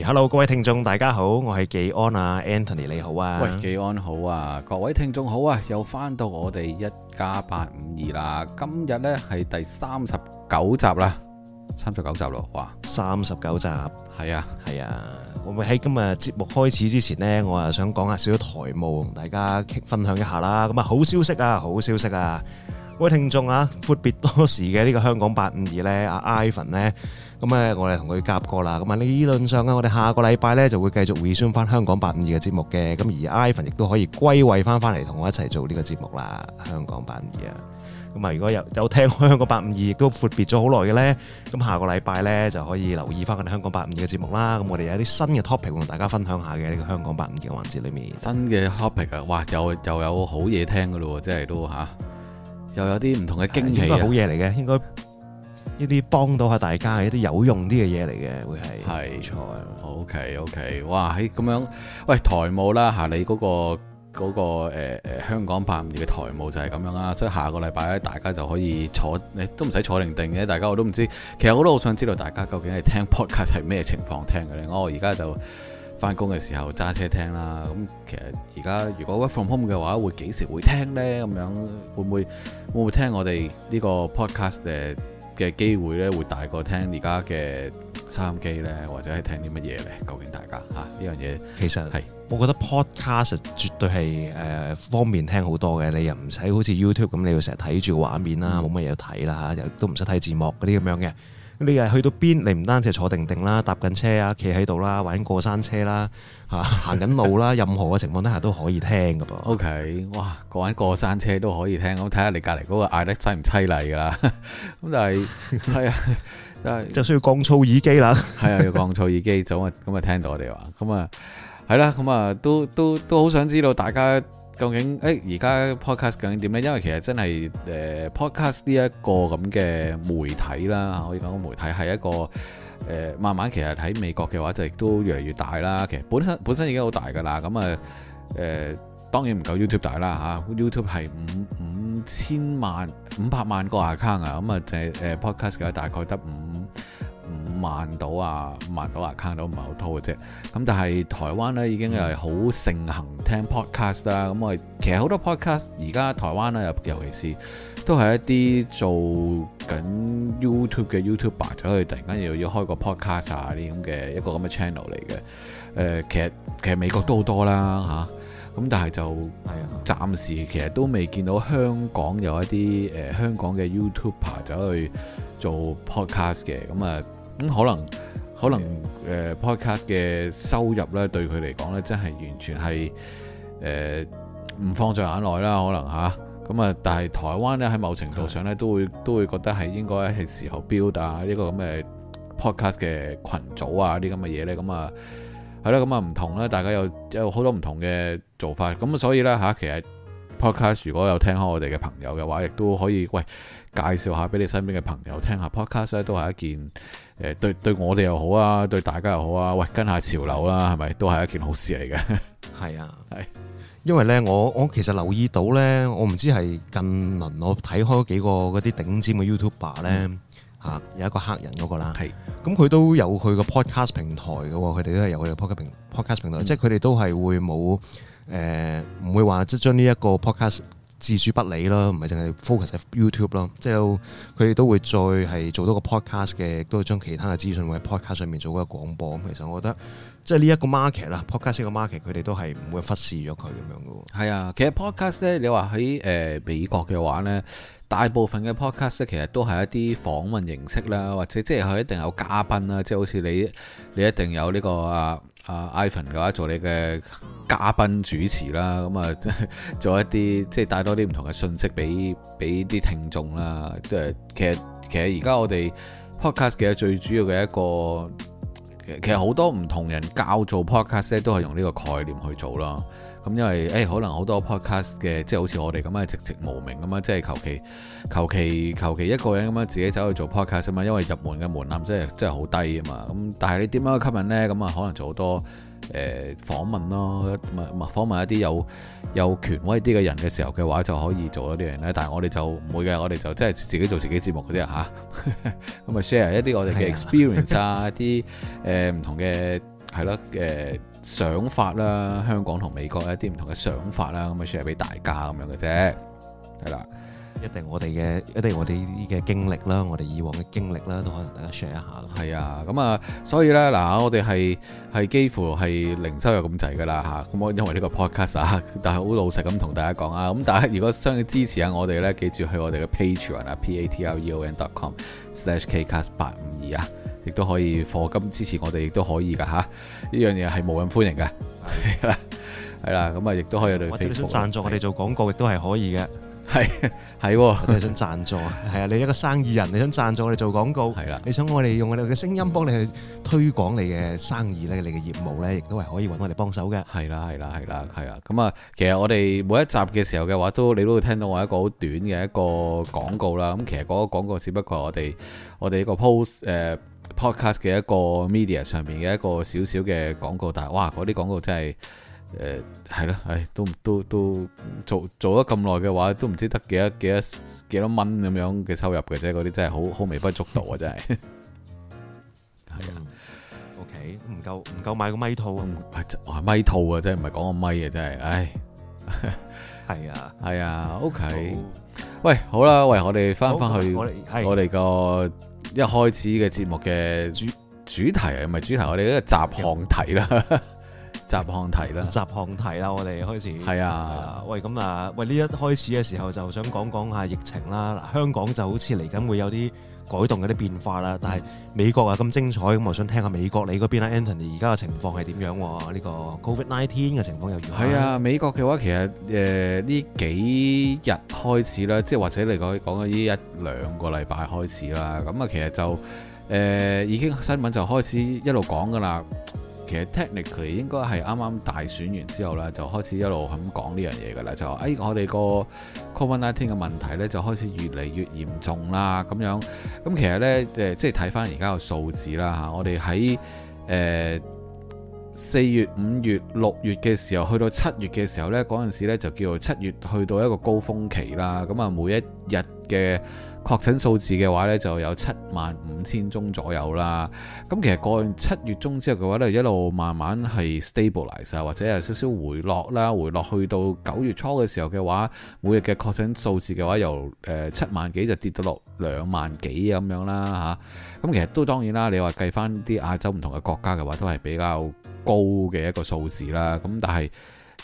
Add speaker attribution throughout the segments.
Speaker 1: Hello，各位聽眾，大家好，我係紀安啊，Anthony 你好啊，喂，紀安好啊，各位聽眾好啊，又翻到我哋一
Speaker 2: 家八五二啦，今日呢係第三十九集啦，三十
Speaker 1: 九集咯，哇，三十九集，係啊，係啊，會唔會喺今日節目開始之前呢？我啊想講下少少台務，同大家分享一下啦，咁啊好消息啊，好消息啊，各位聽眾啊，闊別多時嘅呢個香講八五二呢，阿 Ivan 咧。咁啊，我哋同佢夾過啦。咁啊，理論上啊，我哋下個禮拜咧就會繼續回旋翻香港八五二嘅節目嘅。咁而 Ivan 亦都可以歸位翻翻嚟，同我一齊做呢個節目啦。香港八五二啊。咁啊，如果有有聽過香港八五二，亦都闊別咗好耐嘅咧。咁下個禮拜咧就可以留意翻我哋香港八五二嘅節目啦。咁我哋有啲新嘅 topic 同大家分享下嘅呢、呢個香港八五二嘅環節裏面。
Speaker 2: 新嘅 topic 啊，哇，又又有好嘢聽嘅咯，即係都吓，
Speaker 1: 又有啲唔同嘅驚奇好嘢嚟嘅，應該。一啲幫到下大家嘅一啲有用啲嘅嘢嚟嘅，會係係是錯啊。O K O K，哇，喺咁樣
Speaker 2: 喂台務啦嚇，你嗰個嗰個、欸、香講852嘅台務就係咁樣啦。所以下個禮拜咧，大家就可以坐，你、欸、都唔使坐定定嘅。大家我都唔知，其實我都好想知道大家究竟係聽 podcast 係咩情況聽嘅咧。我而家就翻工嘅時候揸車聽啦。咁其實而家如果 work from home 嘅話，會幾時會聽咧？咁樣會唔會會唔會聽我哋呢個 podcast 嘅？.嘅機會咧，會大過聽而家嘅收音機咧，或者係聽啲乜嘢咧？究竟大家嚇，呢樣嘢，
Speaker 1: 啊這個、東西其實係是我覺得 podcast 絕對係誒、呃、方便聽好多嘅，你又唔使好似 YouTube 咁，你要成日睇住畫面啦，冇乜嘢睇啦嚇，又都唔使睇字幕嗰啲咁樣嘅。你係去到邊？你唔單止坐定定啦，搭緊車啊，企喺度啦，玩緊過山車啦，嚇行緊路啦，任何嘅情況底下都可以聽噶噃。OK，哇，玩過山車都可以聽，
Speaker 2: 咁睇下你隔離嗰個嗌得犀唔犀利噶啦。咁但係，係啊，就需要降噪耳機啦。係啊，要降噪耳機。早咁啊聽到我哋話，咁 啊，係啦，咁啊，都都都好想知道大家。究竟誒而、欸、家 podcast 究竟點咧？因為其實真係誒、呃、podcast 呢一個咁嘅媒體啦，可以講個媒體係一個誒、呃、慢慢其實喺美國嘅話就亦都越嚟越大啦。其實本身本身已經好大噶啦，咁啊誒當然唔夠 YouTube 大啦吓，、啊、YouTube 係五五千萬五百萬個 account 啊，咁啊就係誒、呃、podcast 嘅大概得五。萬島啊，萬島啊，卡 c 都唔係好多嘅啫。咁但係台灣咧已經係好盛行聽 podcast 啦。咁我其實好多 podcast 而家台灣咧，尤其是都係一啲做緊 YouTube 嘅 YouTuber 走去突然間又要開個 podcast 啊啲咁嘅一個咁嘅 channel 嚟嘅。誒、呃，其實其實美國都好多啦嚇。咁、啊、但係就暫時其實都未見到香港有一啲誒、呃、香港嘅 YouTuber 走去做 podcast 嘅。咁、嗯、啊～咁可能可能誒 podcast 嘅收入咧，對佢嚟講咧，真係完全係誒唔放在眼內啦。可能吓，咁啊，但係台灣咧喺某程度上咧，都會都會覺得係應該係時候 build 啊呢、呢個咁嘅 podcast 嘅群組啊啲咁嘅嘢咧。咁啊係啦，咁啊唔、啊啊啊啊啊、同啦，大家有有好多唔同嘅做法。咁啊，所以咧吓、啊，其實 podcast 如果有聽開我哋嘅朋友嘅話，亦都可以喂。介紹下俾你身邊嘅朋友聽下 podcast 咧，都係一件誒對對我哋又好啊，對大家又好啊，喂跟下潮流啦，係咪都係一件好事嚟嘅？
Speaker 1: 係啊，係是，因為咧，我我其實留意到咧，我唔知係近嚟我睇開幾個嗰啲頂尖嘅 YouTuber 咧嚇、嗯啊，有一個黑人嗰、那個啦，係是，咁佢都有佢個 podcast 平台㗎喎，佢哋都係有佢個 podcast 平 podcast 平台，嗯、即係佢哋都係會冇誒，唔、呃、會話即將呢一個 podcast。自主不理啦，唔係淨係 focus 喺 YouTube 咯，即係佢哋都會再係做多個 podcast 嘅，都會將其他嘅資訊會喺 podcast 上面做個廣播。咁其實我覺得，即係呢一個 market 啦，podcast 嘅 market，佢哋都係唔會忽視咗佢咁樣嘅
Speaker 2: 喎。係啊，其實 podcast 咧，你話喺誒美國嘅話咧，大部分嘅 podcast 咧，其實都係一啲訪問形式啦，或者即係佢一定有嘉賓啦，即係好似你你一定有呢個啊。阿 Ivan 嘅話做你嘅嘉賓主持啦，咁啊做一啲即係帶多啲唔同嘅信息俾俾啲聽眾啦。其實其實而家我哋 podcast 其實最主要嘅一個，其實好多唔同人教做 podcast 都係用呢個概念去做啦。咁因為誒、哎，可能好多 podcast 嘅，即係好似我哋咁啊，籍籍無名啊嘛，即係求其求其求其一個人咁啊，自己走去做 podcast 啊嘛，因為入門嘅門檻即係真係好低啊嘛。咁但係你點樣吸引咧？咁啊，可能做好多誒訪、呃、問咯，咁啊，訪問一啲有有權威啲嘅人嘅時候嘅話，就可以做一啲嘢咧。但係我哋就唔會嘅，我哋就即係自己做自己節目嗰啲啊嚇。咁啊，share 一啲我哋嘅 experience 啊， 一啲誒唔同嘅。係咯，誒想法啦，
Speaker 1: 香港同美國一啲唔同嘅想法啦，咁啊 share 俾大家咁樣嘅啫，係啦，一定我哋嘅一定我哋啲嘅經歷啦，我哋以往嘅經歷啦，都可能大家 share 一下。
Speaker 2: 係啊，咁、嗯、啊，所以咧嗱，我哋係係幾乎係零收入咁滯噶啦嚇，咁我因為呢個 podcast 啊，但係好老實咁同大家講啊，咁大家如果想要支持下我哋咧，記住去我哋嘅 patreon 啊，p, on, p a t r e o n dot com slash kcast 八五二啊。亦都可以課金支持我哋，亦都可以㗎吓。呢樣嘢係冇人歡迎嘅，
Speaker 1: 係啦，咁啊，亦都可以我哋或者都贊助我哋做廣告，亦都係可以嘅。係係，我哋想贊助。係啊，你一個生意人，你想贊助我哋做廣告，係啦，你想我哋用我哋嘅聲音幫你去推廣你嘅生意咧，你嘅業務咧，亦都係可以搵我哋幫手嘅。係啦，係啦，係啦，
Speaker 2: 咁啊，其實我哋每一集嘅時候嘅話，都你都會聽到我一個好短嘅一個廣告啦。咁其實嗰個廣告只不過我哋我哋一個 post podcast 嘅一個 media 上面嘅一個小小嘅廣告，但係哇，嗰啲廣告真係誒係咯，誒、呃哎、都都都做做咗咁耐嘅話，都唔知得幾多幾多幾多蚊咁樣嘅收入嘅啫，嗰啲真係好好微不足道啊，真係
Speaker 1: 係、嗯、 啊，OK 唔夠唔
Speaker 2: 夠買個咪套啊，咪、嗯、套啊，真係唔係講個咪啊，真係，唉、哎、係 啊係 啊，OK 好喂好啦，喂我哋翻返去、哦、我哋們個。我一開始嘅節目嘅
Speaker 1: 主主題啊，唔係主，主，主題，我哋嗰個雜項題啦，雜項有 題啦，雜項題啦，我哋開始係是啊，啊，喂，咁啊，喂，呢一開始嘅時候就想講講下疫情啦，香港就好似嚟緊會有啲。改動嗰啲變化啦，但係美國啊咁精彩，咁我想聽下美國你嗰邊啊，Anthony 而家嘅情況係點樣？呢、這個 Covid Nineteen 嘅情況又如何？係啊，
Speaker 2: 美國嘅話其實誒呢、呃、幾日開始啦，即係或者你講講緊呢一兩個禮拜開始啦，咁啊其實就誒已經新聞就開始一路講㗎啦。其實 technically 應該係啱啱大選完之後咧，就開始一路咁講呢樣嘢㗎啦。就誒，我哋個 COVID-19 嘅問題呢，就開始越嚟越嚴重啦。咁樣咁其實呢，即係睇翻而家個數字啦吓。我哋喺四月、五月、六月嘅時候，去到七月嘅時候呢，嗰陣時呢，就叫做七月去到一個高峰期啦。咁啊，每一日嘅確診數字嘅話呢，就有七萬五千宗左右啦。咁其實過去七月中之後嘅話呢，一路慢慢係 stabilize，或者有少少回落啦。回落去到九月初嘅時候嘅話，每日嘅確診數字嘅話，由誒七萬幾就跌到落兩萬幾咁樣啦嚇。咁其實都當然啦，你話計翻啲亞洲唔同嘅國家嘅話，都係比較高嘅一個數字啦。咁但係誒、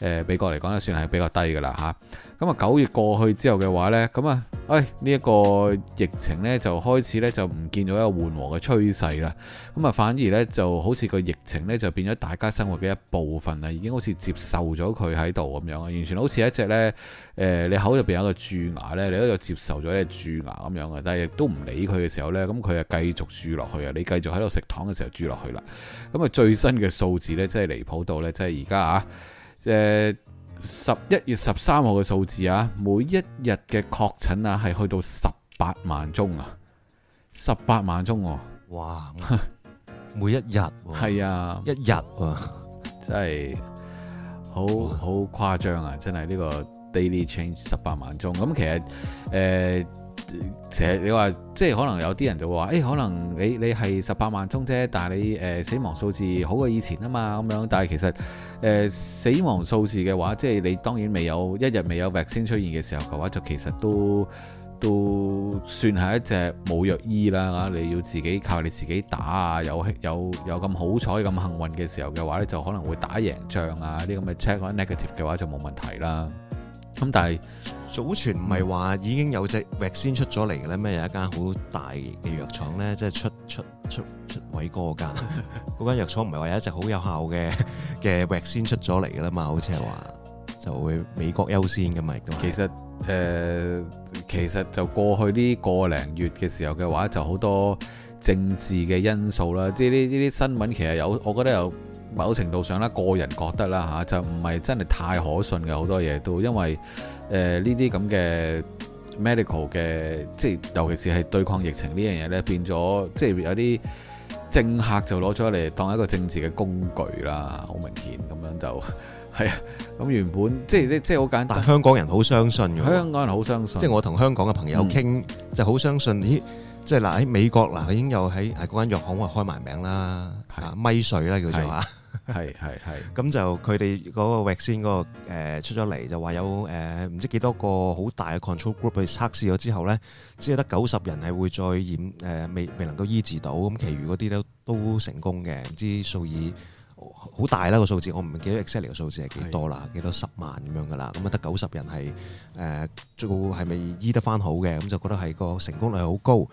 Speaker 2: 呃、美國嚟講呢，算係比較低嘅啦嚇。咁啊，九月過去之後嘅話呢，咁啊，誒呢一個疫情呢，就開始呢，就唔見咗一個緩和嘅趨勢啦。咁啊，反而呢，就好似個疫情呢，就變咗大家生活嘅一部分啦，已經好似接受咗佢喺度咁樣啊，完全好似一隻呢，誒，你口入邊有個蛀牙呢，你喺度接受咗呢個蛀牙咁樣嘅，但係亦都唔理佢嘅時候呢，咁佢啊繼續蛀落去啊，你繼續喺度食糖嘅時候蛀落去啦。咁啊，最新嘅數字呢，真係離譜到呢，即係而家啊誒十一月十三號嘅數字啊，每一日嘅確診啊係去到十八萬宗啊，十八萬宗哦、啊，哇，每一日係啊， 啊一日哇、啊，真係好好誇張啊，真係呢、這個 daily change 十八萬宗，咁、嗯、其實誒。呃其實你話即係可能有啲人就話，誒、哎，可能你你係十八萬宗啫，但係你誒、呃、死亡數字好過以前啊嘛咁樣。但係其實誒、呃、死亡數字嘅話，即係你當然未有一日未有 vaccine 先出現嘅時候嘅話，就其實都都算係一隻冇藥醫啦，你要自己靠你自己打啊，有有有咁好彩咁幸運嘅時候嘅話咧，就可能會打贏仗，啊啲
Speaker 1: 咁嘅 check 啊 negative 嘅話就冇問題啦。咁但係，早前唔係話已經有隻域先出咗嚟嘅咩？嗯、有一間好大嘅藥廠咧，即、就、係、是、出出出出偉哥間，嗰間藥廠唔係話有一隻好有效嘅嘅域先出咗嚟嘅啦嘛？好似係話就會美國優先噶嘛？亦其實誒、呃，
Speaker 2: 其實就過去呢個零月嘅時候嘅話，就好多政治嘅因素啦，即係呢呢啲新聞其實有，我覺得有。某程度上啦，個人覺得啦吓，就唔係真係太可信嘅好多嘢都，因為誒呢啲咁嘅 medical 嘅，即、呃、係尤其是係對抗疫情呢樣嘢咧，變咗即係有啲政客就攞咗嚟當一個政治嘅工具啦，好明顯咁樣就
Speaker 1: 係啊，咁原本即係即係好簡單，但香港人好相信，香港人好相信，即係我同香港嘅朋友傾、嗯、就好相信，咦，即係嗱喺美國嗱已經有喺係嗰間藥行開埋名啦，係啊是的，咪水啦叫做啊。係係係，咁 就佢哋嗰個 vaccine 嗰個、呃、出咗嚟就話有誒唔、呃、知幾多個好大嘅 control group 去測試咗之後呢，只係得九十人係會再染誒、呃、未未能夠醫治到，咁其餘嗰啲咧都成功嘅，唔知數以好、嗯、大啦個數字，我唔記得 excell 嘅數字係幾多啦，幾多，是多十萬咁樣噶啦，咁啊、呃、得九十人係誒仲係咪醫得翻好嘅，咁就覺得係個成功率係好高。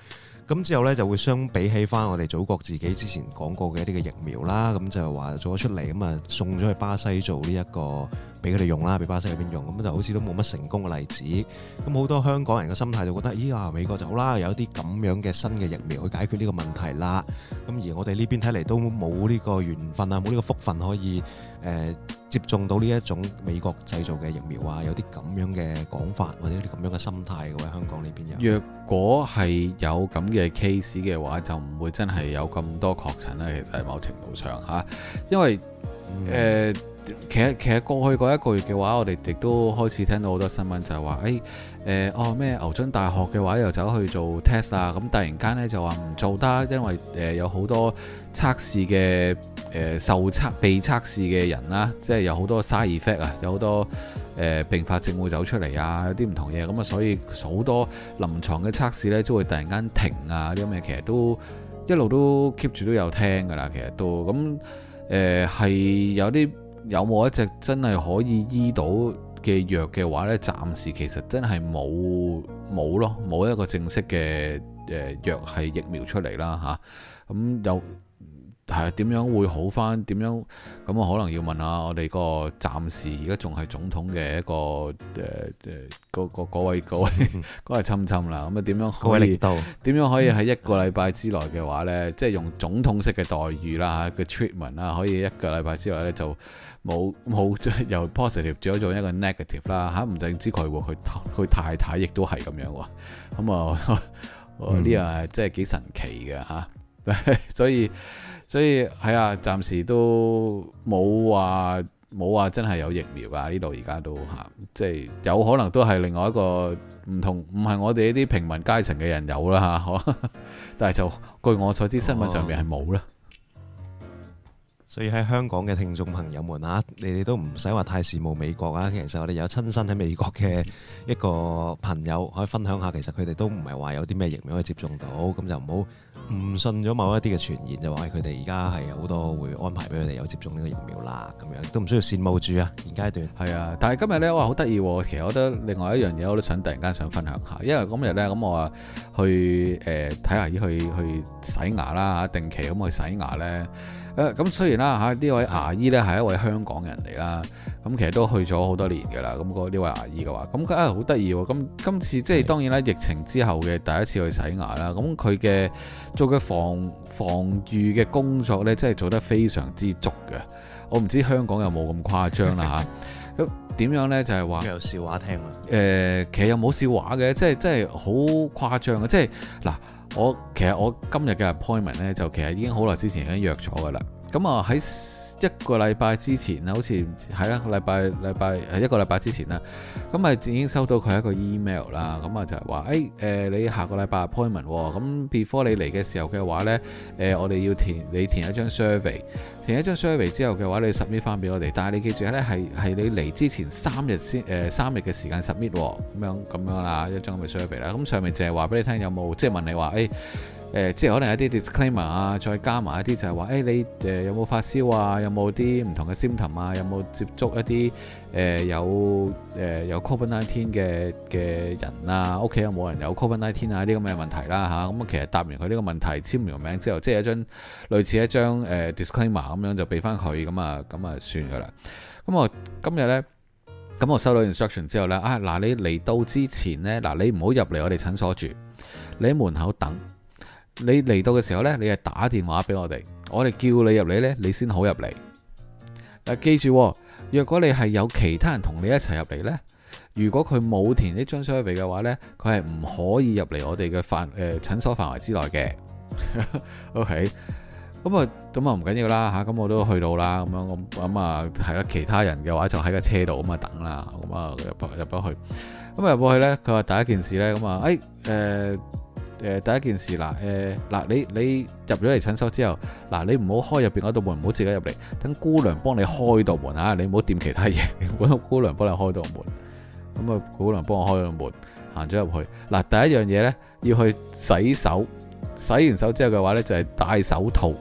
Speaker 1: 咁之後呢，就會相比起返我哋祖國自己之前講過嘅一啲嘅疫苗啦，咁就係話做咗出嚟，咁就送咗去巴西做呢、這、一個。俾佢哋用啦，俾巴西去邊用，咁就好似都冇乜成功嘅例子。咁好多香港人嘅心態就覺得，咦啊，美國就好啦，有啲咁樣嘅新嘅疫苗去解決呢個問題啦。咁而我哋呢邊睇嚟，都冇呢個緣分啊，冇呢個福分可以誒、呃、接種到呢一種美國製造嘅疫苗啊。有啲咁樣嘅講法，或者有啲咁樣嘅心態，喎香港呢邊
Speaker 2: 有。若果係有咁嘅 case 嘅話，就唔會真係有咁多確診啦。其實喺某程度上吓、啊，因為誒。嗯呃其實其實過去嗰一個月嘅話，我哋亦都開始聽到好多新聞就，就係話誒誒哦咩牛津大學嘅話又走去做 test 啊，咁、嗯、突然間呢，就話唔做得，因為誒、呃、有好多測試嘅誒、呃、受測被測試嘅人啦，即係有好多 side effect 啊，有好多誒併發症會走出嚟啊，有啲唔同嘢，咁、嗯、啊所以好多臨床嘅測試呢，都會突然間停啊，呢啲咁嘅其實都一路都 keep 住都有聽噶啦，其實都咁誒係有啲。有冇一隻真係可以醫到嘅藥嘅話呢？暫時其實真係冇冇咯，冇一個正式嘅誒藥係疫苗出嚟啦嚇。咁、啊嗯、又係點樣會好返？點樣咁、嗯、我可能要問下我哋個暫時而家仲係總統嘅一個誒嗰、呃、個嗰位嗰位嗰 位侵侵啦。咁啊點樣可以點樣可以喺一個禮拜之內嘅話呢？ 即係用總統式嘅待遇啦嚇，個、啊、treatment 啦，可以一個禮拜之內呢就。冇冇由 positive 轉咗做一個 negative 啦嚇，唔凈知佢佢佢太太亦都係咁樣喎，咁啊呢樣係真係幾神奇嘅吓，所以所以係啊，暫時都冇話冇話真係有疫苗啊，呢度而家都吓，即係有可能都係另外一個唔同，唔係我哋呢啲平民階層嘅人有啦嚇，但係就據我所知、啊、新聞上面係
Speaker 1: 冇啦。所以喺香港嘅聽眾朋友們嚇，你哋都唔使話太羨慕美國啊！其實我哋有親身喺美國嘅一個朋友，可以分享下，其實佢哋都唔係話有啲咩疫苗可以接種到，咁就唔好唔信咗某一啲嘅傳言，就話係佢哋而家係好多會安排俾佢哋有接種呢個疫苗啦，咁樣都唔需要羨慕住啊！現階段係啊，但係今日咧，我話好得意，其實我覺得另外一樣嘢，我都想突然間想分享下，
Speaker 2: 因為今日咧，咁我話去誒睇下去去洗牙啦嚇，定期咁去洗牙咧。誒咁雖然啦嚇，呢位牙醫咧係一位香港人嚟啦，咁其實都去咗好多年㗎啦。咁嗰呢位牙醫嘅話，咁啊好得意喎！咁今次即係是的 當然啦，疫情之後嘅第一次去洗牙啦。咁佢嘅做嘅防防禦嘅工作咧，真係做得非常之足嘅。我唔知香港有冇咁誇張啦嚇。咁點、 啊、樣咧？就係、是、話
Speaker 1: 有笑話聽啊！
Speaker 2: 誒，其實有冇笑話嘅，即係即係好誇張嘅，即係嗱。我其實我今日嘅 appointment 咧，就其實已經好耐之前已經約咗㗎啦。咁啊喺。一個禮拜之前像是啊，好似係啦，禮拜禮拜一個禮拜之前啦，咁啊已經收到佢一個 email 啦，咁啊就係話誒誒你下個禮拜 appointment 喎，咁 before 你嚟嘅時候嘅話呢，誒、呃、我哋要填你填一張 survey，填一張 survey 之後嘅話你 submit 翻俾我哋，但係你記住咧係係你嚟之前三日先誒、呃、三日嘅時間 submit 喎，咁樣咁樣啦一張咁嘅 survey 啦，咁上面淨係話俾你聽有冇即係問你話誒。哎誒、呃，即係可能一啲 disclaimer 啊，再加埋一啲就係話誒，你誒、呃、有冇發燒啊？有冇啲唔同嘅 symptom 啊？有冇接觸一啲誒、呃、有誒、呃、有 COVID-19 嘅嘅人啊？屋企有冇人有 COVID-19 啊？呢啲咁嘅問題啦、啊、嚇。咁、啊嗯、其實答完佢呢個問題簽完個名之後，即係一張類似一張誒 disclaimer 咁樣就俾翻佢咁啊咁啊算㗎啦。咁、嗯、我今日咧，咁、嗯、我收到 instruction 之後咧啊，嗱你嚟到之前咧嗱、啊、你唔好入嚟我哋診所住，你喺門口等。你嚟到嘅時候呢，你係打電話俾我哋，我哋叫你入嚟呢，你先好入嚟。記住，若果你係有其他人同你一齊入嚟呢，如果佢冇填呢張 survey 入嚟嘅話呢，佢係唔可以入嚟我哋嘅範誒診所範圍之內嘅。 OK，咁啊，咁啊唔緊要啦吓，咁我都去到啦，咁樣，咁咁啊係啦，其他人嘅話就喺個車度咁啊等啦，咁啊入入去，咁啊入不去呢，佢話第一件事呢，咁、哎、啊，誒、呃、誒。呃、第一件事嗱，嗱、呃呃、你你入咗嚟診所之後，嗱、呃、你唔好開入面嗰道門，唔好自己入嚟，等姑娘幫你開道門，你唔好掂其他嘢，揾個姑娘幫你開道門。咁、嗯、啊，姑娘幫我開咗門，行咗入去。嗱、呃，第一樣嘢咧，要去洗手，洗完手之後嘅話咧，就係、是、戴手套，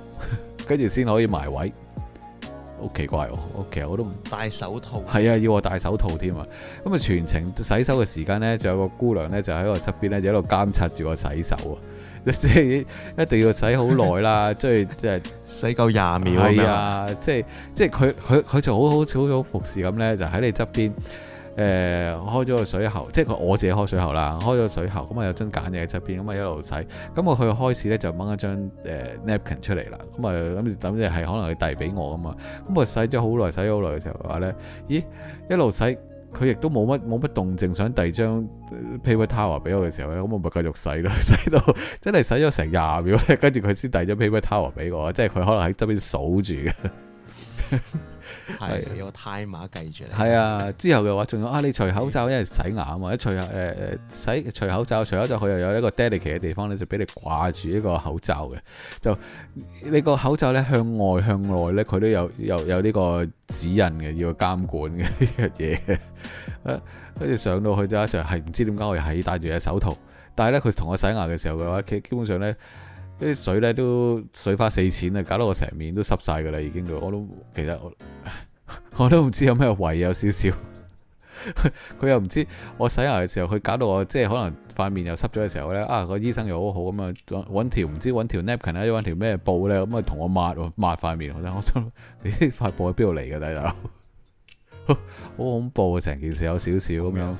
Speaker 2: 跟住先可以埋位。好奇怪喎！我其實我都唔戴手套，啊，係啊，要我戴手套添啊！咁啊，全程洗手嘅時間咧，就有個姑娘咧，就喺我側邊咧，就喺度監察住我洗手啊！即係 一定要洗好耐啦，即係即係洗夠廿秒啊！係、就、啊、是，即係即係佢佢佢仲好好好好服侍咁咧，就喺你側邊。誒、呃、開咗個水喉，即係佢我自己開水喉啦。開咗水喉咁啊，有張揀嘢喺側邊，咁啊一路洗。咁我去開始咧，就掹一張誒 napkin、呃、出嚟啦。咁啊，諗住等住係可能佢遞俾我啊嘛。咁我洗咗好耐，洗咗好耐嘅時候嘅話咧，咦，一路洗佢亦都冇乜冇乜動靜，想遞一張 paper towel 俾我嘅時候咧，咁我咪繼續洗咯。洗到真係洗咗成廿秒咧，跟住佢先遞咗 paper towel 俾我，即係佢可能喺側邊數住嘅。
Speaker 1: 係用太碼計住，係啊！
Speaker 2: 之後嘅話仲有啊，你除口罩因為洗牙啊嘛，一除誒誒洗除口罩，除、呃、口罩佢又有呢個 dedicate 嘅地方咧，就俾你掛住呢個口罩嘅。就你個口罩咧向外向內咧，佢都有有有呢個指引嘅，要監管嘅呢樣嘢。誒，跟住上到去之後就，係唔知點解我又係戴住隻手套。但係咧，佢同我洗牙嘅時候嘅話，其基本上咧。啲水咧都水花四濺啊，搞到我成面都濕晒噶啦，已經都我都其實我，我都唔知有咩胃有少少，佢 又唔知我洗牙嘅時候，佢搞到我即係可能塊面又濕咗嘅時候咧，啊個醫生又好好咁啊，搵，條唔知搵條 napkin 啊，搵條咩布咧，咁啊同我抹抹塊面，我真我心你塊布喺邊度嚟噶大佬， 好恐怖啊，成件事有少少咁樣，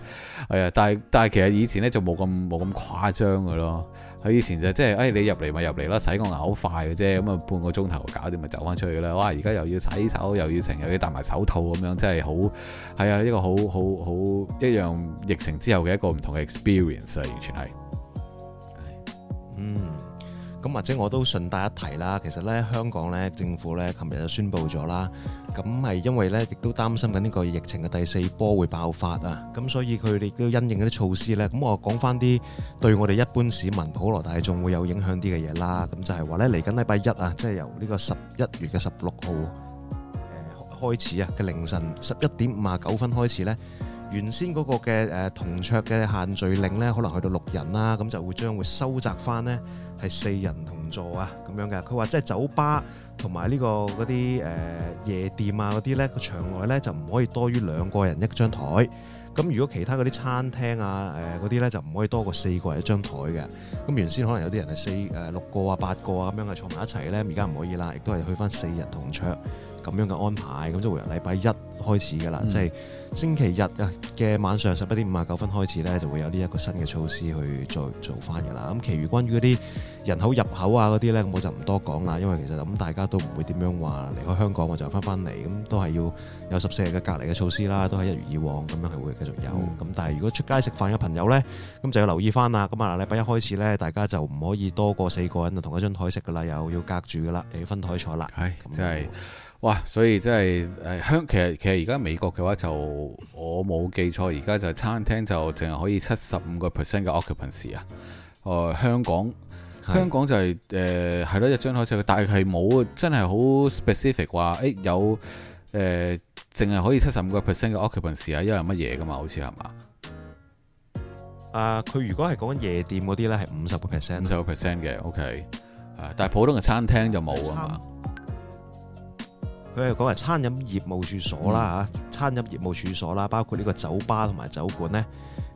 Speaker 2: 係啊，但係但係其實以前咧就冇咁冇咁誇張噶咯。佢以前就即係，誒，你入嚟咪入嚟咯，洗個牙好快嘅啫，咁啊半個鐘頭搞掂咪走翻出去啦。哇！而家又要洗手，又要成日要戴埋手套咁樣，真係好係啊！一個好好好一樣疫情之後嘅一個唔同嘅 experience，完
Speaker 1: 全係。嗯，咁或者我都順帶一提啦，其實呢，香港呢政府呢，琴日就宣布咗啦。咁係因為咧，亦都擔心緊呢個疫情嘅第四波會爆發啊！咁所以佢哋都因應嗰啲措施咧。咁我講翻啲對我哋一般市民、普羅大眾會有影響啲嘅嘢啦。咁就係話咧，嚟緊禮拜一啊，即係由呢個十一月嘅十六號誒開始啊嘅凌晨十一點五十九分開始咧。原先嗰個嘅同桌嘅限聚令咧，可能去到六人啦、啊，咁就會將會收窄翻呢，係四人同座啊咁樣嘅。佢話即係酒吧同埋呢個嗰啲、呃、夜店啊嗰啲咧，個場外咧就唔可以多於兩個人一張台。咁如果其他嗰啲餐廳啊嗰啲咧，就唔可以多過四個人一張台嘅。咁原先可能有啲人係四、呃、六個啊八個啊咁樣嘅，坐埋一齊咧，而家唔可以啦，亦都係去翻四人同桌。咁樣嘅安排，咁就會由禮拜一開始噶啦，即係、嗯、星期日嘅晚上十一點五啊九分開始咧，就會有呢一個新嘅措施去做做翻噶啦。咁，其餘關於嗰啲人口入口啊嗰啲咧，我就唔多講啦，因為其實咁大家都唔會點樣話離開香港，我就翻翻嚟，咁都係要有十四日嘅隔離嘅措施啦，都係一如以往咁樣係會繼續有。咁、嗯、但係如果出街食飯嘅朋友咧，咁就要留意翻啦。咁啊，禮拜一開始咧，大家就唔可以多過四個人啊，同一張台食噶啦，又要隔住噶啦，又要分台坐啦。係、哎，即係。哇！所以真係誒香，其實其實而家美國嘅
Speaker 2: 話就我冇記錯，而家就餐廳就淨係可以七十五個 percent 嘅 occupancy 啊。誒、呃、香港香港就係誒係咯一張台四個，但係冇真係好 specific 話誒、欸、有誒淨係可以七十五個 percent 嘅 occupancy 啊，occupancy，因為乜嘢㗎嘛？好似係嘛？
Speaker 1: 啊！佢如果係講夜店嗰啲咧，係五十個 percent，五十個 percent 嘅 OK，、啊、但係普通嘅餐廳就冇啊嘛。佢係講係餐飲業務處所啦嚇、嗯啊，餐飲業務處所啦，包括呢個酒吧同埋酒館咧。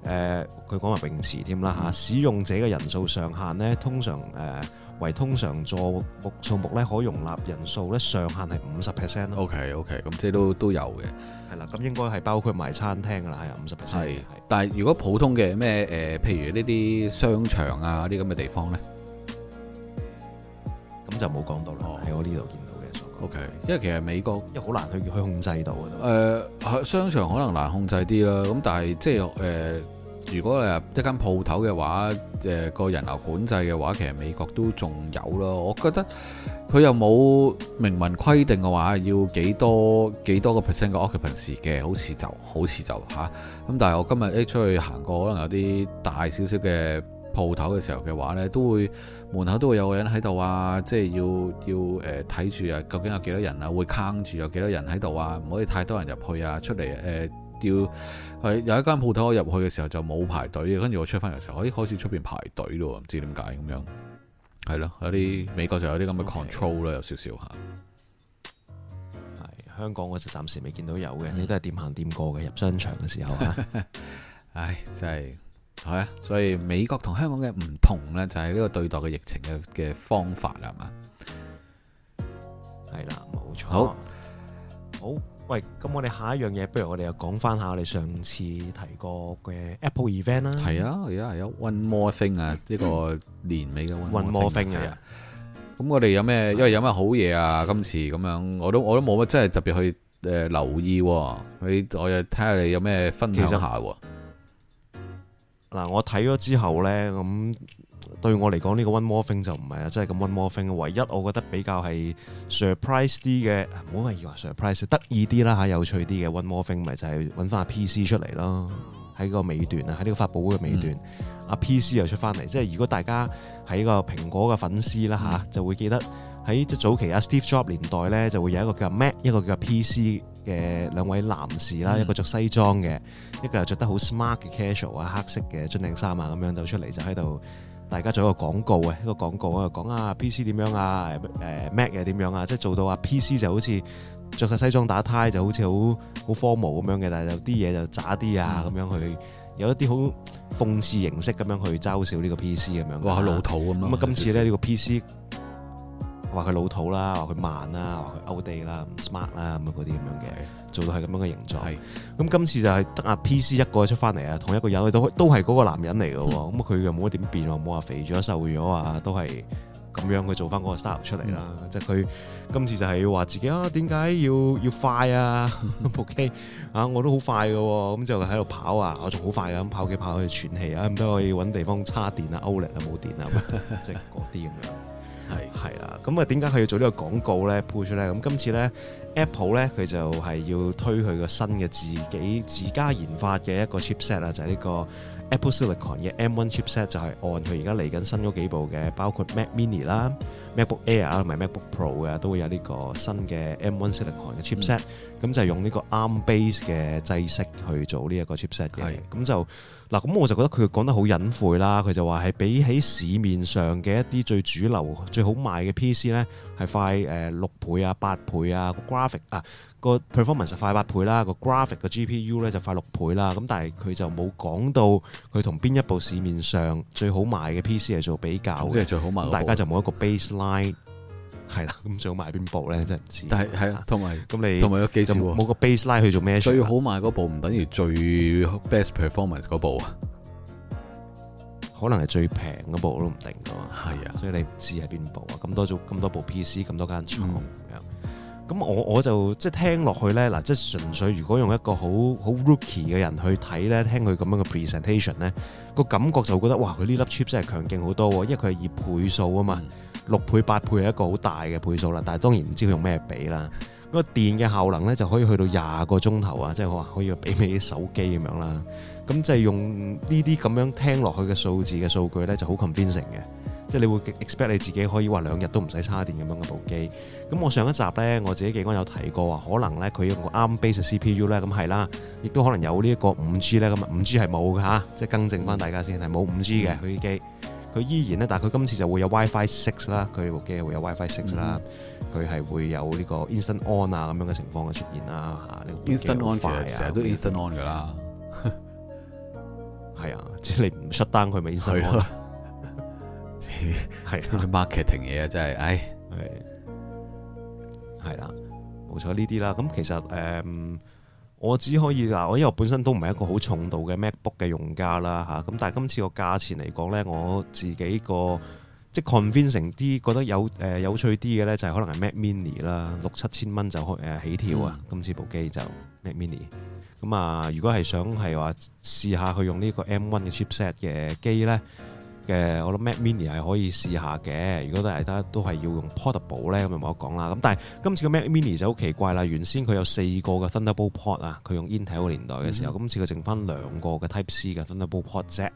Speaker 1: 誒、呃，佢講話泳池添啦嚇，啊嗯、使用者嘅人數上限咧，通常誒、呃、為通常座目數目咧可容納人數咧上限係五十 percent，OK OK，咁即係都都有嘅。係啦，咁應該係包括埋餐廳啦，係五十 percent。嘅是是但係如果普通嘅咩誒，譬如呢啲
Speaker 2: 商場啊，啲咁嘅地方咧，咁就冇講到啦，
Speaker 1: 喺、哦、我呢度見。O.K.，因為其實美國因為好難去去控制到，
Speaker 2: 誒、呃、商場可能難控制啲啦。咁但係即係誒，如果誒一間鋪頭嘅話，誒、呃、個人流管制嘅話，其實美國都仲有咯。我覺得佢又冇明文規定嘅話，要幾多幾多個 percent 嘅 occupancy 嘅，好似就好似就嚇。咁、啊、但係我今日一出去行過，可能有啲大少少嘅鋪頭嘅時候嘅話呢，都會門口都會有個人喺度啊，即係要要誒睇住啊，呃、究竟有幾多人啊，會坑住有幾多人喺度啊，唔可以太多人入去啊，出嚟誒、呃、要、呃、有一間鋪頭我入去嘅時候就冇排隊，跟住我出翻嚟嘅時候，可、哎、以開始出邊排隊咯，唔知點解咁樣，係咯，有啲美國就有啲咁嘅 control 啦，Okay.
Speaker 1: 有少少嚇。係香港我就暫時未見到有嘅，的你都係掂行掂過嘅入商場嘅時候啊， 唉真係。係啊，所以美
Speaker 2: 國同香港嘅唔同咧，就係呢個對待嘅疫情嘅嘅方法啦，係嘛？
Speaker 1: 係啦，冇錯。好，好，喂，咁我哋下一樣嘢，不如我哋又講翻下我哋上次提過嘅 Apple event 啦。係啊，而家係有 One
Speaker 2: More Thing 啊，呢個年尾嘅 One More Thing 啊。咁我哋有咩？因為有咩好嘢啊？ 今次咁樣，我都我都冇乜真係特別去誒留意。去我
Speaker 1: 又睇下你有咩分享一下。嗱，我睇咗之後咧，咁對我嚟講呢個 One More Thing 就唔係啊，即係咁 One More Thing，唯一我覺得比較係 surprise 啲嘅，唔好話 surprise，得意啲啦嚇，有趣啲嘅 One More Thing 咪就係揾翻阿 PC 出嚟咯，喺個尾段啊，喺呢個發布會嘅尾段，阿、嗯、PC 又出翻嚟，即係如果大家喺個蘋果嘅粉絲啦、嗯、就會記得。喺即係早期啊，Steve Jobs 年代咧，就會有一個叫 Mac 一個叫 PC 嘅兩位男士啦、嗯，一個着西裝嘅，一個又着得好 smart 嘅 casual 啊，黑色嘅樽領衫啊咁樣就出嚟就喺度，大家做一個廣告啊，一個廣告啊，講啊 PC 點樣啊，誒 Mac 又點樣啊，即係做到啊 PC 就好似着晒西裝打呔，就好似好好 formal 咁樣嘅，但係有啲嘢就渣啲啊咁樣去，有一啲好諷刺形式咁樣去嘲笑呢個 PC 咁樣。哇！老土咁啊！咁啊、嗯，今次咧呢試試呢個 PC。話佢老土啦，話佢慢啦，話佢 out 地啦，唔 smart 啦咁嗰啲咁樣嘅，做到係咁樣嘅形狀。咁今的次就係得阿 PC 一個出翻嚟啊，同一個人都都係嗰個男人嚟嘅喎。咁佢、嗯、又冇一點變喎，冇話肥咗瘦咗啊，都係咁樣佢做翻嗰個 style 出嚟啦。即係佢今次就係話自己啊，點解要要快啊？OK 啊， 我都好快嘅喎。咁之後喺度跑啊，我仲好快嘅，咁跑幾跑去喘氣啊，咁都可以揾地方叉電啊 out 力啊冇電啊，即係嗰啲咁樣。係係啦，咁啊點解佢要做呢個廣告咧？push 咧，咁今次咧 Apple 咧佢就係要推佢個新嘅自己自家研發嘅一個 chipset 啦，就係呢個。Apple Silicon 嘅 M1 Chipset 就係按佢而家嚟緊新嗰幾部嘅，包括 Mac Mini 啦、MacBook Air 啊同埋 MacBook Pro 嘅，都會有呢個新嘅 M1 Silicon 嘅 Chipset。咁就係用呢個 ARM Base 嘅制式去做呢一個 Chipset 嘅。咁就嗱，咁我就覺得佢講得好隱晦啦。佢就話係比起市面上嘅一啲最主流、最好賣嘅 PC 咧，係快誒六倍啊、八倍啊個 Graphic 啊。個 performance 實快八倍啦，個 graphic 個 GPU 咧就快六倍啦。咁但係佢就冇講到佢同邊一部市面上最好賣嘅 PC 係做比較嘅，即係最好賣。大家就冇一個 baseline 係啦的。咁最好賣邊部咧真係唔知。但係啊，同埋咁你同埋個記住冇個 baseline 去做咩？最好賣嗰部唔等於最 best performance 嗰部啊？可能係最平嗰部我都唔定㗎嘛。係啊的，所以你唔知係邊部啊？咁多組咁多部 PC，咁多間廠。咁我我就即係聽落去呢，嗱，即係純粹如果用一個好好 rookie、ok、嘅人去睇呢，聽佢咁樣嘅 presentation 呢、個感覺就覺得哇，佢呢粒 chip 真係強勁好多喎，因為佢係二倍數啊嘛，六倍八倍係一個好大嘅倍數啦，但係當然唔知佢用咩比啦。個電嘅效能呢，就可以去到廿個鐘頭啊，即係話可以媲美手機咁樣啦。咁即係用呢啲咁樣聽落去嘅數字嘅數據呢，就好 convincing 嘅。即係你會 expect 你自己可以話兩日都唔使叉電咁樣嘅部機。咁我上一集咧，我自己記憶中有提過話，可能咧佢用個 ARM-based CPU 咧、啊，咁係啦，亦都可能有呢一個 5G 咧，咁啊 5G 係冇嘅嚇，即係更正翻大家先係冇 5G 嘅佢嘅機。佢依然咧，但係佢今次就會有 WiFi 6啦，佢部機會有 WiFi 6啦、嗯，佢係會有呢個 Instant On 啊咁樣嘅情況嘅出現啦嚇。Instant On 其實成日都 Instant On 㗎啦，係 啊，即係你唔 shutdown 佢咪 Instant On？的 係啦，marketing 嘢啊，真係，唉，係啦，冇錯呢啲啦。咁其實誒、嗯，我只可以嗱，我因為我本身都唔係一個好重度嘅 MacBook 嘅用家啦，吓、啊。咁但係今次個價錢嚟講咧，我自己個即係 convince 成啲覺得有誒、呃、有趣啲嘅咧，就係可能係 Mac Mini 啦，六七千蚊就可誒起跳啊。嗯、今次部機就 Mac Mini。咁啊，如果係想係話試下去用個 M 呢個 M1 嘅 chipset 嘅機咧。嘅，我諗 Mac Mini 係可以試下嘅。如果都係得，都係要用 portable 咧，咁就冇得講啦。咁但係今次個 Mac Mini 就好奇怪啦。原先佢有四個嘅 Thunderbolt port 啊，佢用 Intel 嗰年代嘅時候，嗯、哼今次佢剩翻兩個嘅 Type C 嘅 Thunderbolt port 啫。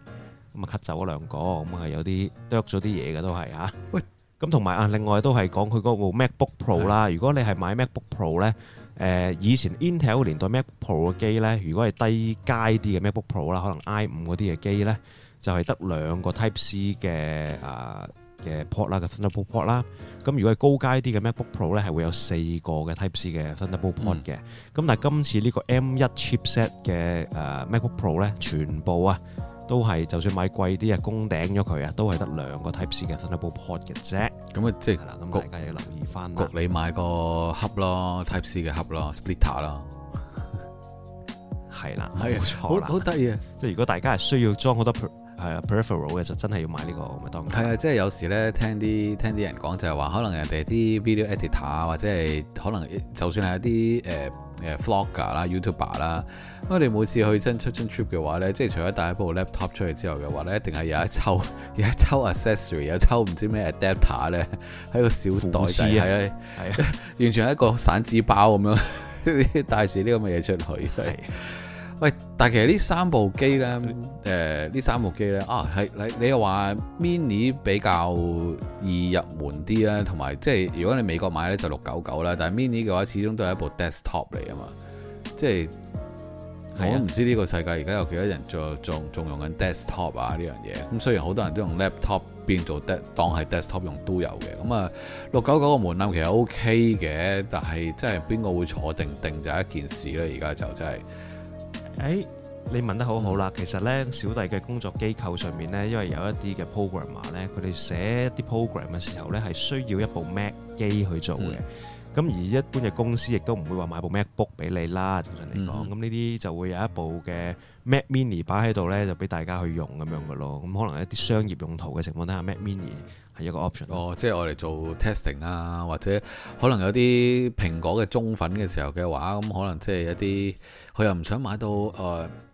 Speaker 1: 咁啊 cut 走咗兩個，咁係有啲剁咗啲嘢嘅都係嚇。喂。咁同埋啊，另外都係講佢嗰部 MacBook Pro 啦的 Mac、呃 Mac。如果你係買 MacBook Pro 咧，誒以前 Intel 年代 MacBook Pro 嘅機咧，如果係低階啲嘅 MacBook Pro 啦，可能 i 五嗰啲嘅機咧。就係得兩個 Type C 嘅啊嘅 port 啦，嘅 Thunderbolt port 啦。咁如果係高階啲嘅 MacBook Pro 咧，係會有四個嘅 Type C 嘅 Thunderbolt port 嘅。咁但係今次呢個 M1 chipset 嘅啊 MacBook Pro 咧，全部啊都係就算買貴啲啊，攻頂咗佢啊，都係得兩個 Type C 嘅 Thunderbolt port 嘅啫。咁啊，即係啦，咁大家要留意翻，
Speaker 2: 焗你買個盒咯，Type C 嘅盒咯，splitter 咯，係
Speaker 1: 啦，冇錯啦，好好得意啊。即係如果大家係需要裝好多。係啊 peripheral 嘅就真係要買呢、這個咪當。係
Speaker 2: 啊，即係有時咧，聽啲聽啲人講就係話，可能人哋啲 video editor 啊，或者係可能就算係一啲誒誒 vlogger 啦、呃、ger, youtuber 啦，咁我哋每次去真出村 trip 嘅話咧，即係除咗帶一部 laptop 出去之後嘅話咧，一定係有一抽 有一抽 accessory，有抽唔知咩 adapter 咧，喺個小袋仔係啊，啊啊 完全係一個散紙包咁樣， 帶住呢咁嘅嘢出去。喂，但係其實呢三部機咧，誒、呃、呢三部機咧，啊係你你又話 mini 比較易入門啲咧，同埋即係如果你美國買咧就六九九啦，但係 mini 嘅話始終都係一部 desktop 嚟啊嘛，即係我都唔知呢個世界而家有幾多人仲仲仲用緊 desktop 啊呢樣嘢，咁、嗯、雖然好多人都用 laptop 變做 da, 當 e 係 desktop 用都有嘅，咁啊六九九個門檻其實 OK 嘅，但係即係邊個會坐定定就一件事咧？而家就真係。
Speaker 1: 誒、哎，你問得好好啦。其實呢，小弟嘅工作機構上面呢，因為有一啲嘅 programmer 呢，佢哋寫啲 program 嘅時候呢，係需要一部 Mac 機去做嘅。咁、嗯、而一般嘅公司亦都唔會話買部 MacBook 俾你啦，正常嚟講。咁呢啲就會有一部嘅 Mac Mini 擺喺度呢，就俾大家去用咁樣嘅咯。咁可能一啲商業用途嘅情況底下，Mac Mini 係一個 option 哦，oh, 即係我嚟做 testing 啊，或者
Speaker 2: 可能有啲蘋果嘅忠粉嘅時候嘅話，咁、嗯、可能即係一啲佢又唔想買到誒誒、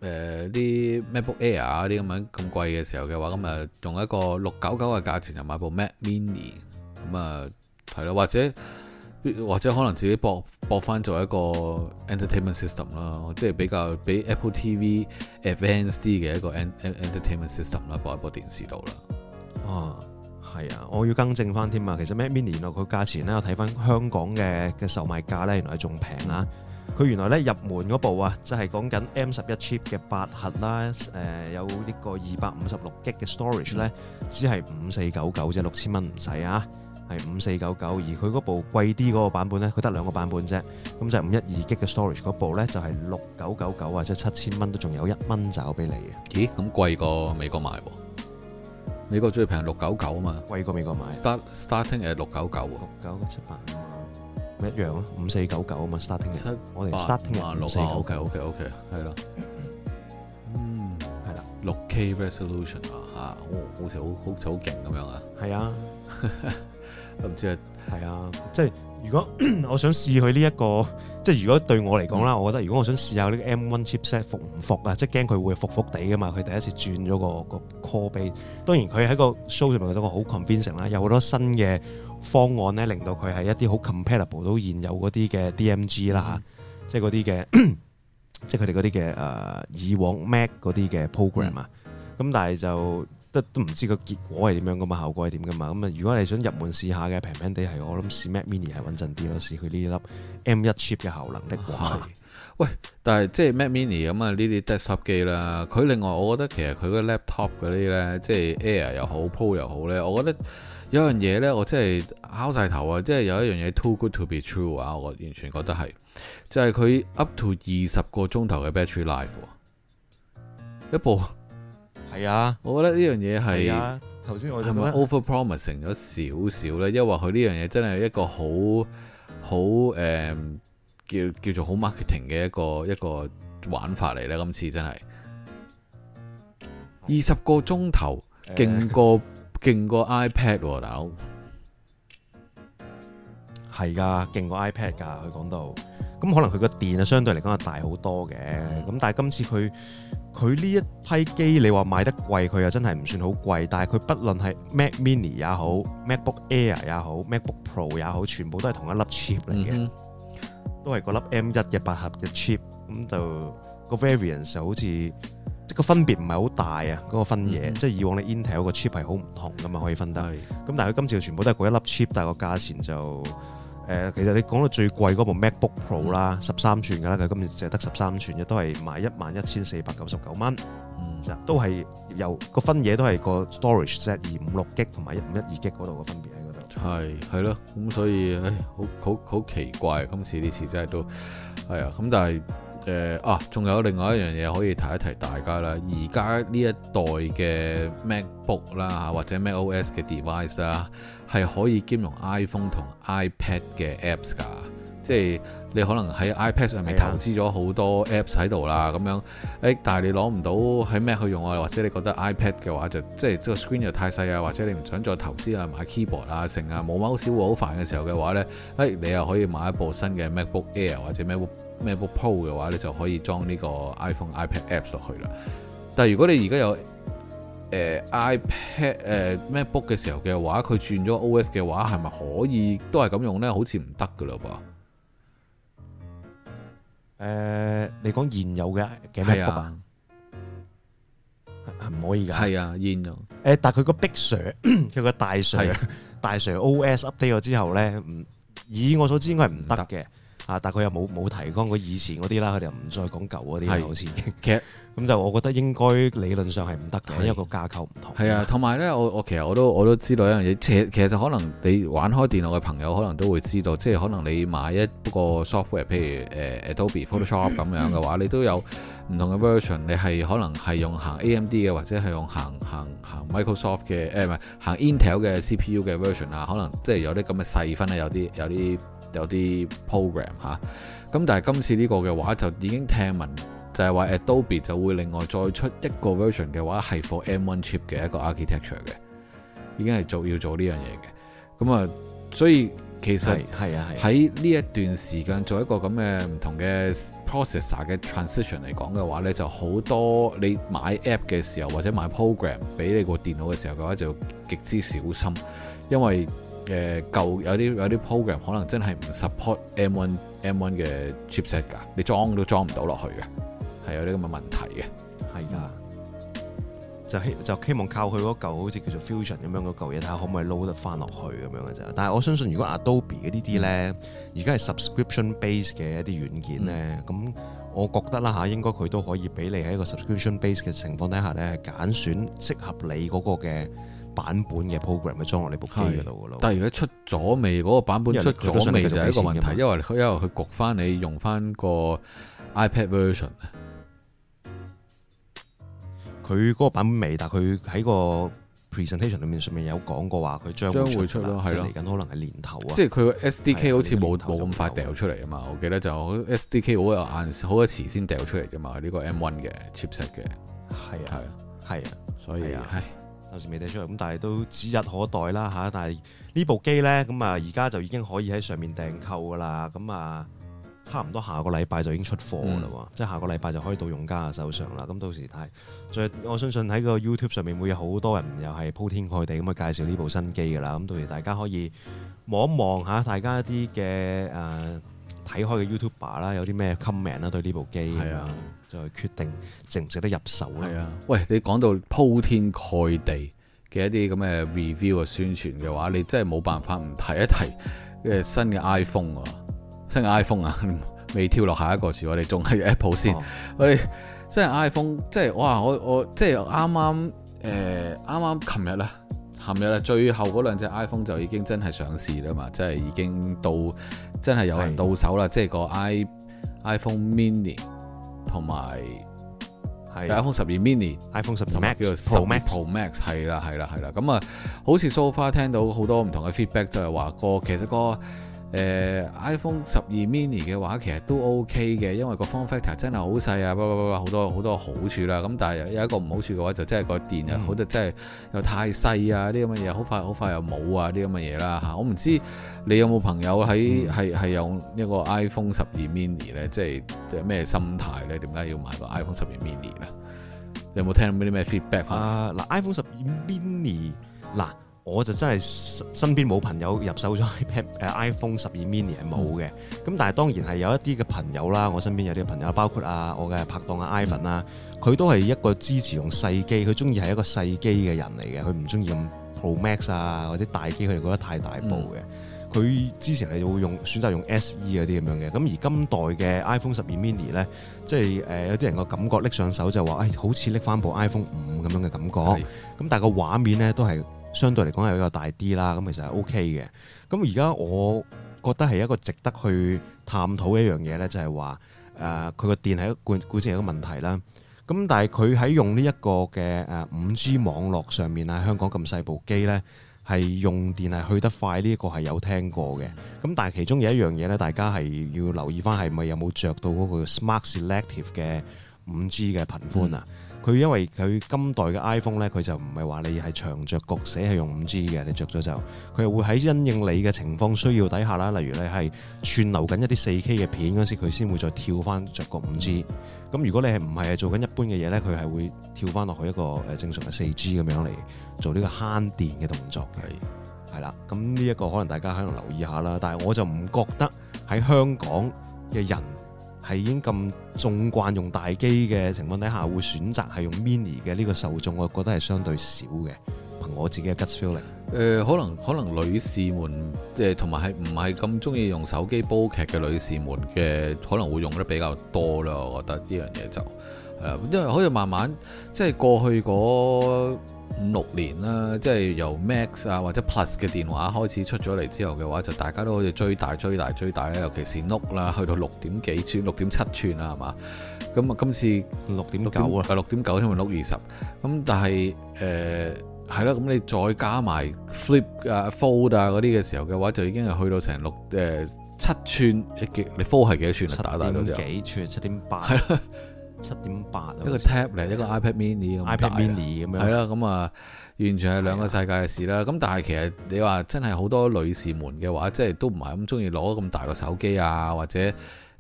Speaker 2: 呃、啲、呃、MacBook Air 啊啲咁樣咁貴嘅時候嘅話，咁、嗯、啊用一個六九九嘅價錢就買部 Mac Mini 咁啊係啦，或者或者可能自己博博翻做一個 entertainment system 啦，即係比較比 Apple TV Advanced 啲嘅一個 entertainment system 啦，播一部電視度
Speaker 1: 啦，啊。Oh. 係啊，我要更正翻添啊，其實 Mac Mini 原來佢價錢咧，我睇翻香港嘅嘅售賣價咧，原來仲平啊！佢原來咧入門嗰部啊，就係、是、講緊 M 十一 Chip 嘅八核啦，誒、呃、有一個二百五十六 G 嘅 Storage 咧，嗯、只係五四九九啫，六千蚊唔使啊，係五四九九。而佢嗰部貴啲嗰個版本咧，佢得兩個版本啫，咁就係五一二 G 嘅 Storage 嗰部咧，就係六九九九或者七千蚊都仲有一蚊找俾你嘅。咦？咁貴過美國賣喎？
Speaker 2: 美國最平六九九啊嘛，貴過美國買。Start starting 誒六九九喎，六九九七八五啊，咪一樣咯，五四九九啊嘛，starting。七我哋 starting 啊六啊，OK OK OK，係、yeah, 咯， 嗯，係啦的，六 K resolution 啊嚇，好
Speaker 1: 似好好似好勁咁樣啊，係 啊，我唔知啊，係啊，即係。如果 我想試佢呢一個，即係如果對我嚟講啦，嗯、我覺得如果我想試下呢個 M1 chipset 服唔服啊？即係驚佢會服服地噶嘛？佢第一次轉咗個個 call base，當然佢喺個 show 上面覺得個好 convincing 啦，有好多新嘅方案咧，令到佢係一啲好 compatible 到現有嗰啲嘅 DMG 啦，即係嗰啲嘅，即係佢哋嗰啲嘅誒以往 Mac 嗰啲嘅 program 啊、嗯，咁但係就。都唔知個結果係點樣噶嘛，效果係點噶嘛，咁啊，如果你想入門試下嘅平平地係我諗 Mac Mini 係穩陣啲咯，試佢呢粒 M1 chip 嘅效能的話是、啊。喂，但係即係 Mac
Speaker 2: Mini 咁啊，呢啲 desktop 機啦，佢另外我覺得其實佢個 laptop 嗰啲咧，即係 Air 又好 Pro 又好咧，我覺得有樣嘢咧，我真係敲晒頭啊，即係有一樣嘢 too good to be true 啊，我完全覺得係，就係、是、佢 up to 二十個鐘頭嘅 battery life。一部。係啊，我覺得這件事是是不是呢樣嘢，係
Speaker 1: 頭先我諗
Speaker 2: overpromising 咗少少咧，因為佢呢樣嘢真係一個好好誒叫叫做好 marketing 嘅一個一個玩法嚟咧。今次真係二十個鐘頭勁
Speaker 1: 過勁、欸、過，過 iPad、啊、大佬係噶勁過 iPad 噶，佢講到咁可能佢個電啊相對嚟講係大好多嘅，咁、嗯、但係今次佢。佢呢一批機，你話賣得貴，佢又真係唔算好貴。但係佢不論係 Mac Mini 也好，MacBook Air 也好，MacBook Pro 也好，全部都係同一粒 chip 嚟嘅，嗯、哼都係嗰粒 M1 嘅八核嘅 chip。咁就、個 variance 好似即係個分別唔係好大啊。嗰個分嘢即係以往你 Intel 個 chip 係好唔同㗎嘛，可以分得。咁是但係佢今次全部都係嗰一粒 chip，但係個價錢就。誒，其實你講到最貴嗰部 MacBook Pro 啦，十三寸㗎啦，佢今日淨係得十三寸嘅，都係賣一萬一千四百九十九蚊，其實都係有個分野，都係個 storage set 二五六 G 同埋一五一二 G 嗰度嘅分別喺嗰度。係係咯，咁所以誒，
Speaker 2: 好好好奇怪，今次呢次真係都係啊，咁但係誒啊，仲有另外一樣嘢可以提一提大家啦，而家呢一代嘅 MacBook 啦，或者 MacOS 嘅 device 啦。係可以兼容 iPhone 同 iPad 嘅 Apps 㗎，即係你可能喺 iPad 上面投資咗好多 Apps 喺度啦，咁樣誒，但係你攞唔到喺 Mac 去用啊，或者你覺得 iPad 嘅話就即係即係個 screen 又太細啊，或者你唔想再投資買啊買 keyboard 啊成啊冇踎腰好煩嘅時候嘅話呢。誒你又可以買一部新嘅 MacBook Air 或者 MacBook Pro 嘅話，你就可以裝呢個 iPhone iPad Apps 落去啦。但係如果你而家有，誒、呃、，iPad 誒、呃、，MacBook 嘅時候嘅話，佢轉咗 OS 嘅話，係咪可以都係咁用咧？好似
Speaker 1: 唔得噶啦噃。誒、呃，你講現有嘅 MacBook 啊，唔、啊、可以噶。係啊，現有。誒、呃，但係佢個 Big Sur，佢 個大 Sur, 是大大大 OS update 咗之後咧，唔以我所知應該係唔得嘅。啊！但佢又冇冇提供過以前嗰啲啦，佢哋又唔再講舊嗰啲舊錢。其實咁 就我覺得應該理論上係唔得嘅，因的一個架構唔同。
Speaker 2: 係啊，同埋咧，我我其實我都我都知道一樣嘢，其實其實可能你玩開電腦嘅朋友可能都會知道，即係可能你買一個 software，譬如誒、欸、Adobe Photoshop 咁樣嘅話，你都有唔同嘅 version，你係可能係用行 AMD 嘅，或者係用行行行 Microsoft 嘅，誒唔係行 Intel 嘅 CPU 嘅 version 啊，可能即係有啲咁嘅細分咧，有啲有啲。有有啲 program 吓，咁但係今次呢個嘅話就已經聽聞，就係話 Adobe 就會另外再出一個 version 嘅話係 for M1 chip 嘅一個 architecture 嘅，已經係做要做呢樣嘢嘅。咁啊，所以其實係啊，喺呢一段時間做一個咁嘅唔同嘅 processor 嘅 transition 嚟講嘅話呢，就好多你買 app 嘅時候，或者買 program 俾你個電腦嘅時候嘅話，就極之小心，因為。嘅舊有啲有啲 program 可能真係唔 support M1 M1 嘅 chipset 㗎，你裝都裝唔到落去嘅，
Speaker 1: 係有啲咁嘅問題嘅，係啊，就希就希望靠佢嗰嚿好似叫做 fusion 咁樣嗰嚿嘢，睇下可唔可以 load 得翻落去咁樣嘅啫。但係我相信如果 Adobe 嘅呢啲咧，而家係、嗯、subscription base 嘅一啲軟件咧，咁、嗯、我覺得啦嚇，應該佢都可以俾你喺一個 subscription base 嘅情況底下咧，係揀選適合你嗰個嘅。版本嘅 program 嘅裝落你部機嗰度嘅咯，但
Speaker 2: 係如果出咗未，嗰個版本出咗未就係一個問題，因為佢因為佢焗翻你用翻個 iPad version，
Speaker 1: 佢嗰個版本未，但係佢喺個 presentation 裏面上面有講過話佢將將會出咯，係咯，嚟緊可能係年頭啊，即係佢 SDK
Speaker 2: 好似冇冇咁快掉出嚟啊嘛，我記得就 SDK 好有晏好多遲先掉出嚟嘅嘛，
Speaker 1: 呢個 M1 嘅 Chipset 嘅係啊係啊係啊，所以啊係。未出咁但係都指日可待啦，嚇！但係呢部機呢，咁啊而家就已經可以喺上面訂購噶啦，咁啊差唔多下個禮拜就已經出貨啦喎，嗯、即係下個禮拜就可以到用家手上啦。咁到時睇，最我相信喺個 YouTube 上面會有好多人又係鋪天蓋地咁去介紹呢部新機噶啦。咁到時大家可以望一望嚇，大家啲嘅誒。呃睇開嘅 YouTuber 啦，有啲咩 comment 啦，對呢部機，係啊，就決定值唔值得入手咧。係啊，喂你講到鋪天蓋地
Speaker 2: 嘅一啲咁嘅 review 啊、宣傳嘅話，你真係冇辦法唔提一提誒新嘅 iPhone 啊，新嘅 iPhone 啊，未跳落下一個住，我哋仲係 Apple 先，哦、我哋即係 iPhone，即係哇，我我即係啱啱誒，啱啱琴日咧。剛剛琴日咧，最後嗰兩隻 iPhone 就已經真係上市啦嘛，即係已經到真係有人到手啦，的即係個 i, iPhone Mini 同埋的 iPhone 十二 Mini、iPhone 十二 Pro Max、Pro Max 係啦係啦係啦，咁啊、嗯，好似 so far 聽到好多唔同嘅 feedback，就係話、個其實、個。呃、iPhone 十二 mini 嘅話，其實都 OK 嘅，因為個 form factor 真係好細啊，好多好多好處啦。咁但係有一個唔好處嘅話，就，就真係個電啊，好多真係又太細啊，啲咁嘅嘢，好快好快又冇啊，啲咁嘅嘢啦嚇。我唔知你有冇朋友喺係係用呢個 iPhone 十二 mini 咧，即係咩心態咧？點解要買個12
Speaker 1: 有有、呃、iPhone 十二 mini 咧？有冇聽到啲咩 feedback 啊？嗱，iPhone 十二 mini 嗱。我就真係身身邊冇朋友入手咗 iPhone 十二 mini 係冇嘅，咁、嗯、但係當然係有一啲嘅朋友啦，我身邊有啲朋友，包括啊我嘅拍檔啊 Ivan 啦、嗯，佢都係一個支持用細機，佢中意係一個細機嘅人嚟嘅，佢唔中意咁 Pro Max 啊或者大機，佢哋覺得太大部嘅。佢、嗯、之前係會用選擇用 SE 嗰啲咁樣嘅，咁而今代嘅 iPhone 十二 mini 呢，即係誒有啲人個感覺拎上手就話誒、哎、好似拎翻部 iPhone 五咁樣嘅感覺，咁是但係個畫面呢，都係。相對嚟講係比較大啲啦，咁其實係 OK 嘅。咁而家我覺得係一個值得去探討嘅一樣嘢呢就係話誒佢個電係一個固固件有一個問題啦。咁但係佢喺用呢一個嘅誒五 G 網絡上面啊，香港咁細部機呢係用電係去得快呢一個係有聽過嘅。咁但係其中有一樣嘢呢，大家係要留意返係咪有冇着到嗰個 Smart Selective 嘅五 G 嘅頻寬啊？嗯佢因為佢今代嘅 iPhone 咧，佢就唔係話你係長着局寫係用 5G 嘅，你着咗就佢又會喺因應你嘅情況需要底下啦，例如你係串流緊一啲 4K 嘅片嗰時，佢先會再跳翻着個 5G。咁如果你係唔係做緊一般嘅嘢咧，佢係會跳翻落去一個誒正常嘅 4G 咁樣嚟做呢個慳電嘅動作嘅。係啦是，咁呢一個可能大家喺度留意下啦，但係我就唔覺得喺香港嘅人。係已經咁重慣用大機嘅情況底下，會選擇係用 mini 嘅呢個受眾，我覺得係相對少嘅。憑我自己嘅 gut feeling。
Speaker 2: 呃，可能可能女士們，即係同埋係唔係咁中意用手機煲劇嘅女士們嘅，可能會用得比較多啦。我覺得呢樣嘢就、呃、因為好似慢慢即係、就是、過去嗰、那個。五六年啦，即係由 Max 啊或者 Plus 嘅電話開始出咗嚟之後嘅話，就大家都好似追大追大追大啊！尤其是 Note 啦，去到六點幾寸、六點七寸啊，係嘛？咁、呃、啊，今次六點九啊，六點九添 Note 二十。咁但係誒係啦，咁你再加埋 Flip 啊 Fold 啊嗰啲嘅時候嘅話，就已經係去到成六誒七寸。你 Fold 係幾多寸啊？大大嗰陣？七點幾寸？七點八。
Speaker 1: 七點八，8, 一個
Speaker 2: tap 嚟，一個 iPad Mini iPad Mini 咁 iPad Mini 咁樣，係啦，咁啊，完全係兩個世界嘅事啦。咁但係其實你話真係好多女士們嘅話，即係都唔係咁中意攞咁大個手機啊，或者誒、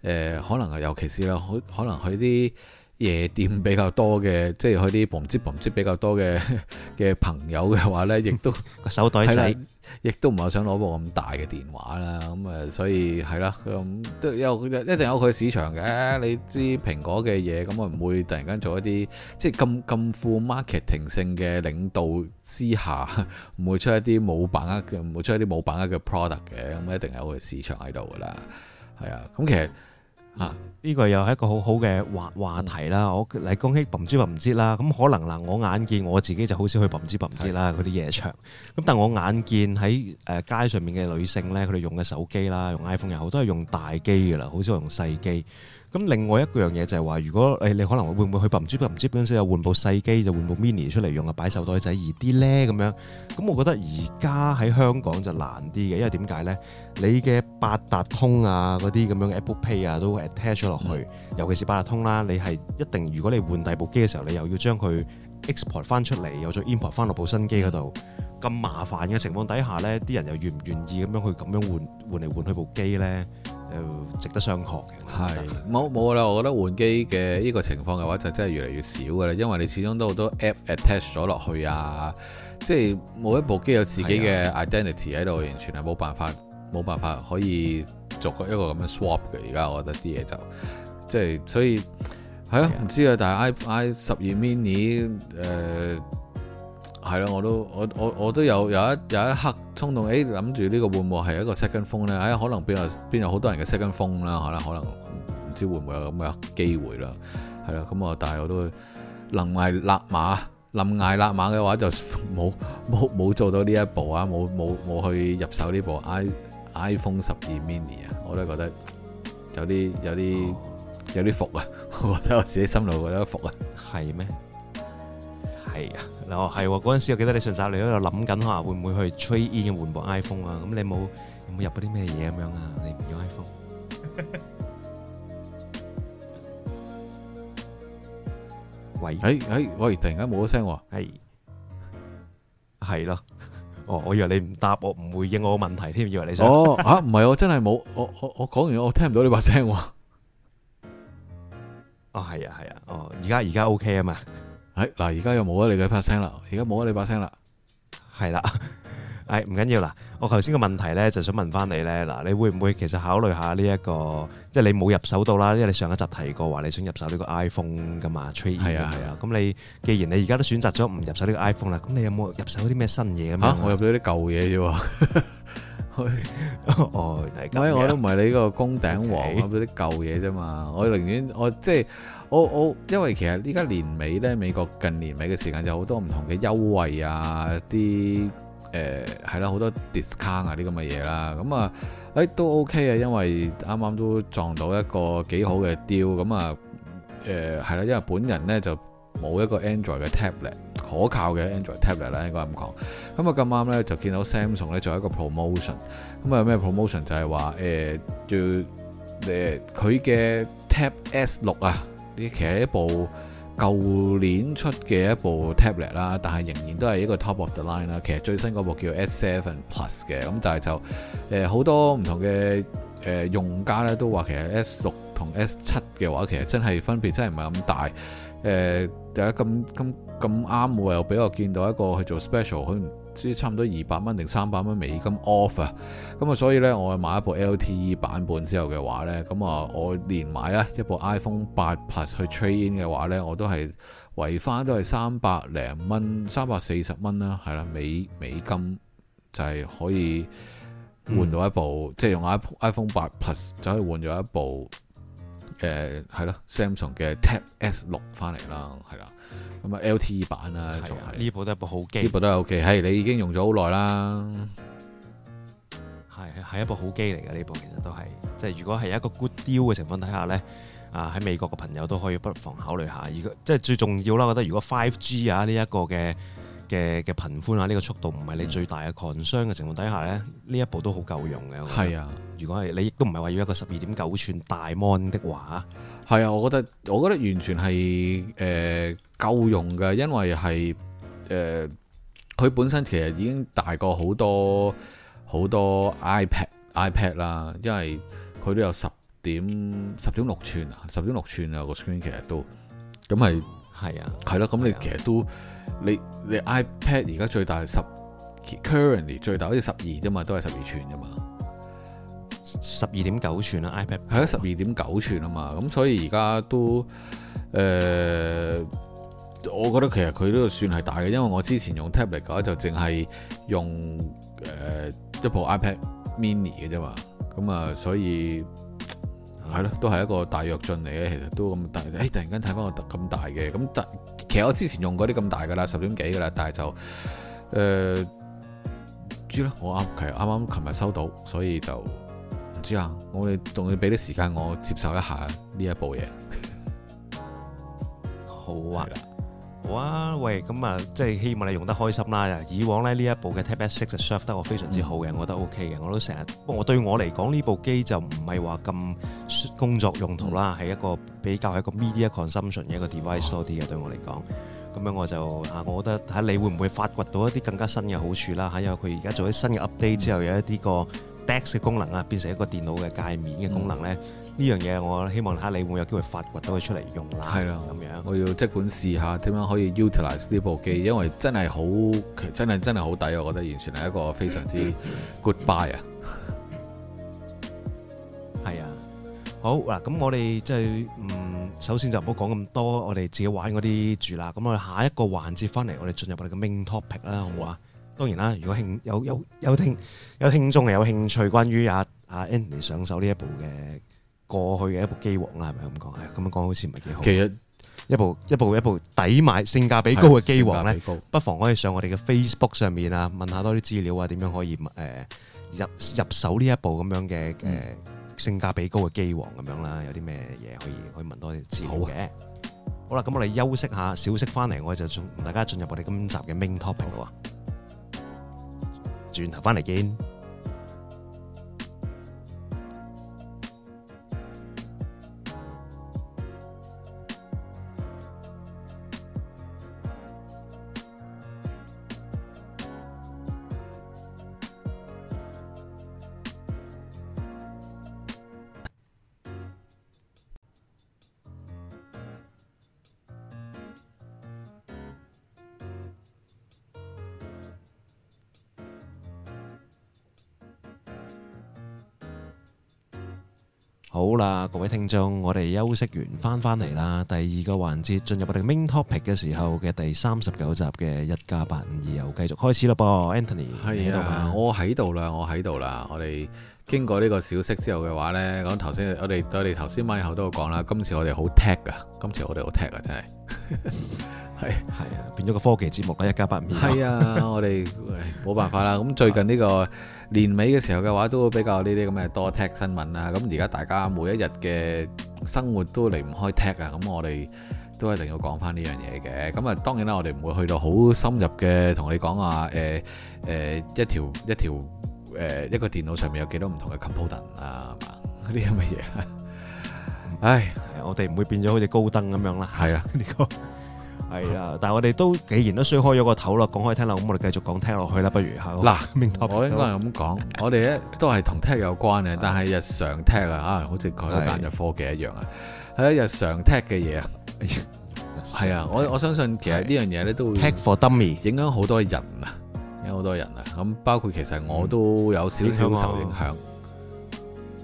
Speaker 2: 呃，可能係尤其是啦，可可能去啲夜店比較多嘅，即係去啲蹦跳蹦跳比較多嘅嘅朋友嘅話呢，亦都個手袋仔。亦都唔係想攞部咁大嘅電話啦，咁啊，所以係啦，咁、嗯、都有一定有佢市場嘅。你知蘋果嘅嘢，咁我唔會突然間做一啲即係咁咁富 marketing 性嘅領導之下，唔會出一啲冇把握嘅，唔會出一啲冇把握嘅 product 嘅，咁一定有佢市場喺度噶啦。
Speaker 1: 係啊，咁其實啊。呢個又係一個好好嘅話話題啦！我嚟講起冚珠冚珠啦，咁可能啦，我眼見我自己就好少去冚珠冚珠啦，嗰啲夜場。咁的但我眼見喺誒街上面嘅女性呢，佢哋用嘅手機啦，用 iPhone 又好，都係用大機噶啦，好少用細機。咁另外一樣嘢就係話，如果誒你可能會唔會去唔知唔知邊時又換部細機，就換部 Mini 出嚟用啊，擺手袋仔易啲呢？咁樣？咁我覺得而家喺香港就難啲嘅，因為點解呢？你嘅八達通啊，嗰啲咁樣嘅 Apple Pay 啊，都 attach 咗落去，尤其是八達通啦、啊，你係一定如果你換第二部機嘅時候，你又要將佢 export 翻出嚟，又再 import 翻落部新機嗰度。咁麻煩嘅情況底下願願換換呢，啲人又願唔願意咁樣去咁樣換換嚟換去部機呢？誒，值得商榷嘅。係
Speaker 2: 冇冇啦，我覺得換機嘅呢個情況嘅話，就真係越嚟越少㗎喇。因為你始終都好多 app attach 咗落去啊，即係每一部機有自己嘅 identity 喺度，完全係冇辦法冇辦法可以做一個咁樣 swap 嘅。而家我覺得啲嘢就即係所以係啊，唔是、啊、知啊，但係 iPhone 十二 mini 誒、呃。係咯，我都我我我都有有一有一刻衝動，誒，諗住呢個會唔會係一個 second 風咧？誒、欸，可能邊有邊有好多人嘅 second 風啦，可能可能唔知會唔會有咁嘅機會啦。係啦，咁啊，但係我都臨崖勒馬，臨崖勒馬嘅話就冇冇冇做到呢一步啊！冇冇冇去入手呢部 i iPhone 十二 mini 啊！我都覺得有啲有啲有啲服啊，我覺得我自己心裏
Speaker 1: 覺得服啊。係咩？係啊，嗱，係嗰陣時，我記得你上集你喺度諗緊吓，會唔會去 trade in 換部 iPhone 啊？咁你冇有冇入嗰啲咩嘢咁樣啊？你唔要 iPhone？喂，哎哎喂，突然間冇咗聲，係係咯，哦，我以為你唔答我，唔回應我問題添，以為你想哦，啊，
Speaker 2: 唔係，我真係冇，我我我講完，我聽唔到你把聲，哦，
Speaker 1: 係啊係啊，哦，而家而家 OK 啊嘛。哎嗱，而家又冇咗你嘅把聲啦，而家冇咗你把聲啦，係啦，哎唔緊要啦，我頭先嘅問題咧就想問翻你咧，嗱你會唔會其實考慮下呢一個，即係你冇入手到啦，因為你上一集提過話你想入手呢個 iPhone 噶嘛，係啊係啊，咁你既然你而家都選擇咗唔入手呢個 iPhone 啦，咁你有冇入手啲咩新嘢啊？吓，我入咗啲舊嘢啫，我我都
Speaker 2: 唔係你個工頂王咁嗰啲舊嘢啫嘛，我寧願我即係。哦哦、oh, oh, 因為其實依家年尾咧，美國近年尾嘅時間就好多唔同嘅優惠啊，啲誒係啦好多 discount 啊啲咁嘅嘢啦，咁啊都 OK 啊，因為啱啱都撞到一個幾好嘅 deal。咁啊係啦，因為本人咧就冇一個 Android 嘅 tablet 可靠嘅 Android tablet 啦，應該咁講。咁啊咁啱咧就見到 Samsung 咧做一個 promotion，咁啊咩 promotion 就係話誒做佢嘅 Tab S 六啊。其實一部舊年出嘅一部 tablet 啦，但係仍然都係一個 top of the line 啦。其實最新嗰部叫 S 七 Plus 嘅，咁但係就誒好、呃、多唔同嘅誒、呃、用家咧都話其實 S 六同 S 七嘅話其實真係分別真係唔係咁大。誒、呃，而家咁咁咁啱我又俾我見到一個去做 special 佢。即係差唔多二百蚊定三百蚊美金 offer，咁啊所以呢，我買一部 LTE 版本之後嘅話呢，咁啊我連買啊一部 iPhone 八 Plus 去 trade in 嘅話呢，我都係維翻都係三百零蚊，三百四十蚊啦，係啦美美金就係可以換到一部，嗯、即係用 iPhone iPhone 八 Plus 就可以換咗一部。誒係咯，Samsung 嘅 Tab S 六翻嚟啦，係啦，咁啊 LTE 版啊，呢是部都係一部好機，呢部都係 OK 的。係、哎、你已
Speaker 1: 經用咗好耐啦，係係一部好機嚟嘅呢部，其實都係即係如果係一個 good deal 嘅情況底下咧，啊喺美國嘅朋友都可以不妨考慮下。如果即係最重要啦，我覺得如果五 G 啊呢一個嘅。嘅嘅頻寬啊，呢、這個速度唔係你最大嘅 concern 嘅情況底下咧，呢、嗯、一部都好夠用嘅。係啊，如果係你亦都唔係話要一個十二點九寸大 mon 的話，係啊，我覺得我覺得完全係
Speaker 2: 誒、呃、夠用嘅，因為係誒佢本身其實已經大過好多好多 iPad iPad 啦，因為佢都有十點十點六寸啊，十點六寸啊、那個 screen 其實都咁係係啊，係啦、啊，咁你其實都。你你 iPad 而家最大十 currently 最大好似十二啫嘛，都係十二吋啫嘛，十二點九吋啦 iPad，係啊十二點九吋啊嘛，咁所以而家都誒、呃，我覺得其實佢都算係大嘅，因為我之前用 tablet 嘅話就淨係用誒、呃、一部 iPad Mini 嘅啫嘛，咁啊所以係咯，都係一個大躍進嚟嘅，其實都咁大，誒、欸、突然間睇翻個咁大嘅咁大。其實我之前用過啲咁大㗎啦，十點幾㗎啦，但係就誒唔知咧，我啱，其實啱啱琴日收到，所以就唔知啊，
Speaker 1: 我哋仲要俾啲時間我接受一下呢一部嘢。好啊玩。好啊，喂，咁啊，即係希望你用得開心啦。以往咧呢一部嘅 Tab S6 就 serve 得我非常之好嘅，我覺得 OK 嘅。我都成日，不過我對我嚟講呢部機就唔係話咁工作用途啦，係一個比較係一個 media consumption 嘅一個 device 多啲嘅對我嚟講。咁樣我就嚇，我覺得睇下你會唔會發掘到一啲更加新嘅好處啦？嚇，因為佢而家做咗新嘅 update 之後，有一啲個 DeX 嘅功能啊，變成一個電腦嘅界面嘅功能咧。呢樣嘢，我希望下你會有機會發掘到佢出嚟用啦。係啦的，咁樣
Speaker 2: 我要即管試下，點樣可以 utilize 呢部機，因為真係好，真係真係好
Speaker 1: 抵。我覺得完全係一個非常之 good buy 啊。係 啊， 好嗱。咁我哋即係嗯，首先就唔好講咁多，我哋自己玩嗰啲住啦。咁我哋下一個環節翻嚟，我哋進入我哋嘅 main topic 啦。好唔好啊？當然啦，如果興有有有聽有聽眾有興趣，關於阿阿 Anthony 上手呢一部嘅，過去嘅一部機王啦，係咪咁講？係、哎、咁樣講，好似唔係幾好。其實一部一部一部抵買性價比高嘅機王咧，不妨可以上我哋嘅 Facebook 上面啊，問下多啲資料啊，點樣可以誒、呃、入入手呢一部咁樣嘅誒、呃、性價比高嘅機王咁樣啦？有啲咩嘢可以可以問多啲資料嘅？好，啊、好啦，咁我哋休息下，小息翻嚟，我哋就同大家進入我哋今集嘅 main topic 囉。轉頭翻嚟見。好啦，各位聽眾，我哋休息完翻翻嚟啦。第二個環節，進入我哋 main topic 嘅時候嘅第三十九集嘅一加八五二又繼續開始啦，噃 Anthony 的。係啊，
Speaker 2: 我喺度啦，我喺度啦。我哋經過呢個小息之後嘅話呢，講頭先，我哋我哋頭先 Michael 都有講啦，今次我哋好 tag 噶，今次我哋好 tag 啊，真係。係係啊，變咗個科技節目啊，一家852。係啊，我哋冇辦法啦。咁最近呢個年尾嘅時候嘅話，都比較呢啲咁嘅多 tech 新聞啦。咁而家大家每一日嘅生活都離唔開 tech 啊。咁我哋都一定要講翻呢樣嘢嘅。咁啊，當然啦，我哋唔會去到好深入嘅，同你講啊。誒誒，一條一條誒，一個電腦上面有幾多唔同嘅 component 啊？嗰
Speaker 1: 啲咁嘅嘢。唉，我哋唔會變咗好似高登咁樣啦。係啊，呢個。係啊，但係我哋都既然都衰開咗個頭啦，講開 tech 啦，咁我哋繼續講 tech 落去啦，不如嗱，明我應該係咁講， 我哋咧都係同 tech 有關嘅。 但係日常
Speaker 2: tech 啊，啊，好似佢都揀入科技一樣啊，喺的的日常 tech 嘅嘢啊，係啊， 我我相信其實呢樣嘢咧都會 tech for dummy 影響好多人啊，影響好多人啊，咁包括其實我都有少少受影響。嗯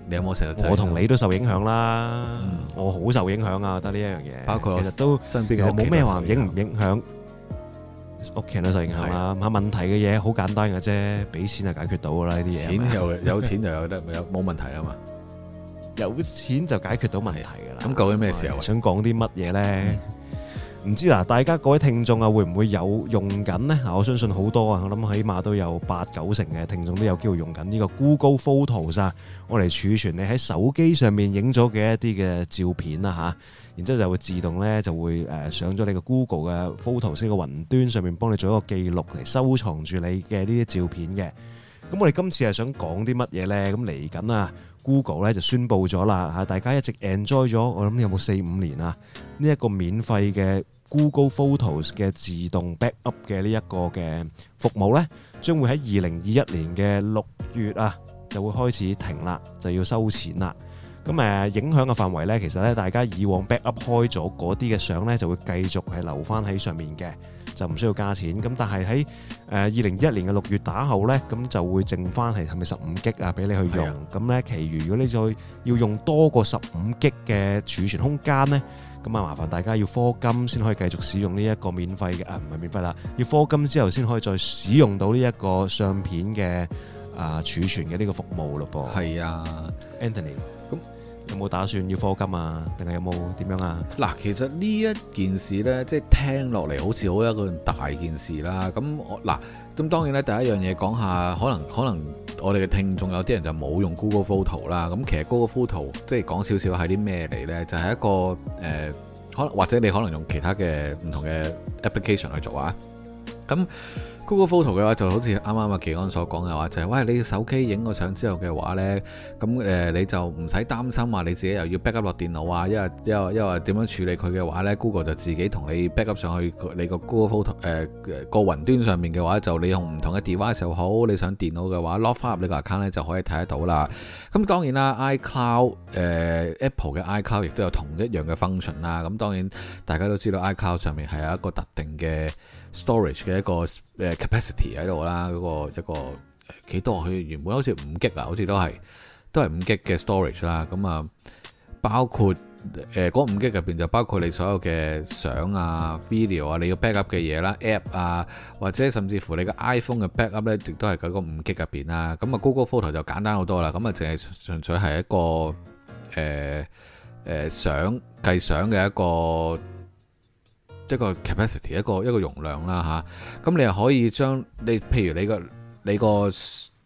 Speaker 2: 你有冇
Speaker 1: 食？我同你都受影響啦，嗯、我好受影響啊！得呢一樣嘢，包括其實都身邊冇咩話影唔影響，屋企人都受影響啊！嚇的問題嘅嘢好簡單噶啫，俾錢就解決到噶啦呢啲嘢，錢又有， 有錢就有得，冇問題啊嘛？有錢就解決到問題噶啦。咁究竟咩時候想講啲乜嘢咧？嗯唔知嗱，大家各位聽眾啊，會唔會有用緊呢？我相信好多啊，我諗起碼都有八九成嘅聽眾都有機會用緊呢個 Google Photos 啊，我嚟儲存你喺手機上面影咗嘅一啲嘅照片啦、吓、然之後就會自動呢就會誒上咗你個 Google 嘅 Photos 個雲端上面幫你做一個記錄嚟收藏住你嘅呢啲照片嘅。咁我哋今次係想講啲乜嘢呢？咁嚟緊啊，Google 咧就宣布咗啦、吓、大家一直 enjoy 咗，我諗有冇四五年啊？呢一個免費嘅。Google Photos 嘅自動 backup 嘅呢一個嘅服務咧，將會喺二零二一年嘅六月啊，就會開始停啦，就要收錢啦。咁誒影響嘅範圍咧，其實咧大家以往 backup 開咗嗰啲嘅相咧，就會繼續係留翻喺上面嘅，就唔需要加錢。咁但係喺誒二零二一年嘅六月打後咧，咁就會剩翻係係咪十五 G 啊，俾你去用。咁咧，其餘如果你再要用多過十五 G 嘅儲存空間咧，咁啊，麻煩大家要課金先可以繼續使用呢一個免費嘅啊，唔係免費啦，要課金之後先可以再使用到呢一個相片嘅啊儲存嘅呢個服務咯噃。係啊，Anthony。有冇打算要科金啊？定係有冇點樣啊？嗱，其實呢一件
Speaker 2: 事呢，即係聽落嚟好似好一個大件事啦。咁，我嗱，咁當然咧，第一樣嘢講下，可能可能我哋嘅聽眾有啲人就冇用 Google Photo 啦。咁其實 Google Photo 即係講少少係啲咩嚟呢？就係一個誒，可能或者你可能用其他嘅唔同嘅 application 去做啊。咁。Google Photo 嘅話就好似啱啱阿傑安所講嘅話，就係、就是、喂你手機影個相之後嘅話呢。咁、呃、你就唔使擔心話你自己又要 backup 落電腦啊，因為因為因為點樣處理佢嘅話呢 Google 就自己同你 backup 上去你個 Google Photo、呃、個 Google Photo 誒個雲端上面嘅話，就你用唔同嘅 device 又好，你上電腦嘅話攞翻入你個 account 就可以睇得到啦。咁當然啦，iCloud、呃、Apple 嘅 iCloud 亦都有同一樣嘅 function 啦。咁當然大家都知道 iCloud 上面係有一個特定嘅。storage 嘅一個、uh, capacity 喺度啦，嗰個一個，一個幾多？佢原本好似五 G 啊，好似都係都係五 G 嘅 storage 啦。咁啊，包括誒嗰五 G 入邊，就包括你所有嘅相啊、video 啊、你要 backup 嘅嘢啦、app 啊，或者甚至乎你嘅 iPhone 嘅 backup 咧，亦都係喺個五 G 入邊啦、啊。咁啊，Google Photo 就簡單好多啦。咁啊，淨係純粹係一個誒誒相計相嘅一個。呃呃一個 capacity 一個一個容量啦吓，咁你又可以將你譬如你個你個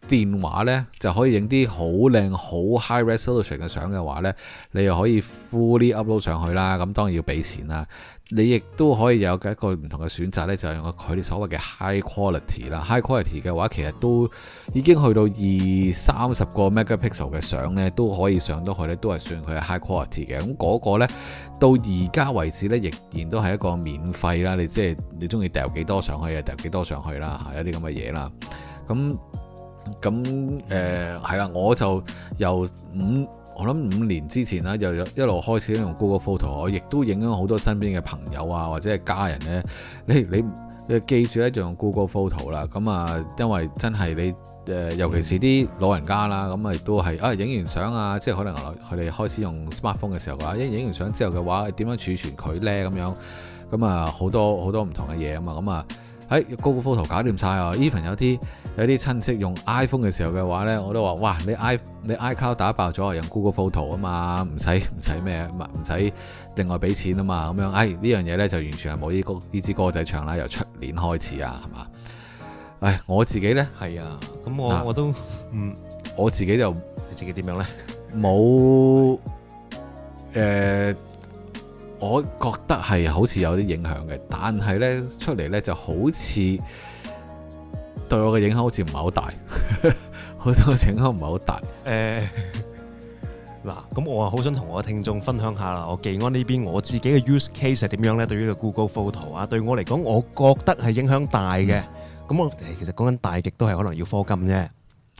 Speaker 2: 電話呢，就可以影啲好靚好 high resolution 嘅相嘅話呢，你又可以 fully upload 上去啦，咁當然要俾錢啦。你亦都可以有嘅一個唔同嘅選擇呢，就係用佢哋所謂嘅 high quality 啦。high quality 嘅話，其實都已經去到二三十個 megapixel 嘅相呢，都可以上到去呢，都係算佢係 high quality 嘅。咁嗰個咧，到而家為止呢，仍然都係一個免費啦。你即係你中意掉幾多上去就掉幾多上去啦，係一啲咁嘅嘢啦。咁咁誒係啦，我就由五。我諗五年之前啦，又一路開始用 Google Photo，我亦都影響好多身邊嘅朋友啊，或者係家人呢。你你，你記住咧，就用 Google Photo 啦。咁啊，因為真係你誒，尤其是啲老人家啦，咁啊亦都係啊，影完相啊，即係可能佢哋開始用 smartphone 嘅時候嘅話，一影完相之後嘅話，點樣儲存佢呢？咁樣咁啊，好多好多唔同嘅嘢啊嘛，咁啊。喺 Google、哎、Photo 搞掂晒啊！Even 朋友啲有啲親戚用 iPhone 嘅時候嘅話呢，我都話：哇，你 i 你 iCloud 打爆咗啊，用 Google Photo 啊嘛，唔使唔使咩，唔使另外俾錢啊嘛，咁樣。哎，呢樣嘢呢，就完全係冇呢個依支歌仔唱啦，由出年開始啊，係嘛？唉、哎，我自己
Speaker 1: 呢，係啊，咁我我都
Speaker 2: 嗯，我自己就你自己點樣呢？冇誒。呃我覺得係好似有啲影響嘅，但係咧出嚟咧，就好似對我嘅影響
Speaker 1: 好似唔係好大，好 多影響唔係好大。誒、欸，嗱，咁我啊好想同我嘅聽眾分享下啦，我技安呢邊我自己嘅 use case 係點樣咧？對於個 Google Photo 啊，對我嚟講，我覺得係影響大嘅。咁我其實講緊大極都係可能要科金啫，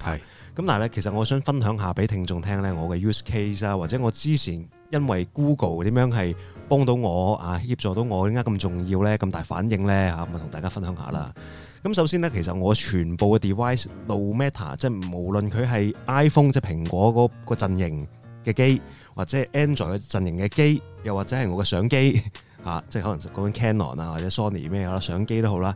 Speaker 1: 係。咁但係咧，其實我想分享下俾聽眾聽咧，我嘅 use case 啊，或者我之前因為 Google 點樣係幫到我啊，協助到我點解咁重要咧，咁大反應咧吓，咁啊同大家分享下啦。咁首先咧，其實我全部嘅 device no matter 即係無論佢係 iPhone 即係蘋果嗰個陣營嘅機，或者係 Android 嘅陣營嘅機，又或者係我嘅相機。啊，即係可能講緊 Canon 啊，或者 Sony 咩啦，相機都好啦。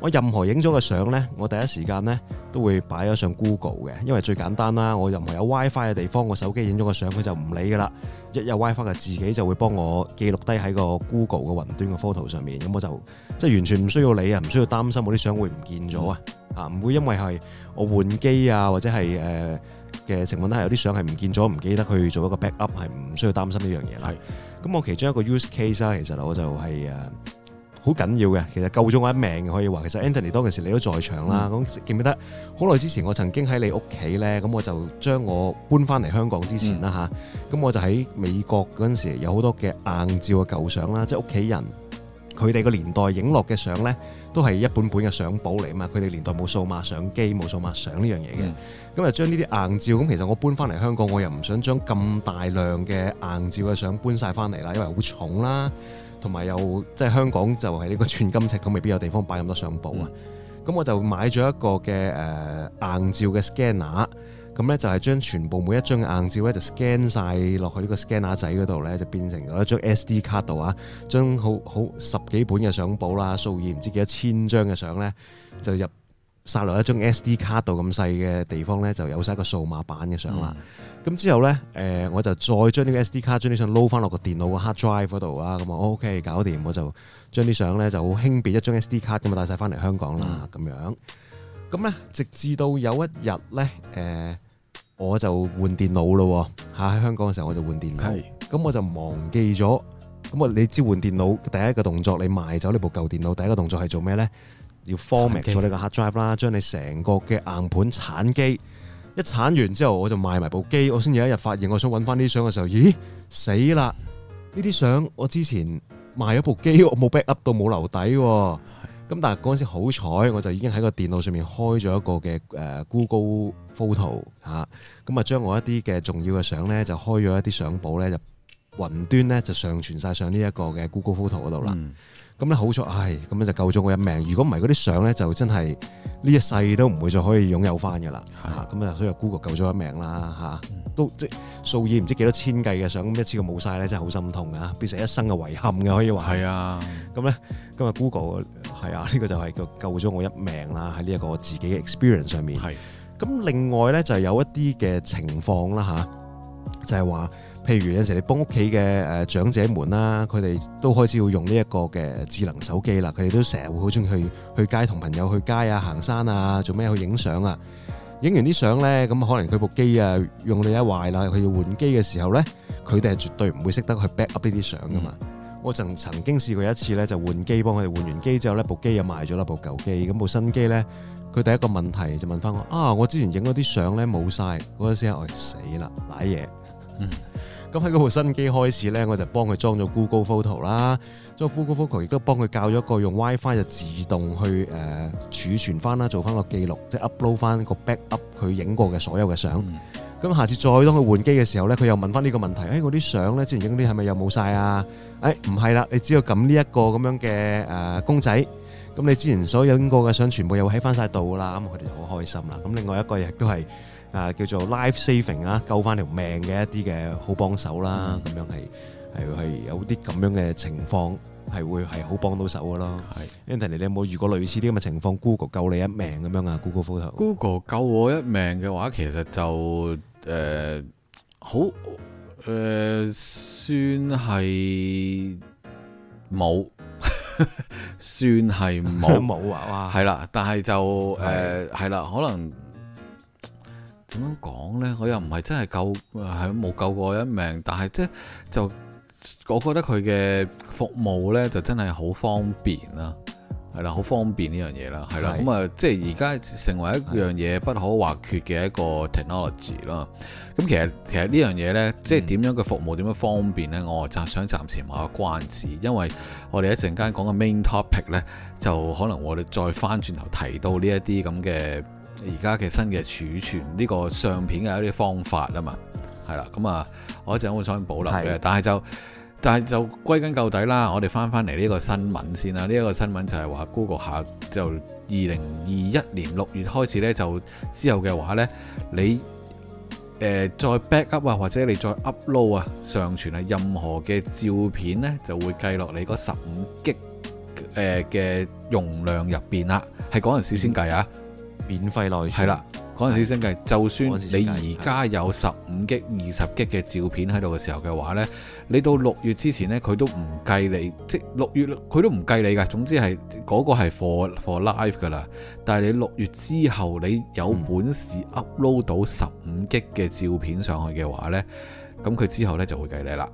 Speaker 1: 我任何影咗個相咧，我第一時間咧都會擺咗上 Google 嘅，因為最簡單啦。我任何有 WiFi 嘅地方，我手機影咗個相，佢就唔理噶啦。一有 WiFi 嘅，自己就會幫我記錄低喺個 Google 嘅雲端嘅 Photo 上面。咁我就即係完全唔需要理啊，唔需要擔心我啲相會唔見咗啊。啊，唔會因為係我換機啊，或者係誒嘅情況咧，有啲相係唔見咗，唔記得去做一個 backup，係唔需要擔心呢樣嘢啦。咁我其中一個 use case 啦，其實我就係誒好緊要嘅，其實救咗我一命可以話。其實 Anthony 當陣時你都在場啦，咁、嗯、記唔記得好耐之前我曾經喺你屋企咧，咁我就將我搬翻嚟香港之前啦吓，咁、嗯、我就喺美國嗰陣時有好多嘅硬照嘅舊相啦，即係屋企人佢哋個年代影落嘅相咧，都係一本本嘅相簿嚟啊嘛，佢哋年代冇數碼相機冇數碼相呢樣嘢嘅。嗯咁就將呢啲硬照，咁其實我搬翻嚟香港，我又唔想將咁大量嘅硬照嘅相搬晒翻嚟啦，因為好重啦，同埋又即係香港就喺呢個寸金尺土，咁未必有地方擺咁多相簿啊。咁、嗯、我就買咗一個嘅、呃、硬照嘅 scanner，咁咧就係、是、將全部每一張嘅硬照咧就 scan 晒落去呢個 scanner 仔嗰度咧，就變成咗一張 SD 卡度啊，將好好十幾本嘅相簿啦，數以唔知幾多千張嘅相咧，就入曬落一張 SD 卡度咁細嘅地方咧，就有晒一個數碼版嘅相啦。咁之後咧、呃，我就再將呢個 SD 卡將啲相撈翻落個電腦個 hard drive 嗰度啊。咁啊，OK，搞掂，我就將啲相咧就好輕便，一張 SD 卡咁啊，帶晒翻嚟香港啦。咁、嗯、樣咁咧，直至到有一日咧、呃，我就換電腦咯。吓。喺香港嘅時候我就換電腦，咁是的 我就忘記咗。咁啊，你知換電腦第一個動作，你賣走呢部舊電腦，第一個動作係做咩咧？要 format 咗你個 hard drive 啦，將你成個嘅硬盤鏟機，一鏟完之後，我就賣埋部機，我先有一日發現我想揾翻啲相嘅時候，咦死啦！呢啲相我之前賣咗部機，我冇 backup 到冇留底、啊，咁但係嗰陣時好彩，我就已經喺個電腦上面開咗一個嘅誒 Google Photo 吓、啊，咁啊將我一啲嘅重要嘅相咧就開咗一啲相簿咧就雲端咧就上傳晒上呢一個嘅 Google Photo 嗰度啦。嗯咁咧好彩，唉，咁樣就救咗我一命。如果唔係嗰啲相咧，就真係呢一世都唔會再可以擁有翻嘅啦。咁是的 啊，所以 Google 救咗我一命啦，嚇、啊，嗯、都即係數以唔知幾多千計嘅相，一次過冇晒咧，真係好心痛啊，變成一生嘅遺憾嘅，可以話。係啊是的，咁咧今日 Google 係啊，呢、呢個就係個救咗我一命啦。喺呢一個自己嘅 experience 上面。係。咁另外咧就有一啲嘅情況啦，吓、啊，就係話。譬如有時你幫屋企嘅誒長者們啦，佢哋都開始要用呢一個嘅智能手機啦，佢哋都成日會好中意去去街同朋友去街啊、行山啊、做咩去影相啊。影完啲相咧，咁可能佢部機啊用到而家壞啦，佢要換機嘅時候咧，佢哋係絕對唔會識得去 back up 呢啲相噶嘛。嗯、我曾曾經試過一次咧，就換機幫佢哋換完機之後咧，部機又賣咗啦，部舊機，咁部新機咧，佢第一個問題就問翻我啊，我之前影嗰啲相咧冇晒，嗰陣時我死啦，瀨嘢。嗯。咁喺嗰部新機開始咧，我就幫佢裝咗 Google Photo 啦，裝 Google Photo 亦都幫佢教咗個用 WiFi 就自動去誒儲存翻啦，做翻個記錄，即係 upload 翻個 backup 佢影過嘅所有嘅相。咁下次再當佢換機嘅時候咧，佢又問翻呢個問題，誒我啲相咧之前影啲係咪又冇曬啊？誒唔係啦，你只要撳呢一個咁樣嘅誒公仔，咁你之前所有影過嘅相全部又喺翻曬度啦。咁佢哋就好開心啦。咁另外一個亦都係。叫做 life saving 啦，救翻條命嘅一啲嘅好幫手啦，咁樣係係係有啲咁樣嘅情況，係會係好幫到手噶咯。是 Anthony，你有冇遇過類似啲咁嘅情況？Google 救你一命咁樣啊？Google Photo？Google
Speaker 2: 救我一命嘅話，其實就誒、呃、好誒、呃，算係冇， 算係冇冇啊！哇，係啦，但係就誒係啦，可能。咁樣講呢，我又唔係真係救，係冇救過一命。但係即係就，我覺得佢嘅服務呢，就真係好方便啦，係啦、嗯，好方便呢樣嘢啦，係啦。咁啊，即係而家成為一樣嘢不可或缺嘅一個 technology 啦。咁的其實其實呢樣嘢呢，嗯、即係點樣嘅服務，點樣方便呢？我就想暫時賣個關子，因為我哋一陣間講個 main topic 呢，就可能我哋再翻轉頭提到呢一啲咁嘅。而家嘅新嘅儲存呢，這個相片嘅一啲方法啊嘛，係啦，咁啊，我一陣好想保留嘅是的，但係就但係就歸根究底啦。我哋翻翻嚟呢個新聞先啦，呢、這、一個新聞就係話 Google 下就二零二一年六月開始呢，就之後嘅話呢，你誒、呃、再 back up 啊，或者你再 upload 啊，上傳啊任何嘅照片呢，就會計落你嗰十五吉誒嘅容量入邊啦，係嗰陣時先計、嗯、啊。免費內存係啦，嗰陣時先計。的就算你而家有十五 G、二十 G 嘅照片喺度嘅時候嘅話呢，你到六月之前呢，佢都唔計你，即六月佢都唔計你㗎。總之係嗰、嗰個係 for for life 㗎啦。但係你六月之後，你有本事 upload 到十五 G 嘅照片上去嘅話呢，咁佢之後呢就會計你啦。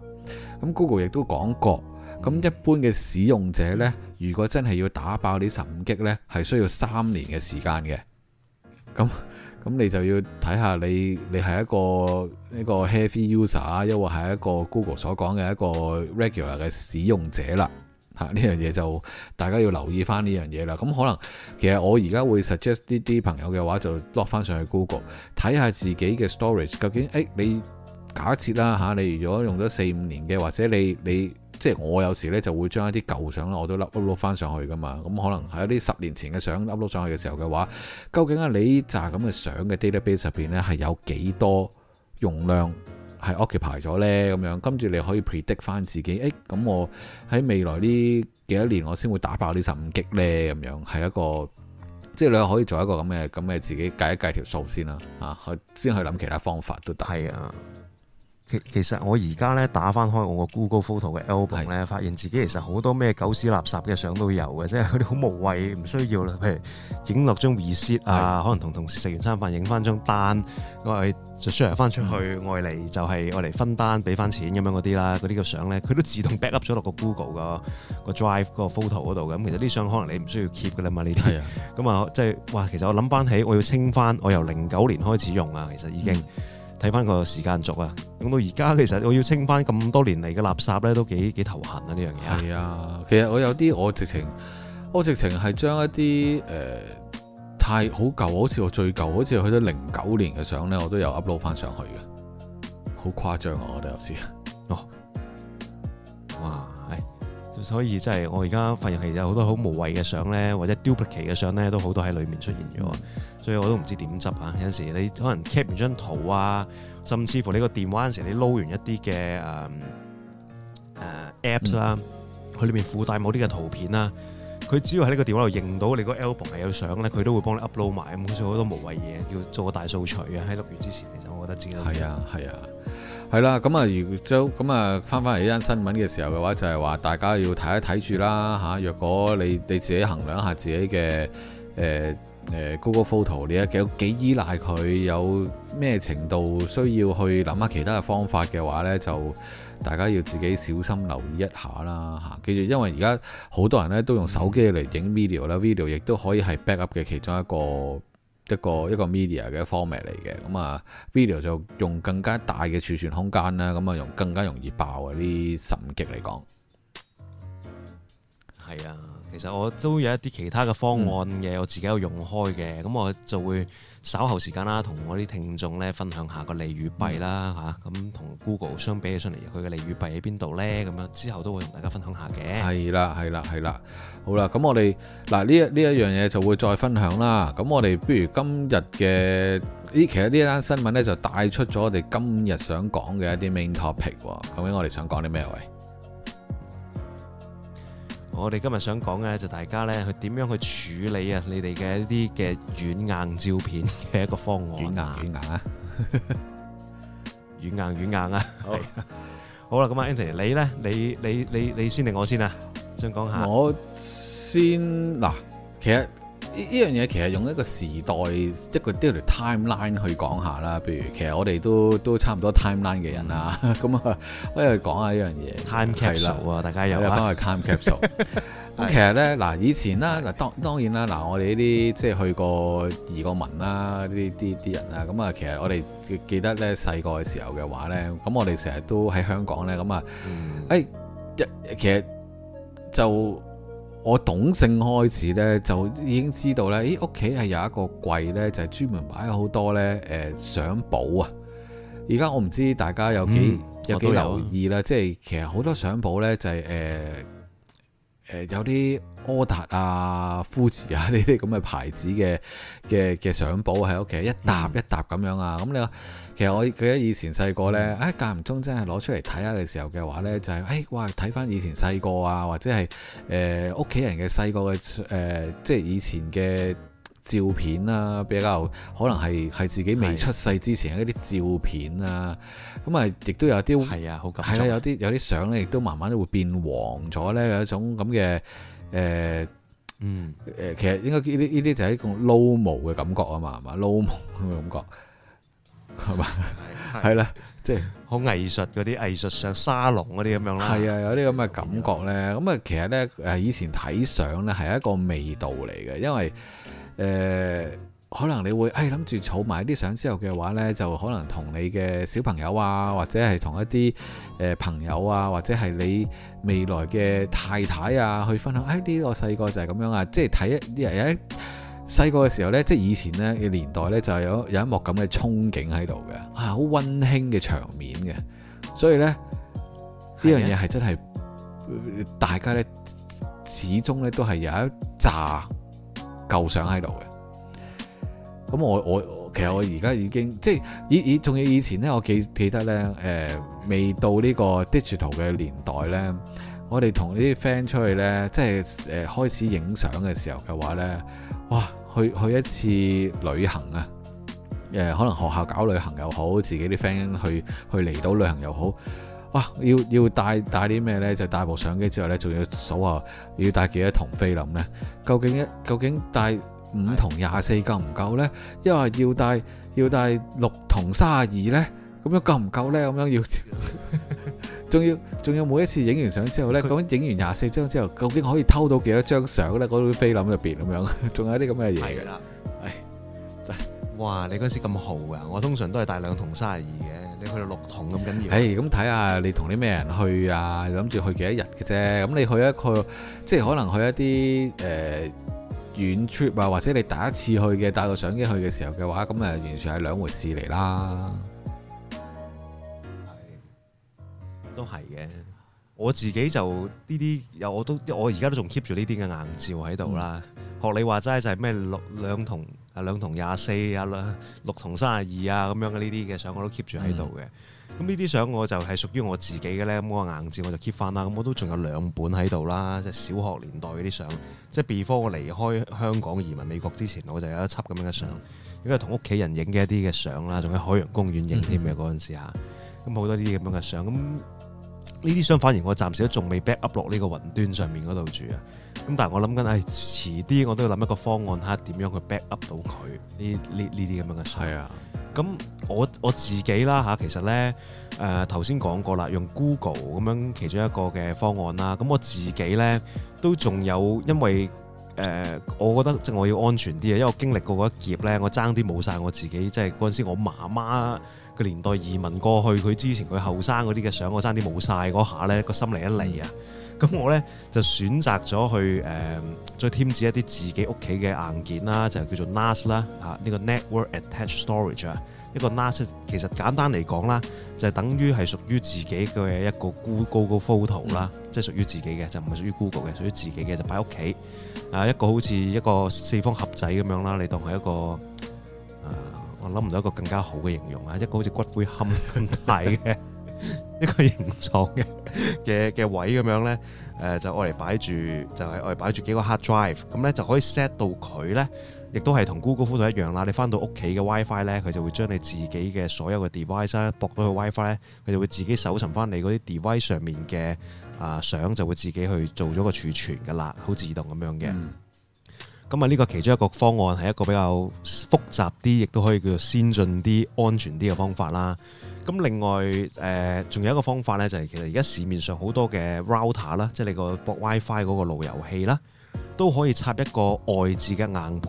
Speaker 2: 咁 Google 亦都講過，咁一般嘅使用者呢，如果真係要打爆你十五 G 呢，係需要三年嘅時間嘅。咁咁你就要睇下你你係一個呢個 heavy user 又抑或係一個 Google 所講嘅一個 regular 嘅使用者啦。吓，呢樣嘢就大家要留意翻呢樣嘢啦。咁可能其實我而家會 suggest 呢啲朋友嘅話，就落翻上去 Google 睇下自己嘅 storage，究竟誒、哎、你假設啦、啊、你如果用咗四五年嘅，或者你你。即係我有時咧就會將一啲舊相啦，我都 load load 翻上去噶嘛。咁可能係一啲十年前嘅相 load load 上去嘅時候嘅話，究竟啊你扎咁嘅相嘅 database 入邊咧係有幾多容量係 occupy 咗呢？咁樣跟住你可以 predict 翻自己，誒、欸、咁我喺未來呢幾多年我先會打爆呢十五 G 呢？」咁樣係一個，即係你可以做一個咁嘅咁嘅自
Speaker 1: 己計一，計一計條數先啦。啊，先
Speaker 2: 去諗其他方法
Speaker 1: 都得。係啊。其其實我而家咧打翻開我個 Google Photo 嘅 album 咧，是的 發現自己其實好多咩狗屎垃圾嘅相都有嘅，即係佢哋好無謂唔需要啦。譬如影落張 receipt 啊，可能同同事食完餐飯影翻張單，我係就 share 翻出去，愛嚟、嗯、就係我嚟分單，俾翻錢咁樣嗰啲啦，嗰啲嘅相咧，佢都自動 backup 咗落個 Google 個、個 Drive 嗰個 photo 嗰度嘅。咁其實啲相可能你唔需要 keep 噶啦嘛，呢啲。咁啊是的、嗯，即係哇，其實我諗翻起，我要清翻我由零九年開始用啊，其實已經。嗯睇翻個時間軸啊，用到而家，其實我要清翻咁多年嚟嘅垃圾咧，都幾幾頭痕啊呢樣嘢。係啊，其實我有啲
Speaker 2: 我直情，我直情係將一啲誒、呃、太好舊，好似我最舊，好似去咗零九年嘅相咧，我都有 upload 翻上去嘅，好誇張啊！我哋有時哦，
Speaker 1: 哇，所以真係我而家發現其實好多好無謂嘅相咧，或者 duplicate 嘅相咧，都好多喺裏面出現咗。所以我都唔知點執啊！有時你可能 cap 完張圖啊，甚至乎你個電話嗰時你撈完一啲嘅誒誒 apps 啦，佢、嗯、裏、啊嗯、面附帶冇啲嘅圖片啦，佢只要喺呢個電話度認到你個 album 係有相咧，佢都會幫你 upload 埋，咁，好似好多無謂嘢要做個大掃除啊。喺六月之前，其實我覺得自己係啊係啊，係啦
Speaker 2: 咁啊，啊就咁啊翻翻嚟呢間新聞嘅時候嘅話，就係、是、話大家要睇一睇住啦嚇，若果你你自己衡量下自己嘅誒。呃誒 Google Photo 你有幾依賴佢，有咩程度需要去諗下其他嘅方法嘅話呢？就大家要自己小心留意一下啦嚇。跟住因為而家好多人呢都用手機嚟影 video 啦，video 亦都可以係 backup 嘅其中一個一個一個 media 嘅 format 嚟嘅。咁啊 video 就用更加大嘅儲存空間啦，
Speaker 1: 咁啊用更加容易爆啲神擊嚟講。係啊。其實我都有一啲其他嘅方案嘅，我自己有用開嘅，咁、嗯、我就會稍後時間啦，同我啲聽眾咧分享一下個利與弊啦，吓咁同、嗯啊、Google 相比起上嚟，佢嘅利與弊喺邊度呢？咁樣之後都會同大家分享一下嘅。係啦，係啦，係啦，
Speaker 2: 好啦，咁我哋嗱呢一呢一樣嘢就會再分享啦。咁我哋不如今日嘅呢，其實呢一單新聞咧就帶出咗我哋今日想講嘅一啲 main topic。咁我哋想講啲咩喂？
Speaker 1: 我哋今日想講嘅就大家咧去點樣去處理啊你哋嘅一啲嘅軟硬照片嘅一個方案。軟硬，軟硬啊！軟硬，軟硬啊！好，好啦，咁啊，Andy，你咧，你你你你先定我先啊，想講下。我先，嗱，其實。呢樣嘢其實用一個時代
Speaker 2: 一個啲條 timeline 去講下啦，譬如其實我哋都都差唔多 timeline 嘅人啦，咁啊、嗯、 可以去講下呢樣嘢。time capsule 啊，大家有啊，翻去 time capsule 咁 其實咧嗱，以前啦嗱，當 當然啦嗱，我哋呢啲即係去過移過民啦，啲啲啲人啦，咁啊，其實我哋記得咧細個嘅時候嘅話咧，咁我哋成日都喺香港咧，咁啊，誒、嗯，一、哎、其實就。我懂性開始呢，就已經知道呢。誒屋企係有一個櫃呢，就係、係、專門擺好多呢誒相簿啊。而家我唔知大家有幾、嗯、有幾留意啦，即係其實好多相簿呢、就係，就係誒有啲。柯達啊、富士啊呢啲咁嘅牌子嘅嘅嘅相簿，喺屋企一沓一沓咁樣啊，咁你話、嗯、其實我記得以前細個呢，喺間唔中真係攞出嚟睇下嘅時候嘅、嗯哎、話呢，就係、是、誒、哎、哇睇翻以前細個啊，或者係誒屋企人嘅細個嘅誒，即係以前嘅照片啊，比較可能係係自己未出世之前一啲照片啊，咁啊亦都有啲係啊，好係啊，有啲有啲相呢，亦都慢慢都會變黃咗呢，有一種咁嘅。誒，呃、嗯，誒、呃，其實應該呢啲呢啲就係一種 low 毛嘅感覺啊嘛，係嘛
Speaker 1: ，low 毛嘅感覺
Speaker 2: 係嘛，係啦，
Speaker 1: 即係好藝術嗰啲藝術上沙龍嗰啲咁樣啦，係、嗯、啊，有啲咁嘅感覺咧，咁啊的，嗯、其實咧以前
Speaker 2: 睇相咧係一個味道嚟嘅，因為、呃可能你會誒諗住儲埋啲相之後嘅話呢，就可能同你嘅小朋友啊，或者係同一啲誒、呃、朋友啊，或者係你未來嘅太太啊去分享。誒呢個細個就係咁樣啊，即係睇一啲人，有一細個嘅時候呢，即係以前呢嘅年代呢，就有有一幕咁嘅憧憬喺度嘅，啊好溫馨嘅場面嘅。所以呢，呢樣嘢係真係的大家呢，始終呢都係有一紮舊相喺度嘅。咁我我其實我而家已經即係以以仲要以前咧、呃，我記記得咧，誒未到呢個 digital 嘅年代咧，我哋同呢啲 friend 出去咧，即係誒、呃、開始影相嘅時候嘅話咧，哇！去去一次旅行啊，誒、呃、可能學校搞旅行又好，自己啲 friend 去去離島旅行又好，哇！要要帶帶啲咩咧？就帶、是、部相機之外咧，仲要數下要帶幾多筒菲林咧？究竟一究竟帶？五同廿四夠唔夠呢？因為要帶要帶六同三十二呢，咁樣夠唔夠呢？咁樣要 有，仲要仲要，每一次影完相之後咧，咁影他 完廿四張之後，究竟可以偷到幾多張相呢？嗰啲菲林入邊咁樣，仲有啲咁嘅嘢嘅。係啦了，唉
Speaker 1: 哇！你嗰時咁豪啊！我通常都係帶兩同三十二嘅，你去到六同咁緊要。係咁
Speaker 2: 睇下你同啲咩人去啊？諗住去幾多日嘅啫？咁你去一個即係可能去一啲誒。呃遠 trip 啊，或者你第一次去嘅，帶個相機去嘅時候
Speaker 1: 嘅話，咁誒完全係兩回事嚟啦。都係嘅，我自己就呢啲有我都我而家都仲 keep 住呢啲嘅硬照喺度啦。學、嗯、你話齋就係咩六兩同啊兩同廿四啊六同三十二啊咁樣嘅呢啲嘅相我都 keep 住喺度嘅。嗯呢啲相我就係屬於我自己嘅咧，咁我硬照我就 keep 翻啦，咁我都仲有兩本喺度啦，即係小學年代嗰啲相，即係 before 我離開香港移民美國之前，我就有一輯咁樣嘅相，應該係同屋企人影嘅一啲嘅相啦，仲喺海洋公園影添嘅嗰陣時吓，咁好多呢啲咁樣嘅相咁。呢啲相反而我暫時都仲未 back up 落呢個雲端上面嗰度住啊，咁但係我諗緊，誒、哎、遲啲我都要諗一個方案，睇下點樣去 back up 到佢呢呢呢啲咁樣嘅。係是啊，咁我我自己啦嚇，其實咧誒頭先講過啦，用 Google 咁樣其中一個嘅方案啦，咁我自己咧都仲有，因為誒、呃、我覺得即係我要安全啲啊，因為我經歷過嗰一劫咧，我爭啲冇晒我自己，即係嗰陣時我媽媽。個年代移民過去，佢之前佢後生嗰啲嘅相，我差啲冇晒嗰下呢，個心理一嚟啊！咁我呢，就選擇咗去誒、呃，再添置一啲自己屋企嘅硬件啦，就叫做 NAS 啦、啊、呢、呢個 network attached storage 啊，一個 NAS 其實簡單嚟講啦，就係等於係屬於自己嘅一個 Google photo 啦、嗯，即係屬於自己嘅，就唔係屬於 Google 嘅，屬於自己嘅就擺屋企啊，一個好似一個四方盒仔咁樣啦，你當係一個。我諗唔到一個更加好嘅形容啊！一個好似骨灰龕咁大嘅 一個形狀嘅嘅嘅位咁樣咧，誒就用嚟擺住，就係用嚟擺住幾個 hard drive，咁咧就可以 set 到佢咧，亦都係同 Google Photo 一樣啦。你翻到屋企嘅 WiFi 咧，佢就會將你自己嘅所有嘅 device 咧，駁到去 WiFi 咧，佢就會自己搜尋翻你嗰啲 device 上面嘅啊相，就會自己去做咗個儲存㗎啦，好自動咁樣嘅。嗯。咁啊，呢個其中一個方案係一個比較複雜啲，亦都可以叫做先進啲、安全啲嘅方法啦。咁另外呃、仲有一個方法呢，就係、是、其實而家市面上好多嘅 router 啦，即係你個播 WiFi 嗰個路由器啦，都可以插一個外置嘅硬盤。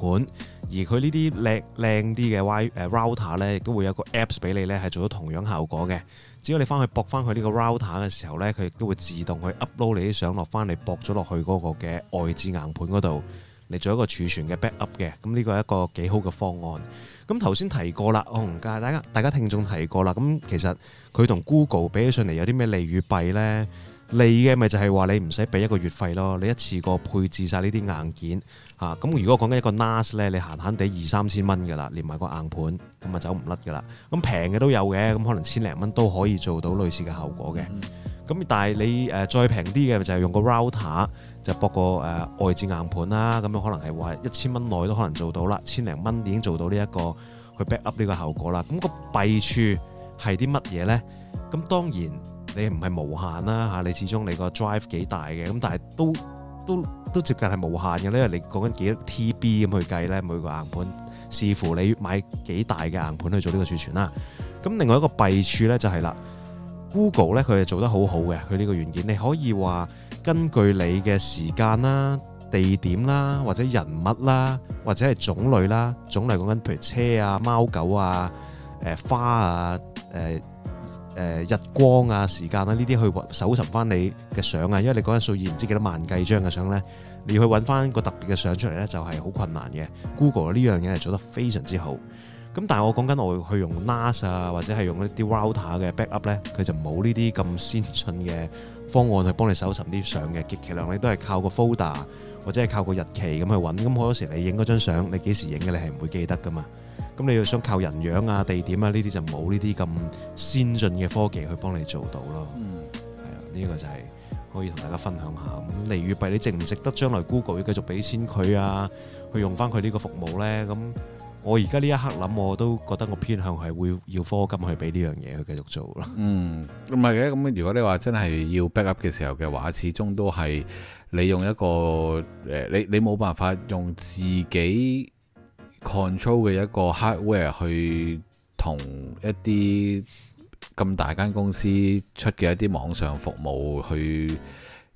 Speaker 1: 而佢呢啲靚靚啲嘅 w router 呢，亦都會有個 apps 俾你呢係做到同樣效果嘅。只要你翻去駁翻佢呢個 router 嘅時候呢，佢亦都會自動去 upload 你啲相落翻嚟，駁咗落去嗰個嘅外置硬盤嗰度。嚟做一個儲存嘅 backup 嘅，咁呢個係一個幾好嘅方案。咁頭先提過啦，哦，唔下大家大家聽眾提過啦。咁其實佢同 Google 比起上嚟有啲咩利與弊呢？利嘅咪就係話你唔使俾一個月費咯，你一次過配置晒呢啲硬件嚇。咁、啊、如果講緊一個 NAS 咧，你閒閒地二三千蚊噶啦，連埋個硬盤咁啊走唔甩噶啦。咁平嘅都有嘅，咁可能千零蚊都可以做到類似嘅效果嘅。咁但係你誒、呃、再平啲嘅咪就係用個 router。就博個誒外置硬盤啦，咁樣可能係話一千蚊內都可能做到啦，千零蚊已經做到呢、這、一個去 back up 呢個效果啦。咁、那個弊處係啲乜嘢呢？咁當然你唔係無限啦嚇，你始終你個 drive 幾大嘅，咁但係都都都接近係無限嘅呢咧。為你講緊幾多 TB 咁去計呢，每個硬盤視乎你買幾大嘅硬盤去做呢個儲存啦。咁另外一個弊處呢、就是，就係啦，Google 呢，佢係做得好好嘅，佢呢個軟件你可以話。根據你嘅時間啦、地點啦、或者人物啦、或者係種類啦，種類講緊，譬如車啊、貓狗啊、誒、呃、花啊、誒、呃、誒、呃、日光啊、時間啊，呢啲去搜尋翻你嘅相啊，因為你嗰陣數以唔知幾多萬計張嘅相咧，你要去揾翻個特別嘅相出嚟咧，就係好困難嘅。Google 呢樣嘢係做得非常之好。咁但係我講緊我去用 NAS 啊，或者係用一啲 router 嘅 backup 咧，佢就冇呢啲咁先進嘅方案去幫你搜尋啲相嘅。極其量你都係靠個 folder 或者係靠個日期咁去揾。咁好多時你影嗰張相，你幾時影嘅你係唔會記得噶嘛。咁你要想靠人樣啊、地點啊呢啲就冇呢啲咁先進嘅科技去幫你做到咯。嗯，係啊，呢個就係可以同大家分享下。咁利與弊，你值唔值得將來 Google 要繼續俾錢佢啊？去用翻佢呢個服務咧？咁。我而家呢一刻諗，我都覺得我偏向係會要課金去俾呢樣嘢去繼續做咯。嗯，唔係
Speaker 2: 嘅，咁如果你話真係要 backup 嘅時候嘅話，始終都係你用一個誒，你你冇辦法用自己 control 嘅一個 hardware 去同一啲咁大間公司出嘅一啲網上服務去、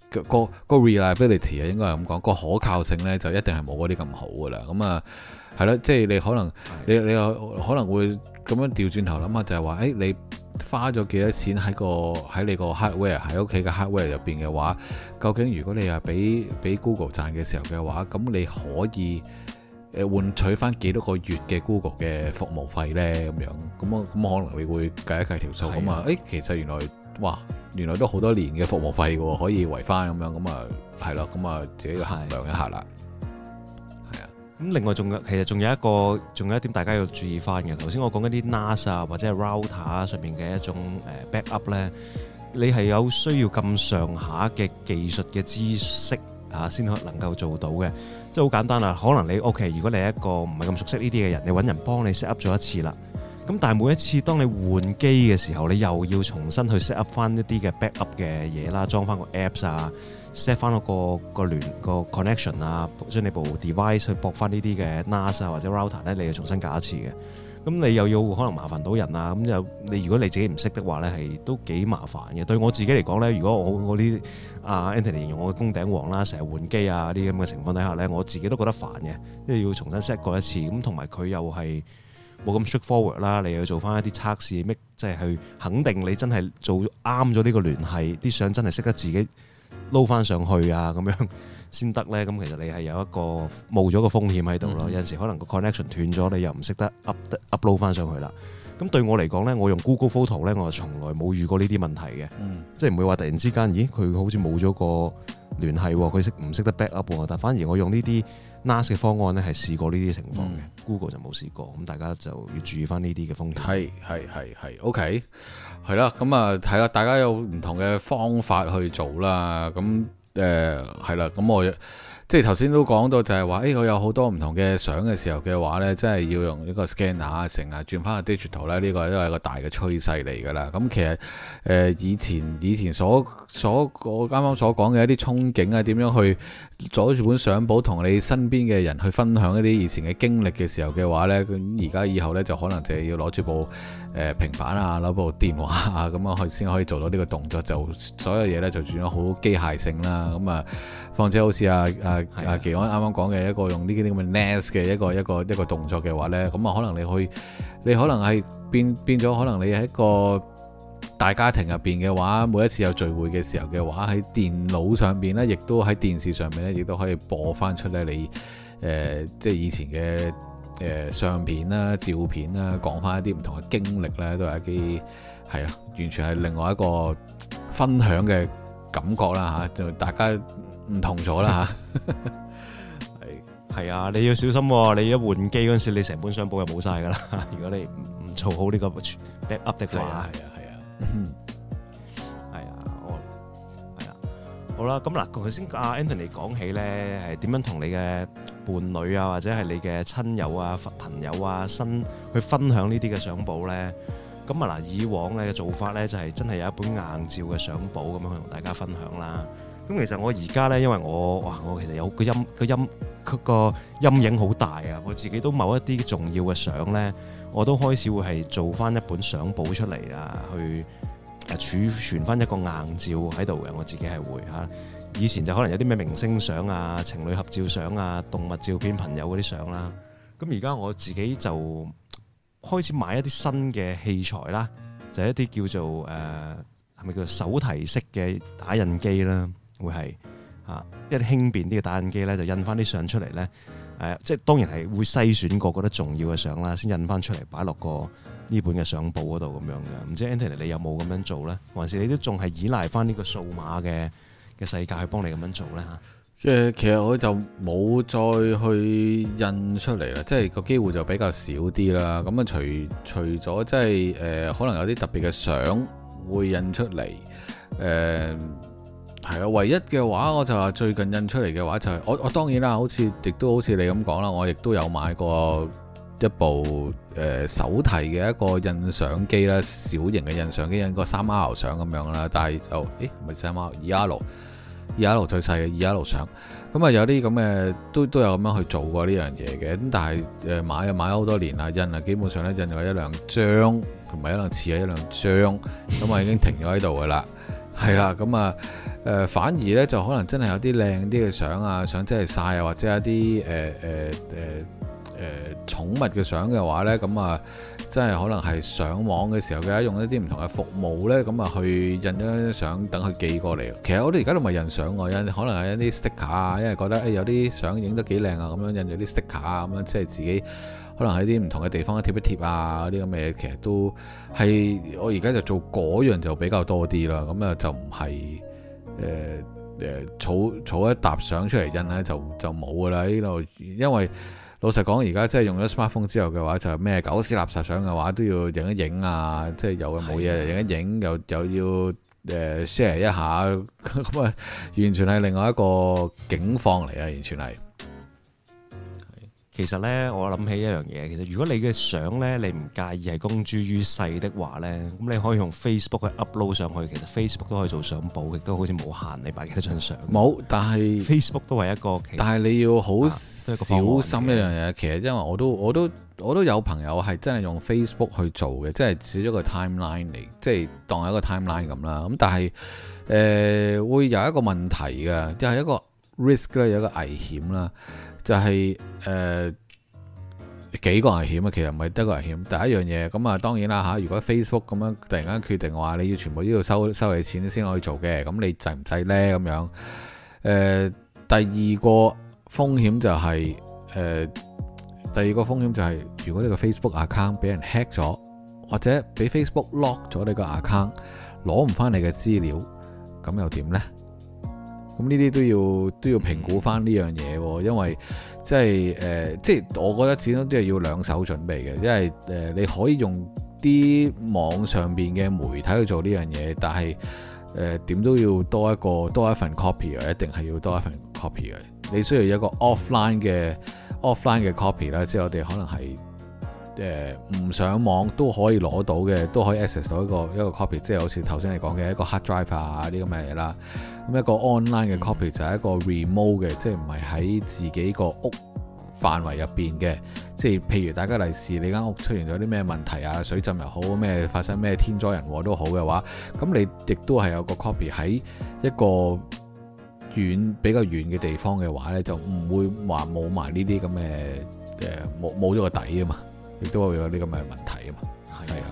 Speaker 2: 個個個 reliability 啊，應該係咁講，個可靠性呢就一定係冇嗰啲咁好噶啦。咁啊～係啦，即係你可能，的你你又可能會咁樣調轉頭諗下，就係話，誒你花咗幾多錢喺個喺你個 hardware 喺屋企嘅 hardware 入面嘅話，究竟如果你係俾俾 Google 賺嘅時候嘅話，咁你可以誒換取翻幾多個月嘅 Google 嘅服務費咧？咁樣，咁啊咁可能你會計一計條數，咁啊的，誒其實原來哇，原來都好多年嘅服務費喎，可以維翻咁樣，咁啊係咯，咁啊自己衡
Speaker 1: 量一下啦。的咁另外仲其實仲有一個，仲有一點大家要注意翻嘅。頭先我講緊啲 NAS 啊或者 router 上面嘅一種 backup 咧，你係有需要咁上下嘅技術嘅知識嚇先可能夠做到嘅。即係好簡單啦，可能你 OK，如果你係一個唔係咁熟悉呢啲嘅人，你揾人幫你 set up 咗一次啦。咁但係每一次當你換機嘅時候，你又要重新去 set up 翻一啲嘅 backup 嘅嘢啦，裝翻個 apps 啊。set 翻個個聯、個 connection 啊，將你部 device 去駁翻呢啲嘅 NAS 啊或者 router 咧，你要重新搞一次嘅。咁你又要可能麻煩到人啊。咁又你如果你自己唔識的話咧，係都幾麻煩嘅。對我自己嚟講咧，如果我、啊、用我啲啊 Anthony 形容我嘅工頂王啦，成日換機啊啲咁嘅情況底下咧，我自己都覺得煩嘅，即係要重新 set 過一次。咁同埋佢又係冇咁 straightforward 啦，你又要做翻一啲測試，即、就、係、是、去肯定你真係做啱咗呢個聯繫啲相真係識得自己。撈翻上去啊，咁樣先得呢。咁其實你係有一個冇咗個風險喺度咯。嗯、哼有陣時可能個 connection 斷咗，你又唔識得 up upload 翻上去啦。咁對我嚟講呢，我用 Google Photo 呢，我就從來冇遇過呢啲問題嘅，嗯、即係唔會話突然之間，咦佢好似冇咗個聯繫喎，佢識唔識得 backup 喎？但反而我用呢啲 NAS 嘅方案呢，係試過呢啲情況嘅、嗯、，Google 就冇試過。咁大家就要注意翻呢啲嘅風險。係係
Speaker 2: 係係，OK。係啦，咁啊係啦，大家有唔同嘅方法去做啦，咁誒係啦，咁我。即係頭先都講到就，就、哎、係話，呢我有好多唔同嘅相嘅時候嘅話呢，真係要用呢個 scan 啊，成啊轉翻個 digital 咧，呢個都係一個大嘅趨勢嚟㗎啦。咁其實、呃、以前以前所所啱啱所講嘅一啲憧憬啊，點樣去阻住本相簿同你身邊嘅人去分享一啲以前嘅經歷嘅時候嘅話呢？咁而家以後呢，就可能就係要攞住部誒平板啊，攞部電話啊，咁樣去先可以做到呢個動作，就所有嘢呢，就轉咗好機械性啦。咁啊，況且好似啊～阿奇、啊、安啱啱講嘅一個用呢啲咁嘅 NAS 嘅一個一個一個動作嘅話呢，咁啊可能你去，你可能係變變咗，可能你喺一個大家庭入邊嘅話，每一次有聚會嘅時候嘅話，喺電腦上邊呢，亦都喺電視上面呢，亦都可以播翻出呢你誒、呃、即係以前嘅誒、呃、相片啦、照片啦，講翻一啲唔同嘅經歷咧，都係一啲係啊，完全係另外一個
Speaker 1: 分享嘅感覺啦嚇，就、啊、大家。唔同咗啦嚇，係係啊！你要小心，你一換機嗰時，你成本相簿又冇曬噶啦！如果你唔做好呢個 step up step down，係啊係啊，係啊，哦，係啦，好啦，咁嗱，頭先阿 Anthony 講起咧，係點樣同你嘅伴侶啊，或者係你嘅親友啊、朋友啊，新去分享呢啲嘅相簿咧？咁啊嗱，以往嘅做法咧，就係真係有一本硬照嘅相簿咁樣去同大家分享啦。咁其實我而家呢，因為我哇，我其實有個陰個陰個陰影好大啊！我自己都某一啲重要嘅相呢，我都開始會係做翻一本相簿出嚟啊，去儲存翻一個硬照喺度嘅。我自己係會嚇。以前就可能有啲咩明星相啊、情侶合照相啊、動物照片、朋友嗰啲相啦。咁而家我自己就開始買一啲新嘅器材啦，就係一啲叫做誒係咪叫手提式嘅打印機啦。會係嚇一啲輕便啲嘅打印機咧，就印翻啲相出嚟咧。誒、呃，即係當然係會篩選過覺得重要嘅相啦，先印翻出嚟擺落個呢本嘅相簿嗰度咁樣嘅。唔知 Anthony 你有冇咁樣做咧，還是你都仲係依賴翻呢個數碼嘅嘅世界去幫你咁樣做咧嚇？誒，
Speaker 2: 其實我就冇再去印出嚟啦，即係個機會就比較少啲啦。咁啊，除除咗即係誒、呃，可能有啲特別嘅相會印出嚟誒。呃係啊，唯一嘅話我就話最近印出嚟嘅話就係、是、我我當然啦，好似亦都好似你咁講啦，我亦都有買過一部誒、呃、手提嘅一個印相機啦，小型嘅印相機印個三 R 相咁樣啦，但係就誒唔係三 R 二 R 二 R 最細嘅二 R 相，咁啊有啲咁嘅都都有咁樣去做過呢樣嘢嘅，咁但係誒、呃、買啊買咗好多年啦，印啊基本上咧印咗一兩張同埋一兩次啊一兩張，咁啊已經停咗喺度噶啦。係啦，咁啊，誒、呃、反而咧就可能真係有啲靚啲嘅相啊，相真係曬啊，或者有啲誒誒誒誒寵物嘅相嘅話咧，咁啊，真係可能係上網嘅時候，而家用一啲唔同嘅服務咧，咁啊去印咗張相等佢寄過嚟。其實我哋而家都唔係印相喎，因為可能係一啲 sticker 啊，因為覺得誒、哎、有啲相影得幾靚啊，咁樣印咗啲 sticker 啊，咁樣即係自己。可能喺啲唔同嘅地方貼一貼啊，啲咁嘅嘢其實都係我而家就做嗰樣就比較多啲啦。咁啊就唔係誒誒，儲、呃、儲、呃、一沓相出嚟印咧就就冇噶啦呢度。因為老實講，而家即係用咗 smartphone 之後嘅話，就咩、是、狗屎垃圾相嘅話都要影一影啊，即、就、係、是、有嘅冇嘢影一影，又又要誒、呃、share 一下咁啊，完全係另外一個境況嚟啊，完
Speaker 1: 全係。其實呢，我諗起一樣嘢，其實如果你嘅相呢，你唔介意係公諸於世的話呢，咁你可以用 Facebook 去 upload 上，上去。其實 Facebook 都可以做相簿，亦都好似冇限，你擺幾多張相。冇，但係 Facebook 都係一個，但
Speaker 2: 係你要好小心呢樣嘢。其實因為我都我都我都有朋友係真係用 Facebook 去做嘅，即係只咗個 timeline 嚟，即係當係一個 timeline 咁啦。咁、就是、但係誒、呃、會有一個問題嘅，即係一個 risk 有一個危險啦。就係、是、誒、呃、幾個危險啊，其實唔係得一個危險。第一樣嘢咁啊，當然啦嚇，如果 Facebook 咁樣突然間決定話你要全部都要收收你錢先可以做嘅，咁你制唔制呢？咁樣誒、呃，第二個風險就係、是、誒、呃，第二個風險就係、是、如果你個 Facebook account 俾人 hack 咗，或者俾 Facebook lock 咗你個 account 攞唔翻你嘅資料，咁又點呢？咁呢啲都要都要評估翻呢樣嘢喎，因為、呃、即係即係我覺得始終都係要兩手準備嘅，因為、呃、你可以用啲網上面嘅媒體去做呢樣嘢，但係、呃、點都要多一個多一份 copy 嘅，一定係要多一份 copy 嘅，你需要一個 offline 嘅 offline 嘅 copy 啦，cop y, 即係我哋可能係。誒唔、呃、上網都可以攞到嘅，都可以，以 access 到一個一個 copy，即係好似頭先你講嘅一個 hard drive 啊啲咁嘅嘢啦。咁一個 online 嘅 copy 就係一個 remote 嘅，即係唔係喺自己個屋範圍入邊嘅。即係譬如大家嚟試你間屋出現咗啲咩問題啊，水浸又好，咩發生咩天災人禍都好嘅話，咁你亦都係有個 copy 喺一個遠比較遠嘅地方嘅話咧，就唔會話冇埋呢啲咁嘅誒冇冇咗個底啊嘛～亦都會有呢個
Speaker 1: 嘅問題啊嘛，係啊，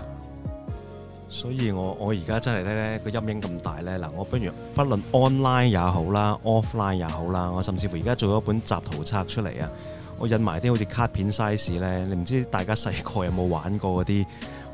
Speaker 1: 所以我我而家真係咧，個陰影咁大咧，嗱，我不如不論 online 也好啦，offline 也好啦，我甚至乎而家做咗一本集圖冊出嚟啊，我印埋啲好似卡片 size 咧，你唔知道大家細個有冇玩過嗰啲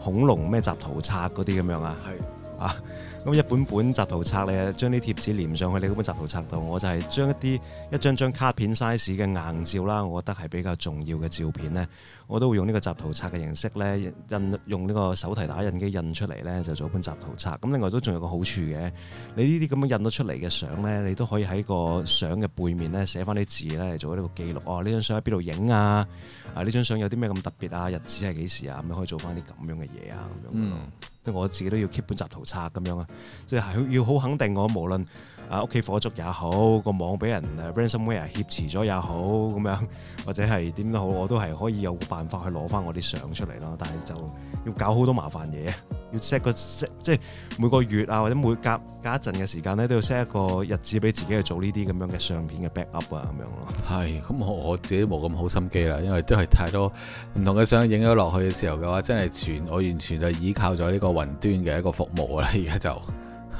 Speaker 1: 恐龍咩集圖冊嗰啲咁樣啊？係啊的。 咁一本本集圖冊咧，將啲貼紙黏上去你嗰本集圖冊度，我就係將一啲一張張卡片 size 嘅硬照啦，我覺得係比較重要嘅照片呢，我都會用呢個集圖冊嘅形式呢，印用呢個手提打印機印出嚟呢，就做一本集圖冊。咁另外都仲有一個好處嘅，你呢啲咁樣印咗出嚟嘅相呢，你都可以喺個相嘅背面呢，寫翻啲字呢，嚟做呢個記錄。啊，呢張相喺邊度影啊？啊，呢張相有啲咩咁特別啊？日子係幾時啊？咁可以做翻啲咁樣嘅嘢啊咁樣、嗯。即係我自己都要 keep 本集圖冊咁樣啊！即係要好肯定我，無論，啊，屋企火燭也好，個網俾人 ransomware 挾持咗也好，咁樣或者係點都好，我都係可以有辦法去攞翻我啲相出嚟咯。但係就要搞好多麻煩嘢，要 set 個 set 即係每個月啊，或者每隔隔一陣嘅時間咧，都要 set 一個日子俾自己去做呢啲咁樣嘅相片嘅 backup 啊，咁樣
Speaker 2: 咯。係，咁我自己冇咁好心機啦，因為真係太多唔同嘅相影咗落去嘅時候嘅話，真係全我完全就依靠咗呢個雲端嘅一個服務啦。而家就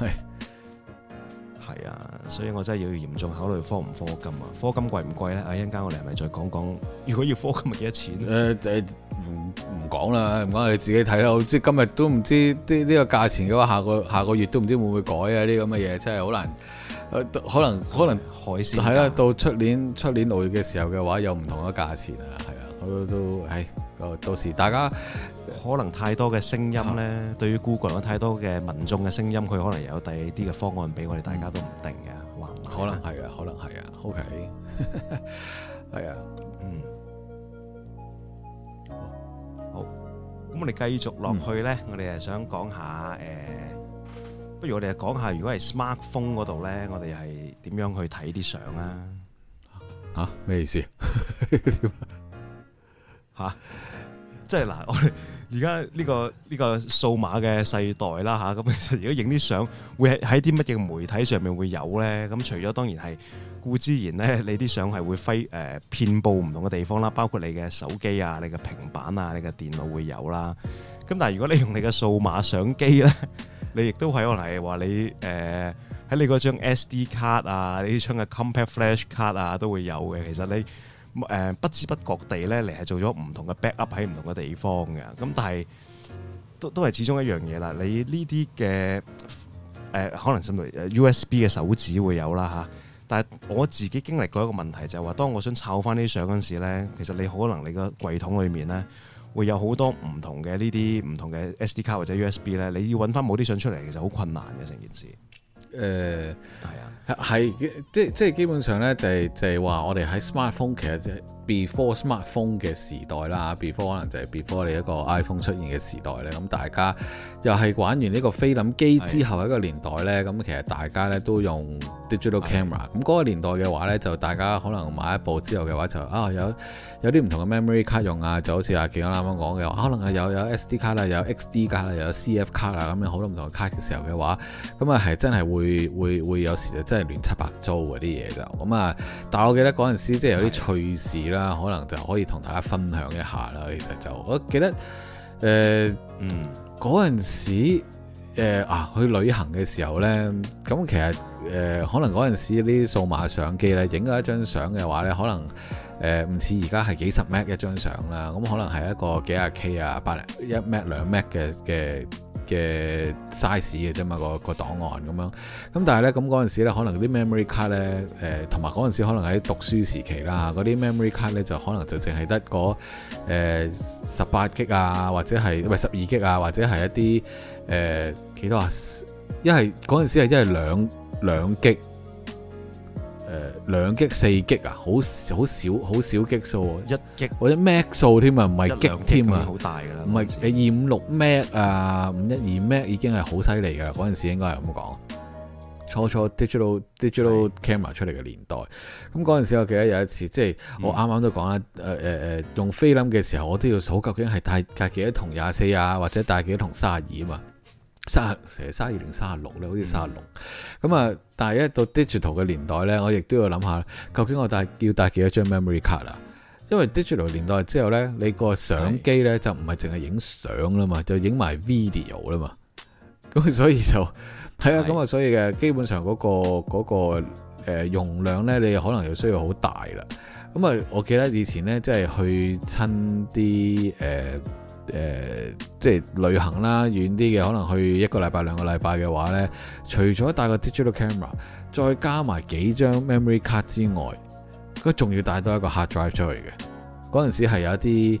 Speaker 2: 係。
Speaker 1: 所以，我真係要嚴重考慮科唔科金啊！科金貴唔貴咧？我是是說一陣間我哋係咪再講講？如果要科金，咪幾多錢？唔唔講啦，
Speaker 2: 唔講，你自己睇啦。我知今日都唔知呢呢個價錢嘅話，下個下個月都唔知會唔會改啊！呢咁嘅嘢真係好難、呃，可能可能海鮮。係啦、啊，到出年出年
Speaker 1: 六月嘅時候嘅話，有唔同嘅價錢啊，係啊，都都係。到時大家可能太多嘅聲音咧，啊、對於 Google 有太多嘅民眾嘅聲音，佢可能有第二啲嘅方案俾我哋，嗯、大家都唔定嘅，可能係啊，可能係啊，OK，係啊，okay、 啊嗯，好，咁我哋繼續落去咧，嗯、我哋係想講下誒、欸，不如我哋講下，如果係 smartphone 嗰度咧，我哋係點樣去睇啲相啊？嚇咩、啊、意思？嚇、 啊？即係嗱，我哋而家呢個呢個數碼嘅世代啦吓，咁其實如果影啲相，會喺啲乜嘢媒體上面會有呢？咁除咗當然係固之然呢，你啲相係會揮誒遍佈唔同嘅地方啦，包括你嘅手機啊、你嘅平板啊、你嘅電腦會有啦。咁但係如果你用你嘅數碼相機呢，你亦都喺我嚟話你誒喺、呃、你嗰張 SD 卡啊、你啲張嘅 Compact Flash 卡啊都會有嘅。其實你。誒、呃、不知不覺地咧你係做咗唔同嘅 backup 喺唔同嘅地方嘅，咁但係都都係始終一樣嘢啦。你呢啲嘅誒，可能甚至 U S B 嘅手指會有啦嚇、啊。但係我自己經歷過一個問題，就是，就係話當我想摷翻啲相嗰陣時咧，其實你可能你個櫃桶裡面咧會有好多唔同嘅呢啲唔同嘅 S D 卡或者 U S B 咧，你要揾翻冇啲相出嚟，其實好困難嘅成件事。
Speaker 2: 誒，係、呃、是啊是，係即即基本上咧就係、是、就係、是、話我哋喺 smartphone 其實就係。before smart phone 嘅時代啦，before 可能就係 before 你一個 iPhone 出現嘅時代咧，咁、嗯、大家又係玩完呢個菲林機之後一個年代咧，咁、嗯、其實大家咧都用 digital camera，咁嗰、嗯、個年代嘅話咧，就大家可能買一部之後嘅話就啊有有啲唔同嘅 memory 卡用啊，就好似阿健哥啱啱講嘅，可能係有有 SD 卡啦，有 XD 卡啦，又有 CF 卡啦，咁有好多唔同嘅卡嘅時候嘅話，咁啊係真係會會會有時就真係亂七八糟嗰啲嘢就，咁啊，但係我記得嗰陣時即係有啲趣事啦。啊，可能就可以同大家分享一下啦。其實就我記得，誒、呃，嗰陣、嗯、時、呃，啊，去旅行嘅時候呢，咁其實誒、呃，可能嗰陣時啲數碼相機咧，影咗一張相嘅話呢，可能誒唔似而家係幾十 M 一張相啦，咁可能係一個幾廿 K 啊，百零一 M 兩 M 嘅嘅。嘅 size 嘅啫嘛，那個個檔案咁樣，咁但係咧，咁嗰陣時咧，可能啲 memory 卡咧，誒同埋嗰陣時可能喺讀書時期啦嚇，嗰啲 memory 卡咧就可能就淨係得嗰誒十八吉啊，或者係喂十二吉啊，或者係一啲誒幾多，一係嗰陣時係一係兩兩吉。誒兩擊四擊啊，好好少好少擊數啊，一擊 1 G, 或者 mac 數添啊，唔係擊添啊，唔係誒二五六 mac 啊，五一二 mac 已經係好犀利噶啦，嗰陣時候應該係咁講，初初 digital, Digital 對 camera 出嚟嘅年代，咁嗰陣時候我記得有一次，即係我啱啱都講啦，誒誒誒用菲林嘅時候，我都要數究竟係帶帶幾多筒廿四啊，或者帶幾多筒三十二啊嘛。三成三二零三十六咧，32, 32, 36, 好似三十六咁啊！嗯、但係一到 digital 嘅年代咧，我亦都要諗下，究竟我帶要帶幾多張 memory card 啦？因為 digital 年代之後咧，你個相機咧就唔係淨係影相啦嘛，是的 就影埋 video 啦嘛。咁所以就係啊，咁啊，所以嘅基本上嗰，那個嗰，那個誒、呃、容量咧，你可能就需要好大啦。咁啊，我記得以前咧，即係去親啲誒。呃誒、呃，即係旅行啦，遠啲嘅可能去一個禮拜兩個禮拜嘅話呢，除咗帶個 digital camera，再加埋幾張 memory card 之外，佢仲要帶多一個 hard drive 出嚟嘅。嗰陣時係有一啲。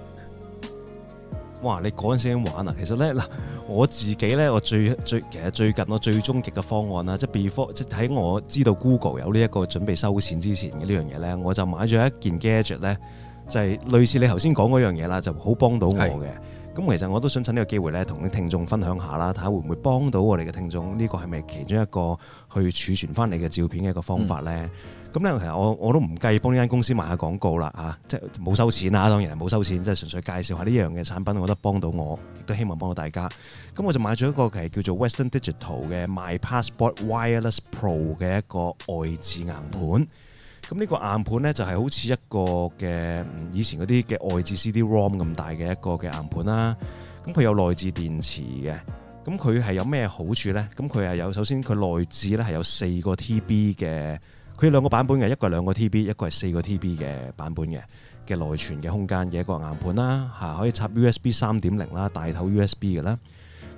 Speaker 1: 哇！你嗰陣時玩啊？其實呢，嗱，我自己呢，我最最其實最近我最終極嘅方案啦，即係 before 即係我知道 Google 有呢一個準備收錢之前嘅呢樣嘢呢，我就買咗一件 gadget 呢，就係、是、類似你頭先講嗰樣嘢啦，就好幫到我嘅。咁是其實我都想趁呢個機會呢，同啲聽眾分享下啦，睇下會唔會幫到我哋嘅聽眾？呢、呢個係咪其中一個去儲存翻你嘅照片嘅一個方法呢？嗯咁呢其實我我都唔介意幫呢間公司賣下廣告啦、吓，即係冇收錢啦。當然係冇收錢，即係純粹介紹下呢樣嘅產品，我覺得幫到我，亦都希望幫到大家。咁我就買咗一個叫做 Western Digital 嘅 My Passport Wireless Pro 嘅一個外置硬盤。咁呢個硬盤呢，就係好似一個嘅以前嗰啲嘅外置 CD-ROM 咁大嘅一個嘅硬盤啦。咁佢有內置電池嘅，咁佢係有咩好處呢？咁佢係有首先佢內置呢係有四個 TB 嘅。佢兩個版本嘅，一個係兩個 TB，一個係四個 TB 嘅版本嘅嘅內存嘅空間嘅一個硬盤啦，吓可以插 USB 三點零啦，大頭 USB 嘅啦。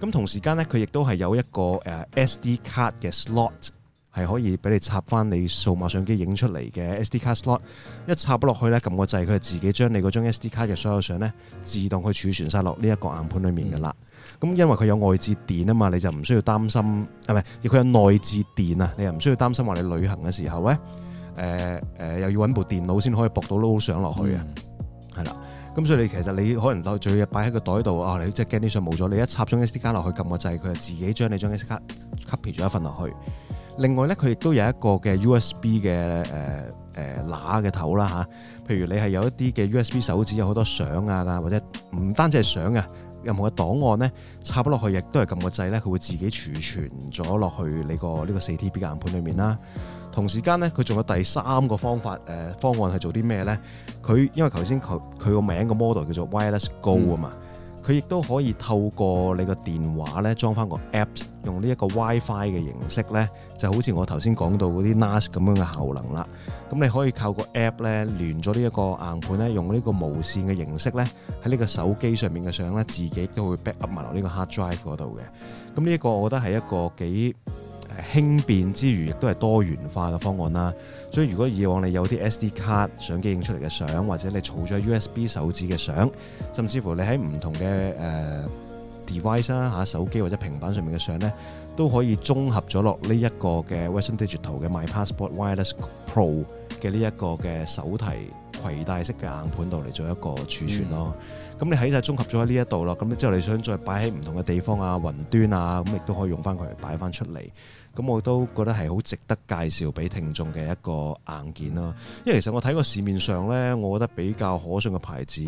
Speaker 1: 咁同時間呢，佢亦都係有一個誒 SD 卡嘅 slot，係可以俾你插翻你數碼相機影出嚟嘅 SD 卡 slot，一插咗落去呢，撳個掣，佢係自己將你嗰張 SD 卡嘅所有相呢自動去儲存晒落呢一個硬盤裏面嘅啦。咁因為佢有外置電啊嘛，你就唔需要擔心，係咪，佢有內置電啊，你又唔需要擔心話你旅行嘅時候咧，誒、呃、誒、呃、又要揾部電腦先可以駁到攞上落去啊，係啦、嗯。咁所以你其實你可能最仲要擺喺個袋度啊，你即係驚啲相冇咗，你一插一張 S D 卡落去撳個掣，佢就自己將你張 S D 卡 copy 咗一份落去。另外咧，佢亦都有一個嘅 U S B 嘅誒誒乸嘅頭啦吓、啊，譬如你係有一啲嘅 U S B 手指有好多相啊，或者唔單止係相啊。任何嘅檔案咧插落去，亦都係撳個掣咧，佢會自己儲存咗落去你個呢個 4TB 嘅硬盤裏面啦。同時間咧，佢仲有第三個方法誒方案係做啲咩咧？佢因為頭先佢佢個名個 model 叫做 Wireless Go 啊嘛、嗯。佢亦都可以透過你個電話咧裝翻個 apps，用呢一個 WiFi 嘅形式咧，就好似我頭先講到嗰啲 NAS 咁樣嘅效能啦。咁你可以靠個 app 咧連咗呢一個硬盤咧，用呢個無線嘅形式咧，喺呢個手機上面嘅相咧，自己都會 backup 埋落呢個 hard drive 度嘅。咁呢一個我覺得係一個幾輕便之餘，亦都係多元化嘅方案啦。所以如果以往你有啲 SD 卡相機影出嚟嘅相，或者你儲咗 USB 手指嘅相，甚至乎你喺唔同嘅誒、呃、device 啦、啊，嚇手機或者平板上面嘅相咧，都可以綜合咗落呢一個嘅 Western Digital 嘅 My Passport Wireless Pro 嘅呢一個嘅手提攜帶式嘅硬盤度嚟做一個儲存咯。咁、嗯哦、你喺曬綜合咗喺呢一度啦，咁之後你想再擺喺唔同嘅地方啊、雲端啊，咁亦都可以用翻佢嚟擺翻出嚟。咁我都覺得係好值得介紹俾聽眾嘅一個硬件啦，因為其實我睇過市面上呢，我覺得比較可信嘅牌子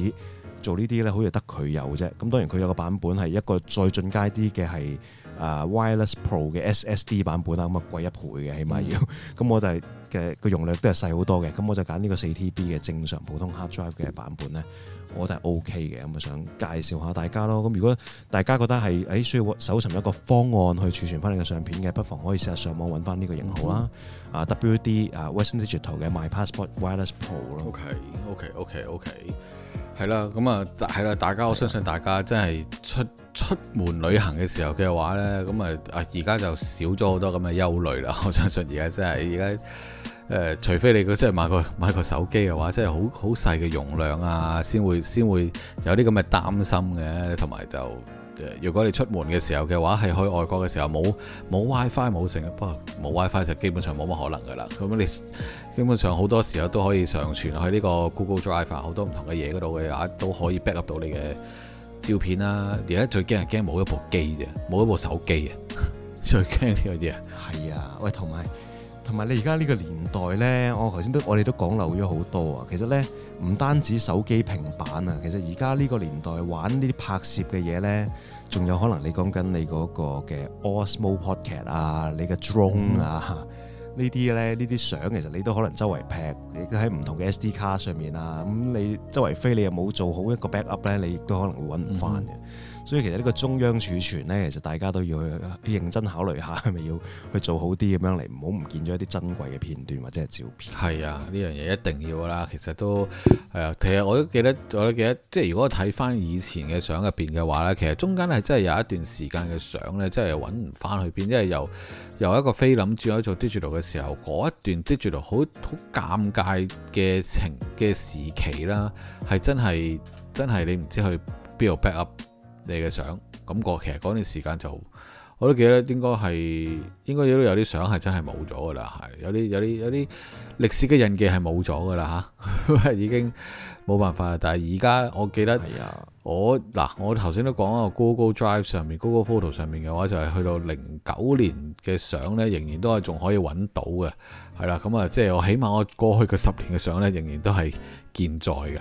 Speaker 1: 做呢啲呢，好似得佢有啫。咁當然佢有個版本係一個再進階啲嘅係 Wireless Pro 嘅 SSD 版本啦，咁啊貴一倍嘅，起碼要。咁、嗯、我就係、係。嘅個容量都係細好多嘅，咁我就揀呢個四 TB 嘅正常普通 hard drive 嘅版本咧，我覺得係 OK 嘅，咁啊想介紹下大家咯。咁如果大家覺得係誒需要搜尋一個方案去儲存翻你嘅相片嘅，不妨可以試下上網揾翻呢個型號啦。啊、嗯、哼 WD Western Digital 嘅 My Passport Wireless Pro 啦。OK
Speaker 2: OK OK OK，係啦，咁啊係啦，大家了我相信大家真係出出門旅行嘅時候嘅話咧，咁啊而家就少咗好多咁嘅憂慮啦。我相信而家真係而家。誒，除非你佢真係買個買個手機嘅話，真係好好細嘅容量啊，先會先會有啲咁嘅擔心嘅，同埋就誒，如果你出門嘅時候嘅話，係去外國嘅時候冇冇 WiFi 冇成，不過冇 WiFi 就基本上冇乜可能噶啦。咁你基本上好多時候都可以上傳去呢個 Google Drive 好多唔同嘅嘢嗰度嘅，都可以 backup 到你嘅照片啦。而家最驚人驚冇一部機嘅，冇一部手機啊！
Speaker 1: 最驚呢個嘢。啊，係啊，喂，同埋。同埋你而家呢個年代咧，我頭先都我哋都講漏咗好多啊。其實咧，唔單止手機平板啊，其實而家呢個年代玩呢啲拍攝嘅嘢咧，仲有可能你講緊你嗰個嘅 Osmo Podcast 啊，你嘅 Drone 啊、嗯、這些呢啲咧，呢啲相其實你都可能周圍劈，你都喺唔同嘅 SD 卡上面啊。咁你周圍飛，你又冇做好一個 backup 咧，你都可能會揾唔翻嘅。嗯所以其實呢個中央儲存呢，其實大家都要去認真考慮下，係咪要去做好啲咁樣嚟，唔好唔見咗一啲珍貴嘅片段或者係照片。係啊，呢樣嘢一定要啦。
Speaker 2: 其實都係啊，其實我都記得，我都記得，即係如果我睇翻以前嘅相入邊嘅話呢，其實中間咧係真係有一段時間嘅相呢，真係揾唔翻去邊，因為由由一個菲林轉咗做 digital 嘅時候，嗰一段 digital 好好尷尬嘅情嘅時期啦，係真係真係你唔知去邊度 backup。你嘅相感覺，其實嗰段時間就我都記得應該，應該係應該都有啲相係真係冇咗噶啦，係有啲有啲有啲歷史嘅印記係冇咗噶啦嚇，已經冇辦法啦。但係而家我記得我嗱呀，我頭先都講過，Google Drive 上面、Google Photo 上面嘅話就係、是、去到零九年嘅相呢，仍然都係仲可以揾到嘅。係啦，咁啊，即係我起碼我過去嘅十年嘅相呢，仍然都係健在嘅，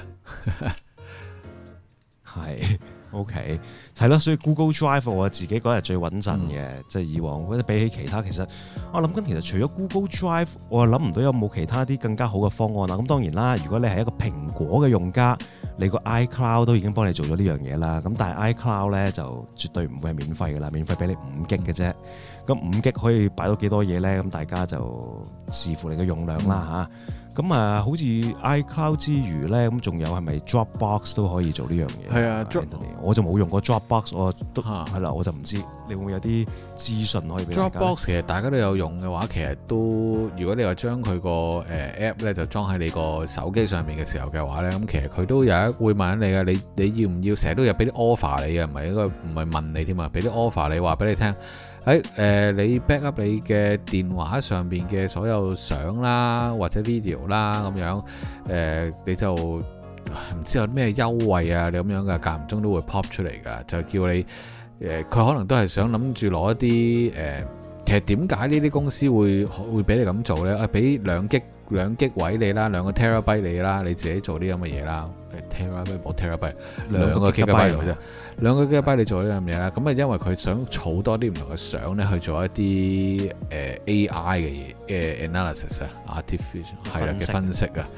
Speaker 1: 係。O K，係囉。所以 Google Drive 我自己嗰日最穩陣嘅，即係、嗯、以往，或者比起其他，其實我諗緊，其實除咗 Google Drive，我諗唔到有冇其他一啲更加好嘅方案啦。咁當然啦，如果你係一個蘋果嘅用家，你個 iCloud 都已經幫你做咗呢樣嘢啦。咁但係 iCloud 咧就絕對唔會係免費嘅啦，免費俾你五 g 嘅啫。咁五 g 可以擺到幾多嘢咧？咁大家就視乎你嘅用量啦吓咁啊，好似 iCloud 之餘咧，咁仲有係咪 Dropbox 都可以做呢樣嘢？係啊，我就冇用過 Dropbox，我都係啦，我就唔知。你會唔會有啲資訊可以俾大家？Dropbox 其實大家都有用嘅話，其實都
Speaker 2: 如果你話將佢個 app 咧就裝喺你個手機上面嘅時候嘅話咧，咁其實佢都有一會問你嘅，你你要唔要？成日都有俾啲 offer 你嘅，唔係應該唔係問你添嘛，俾啲 offer 你話俾你聽。喺誒你 backup 你嘅電話上邊嘅所有相啦，或者 video 啦咁樣，誒你就唔知有咩優惠啊你，咁樣嘅間唔中都會 pop 出嚟噶，就叫你誒佢可能都係想諗住攞一啲誒，其實點解呢啲公司會會俾你咁做咧？啊，俾兩吉兩吉位你啦，兩個 terabyte 你啦，你自己做啲咁嘅嘢啦，terabyte 冇 terabyte，兩個 gigabyte 啫。兩個 g i t 你做呢樣嘢啦，咁啊因為佢想儲多啲唔同嘅相咧去做一啲誒、呃、AI 嘅嘢嘅 analysis 啊，Artificial 係啊嘅分析啊，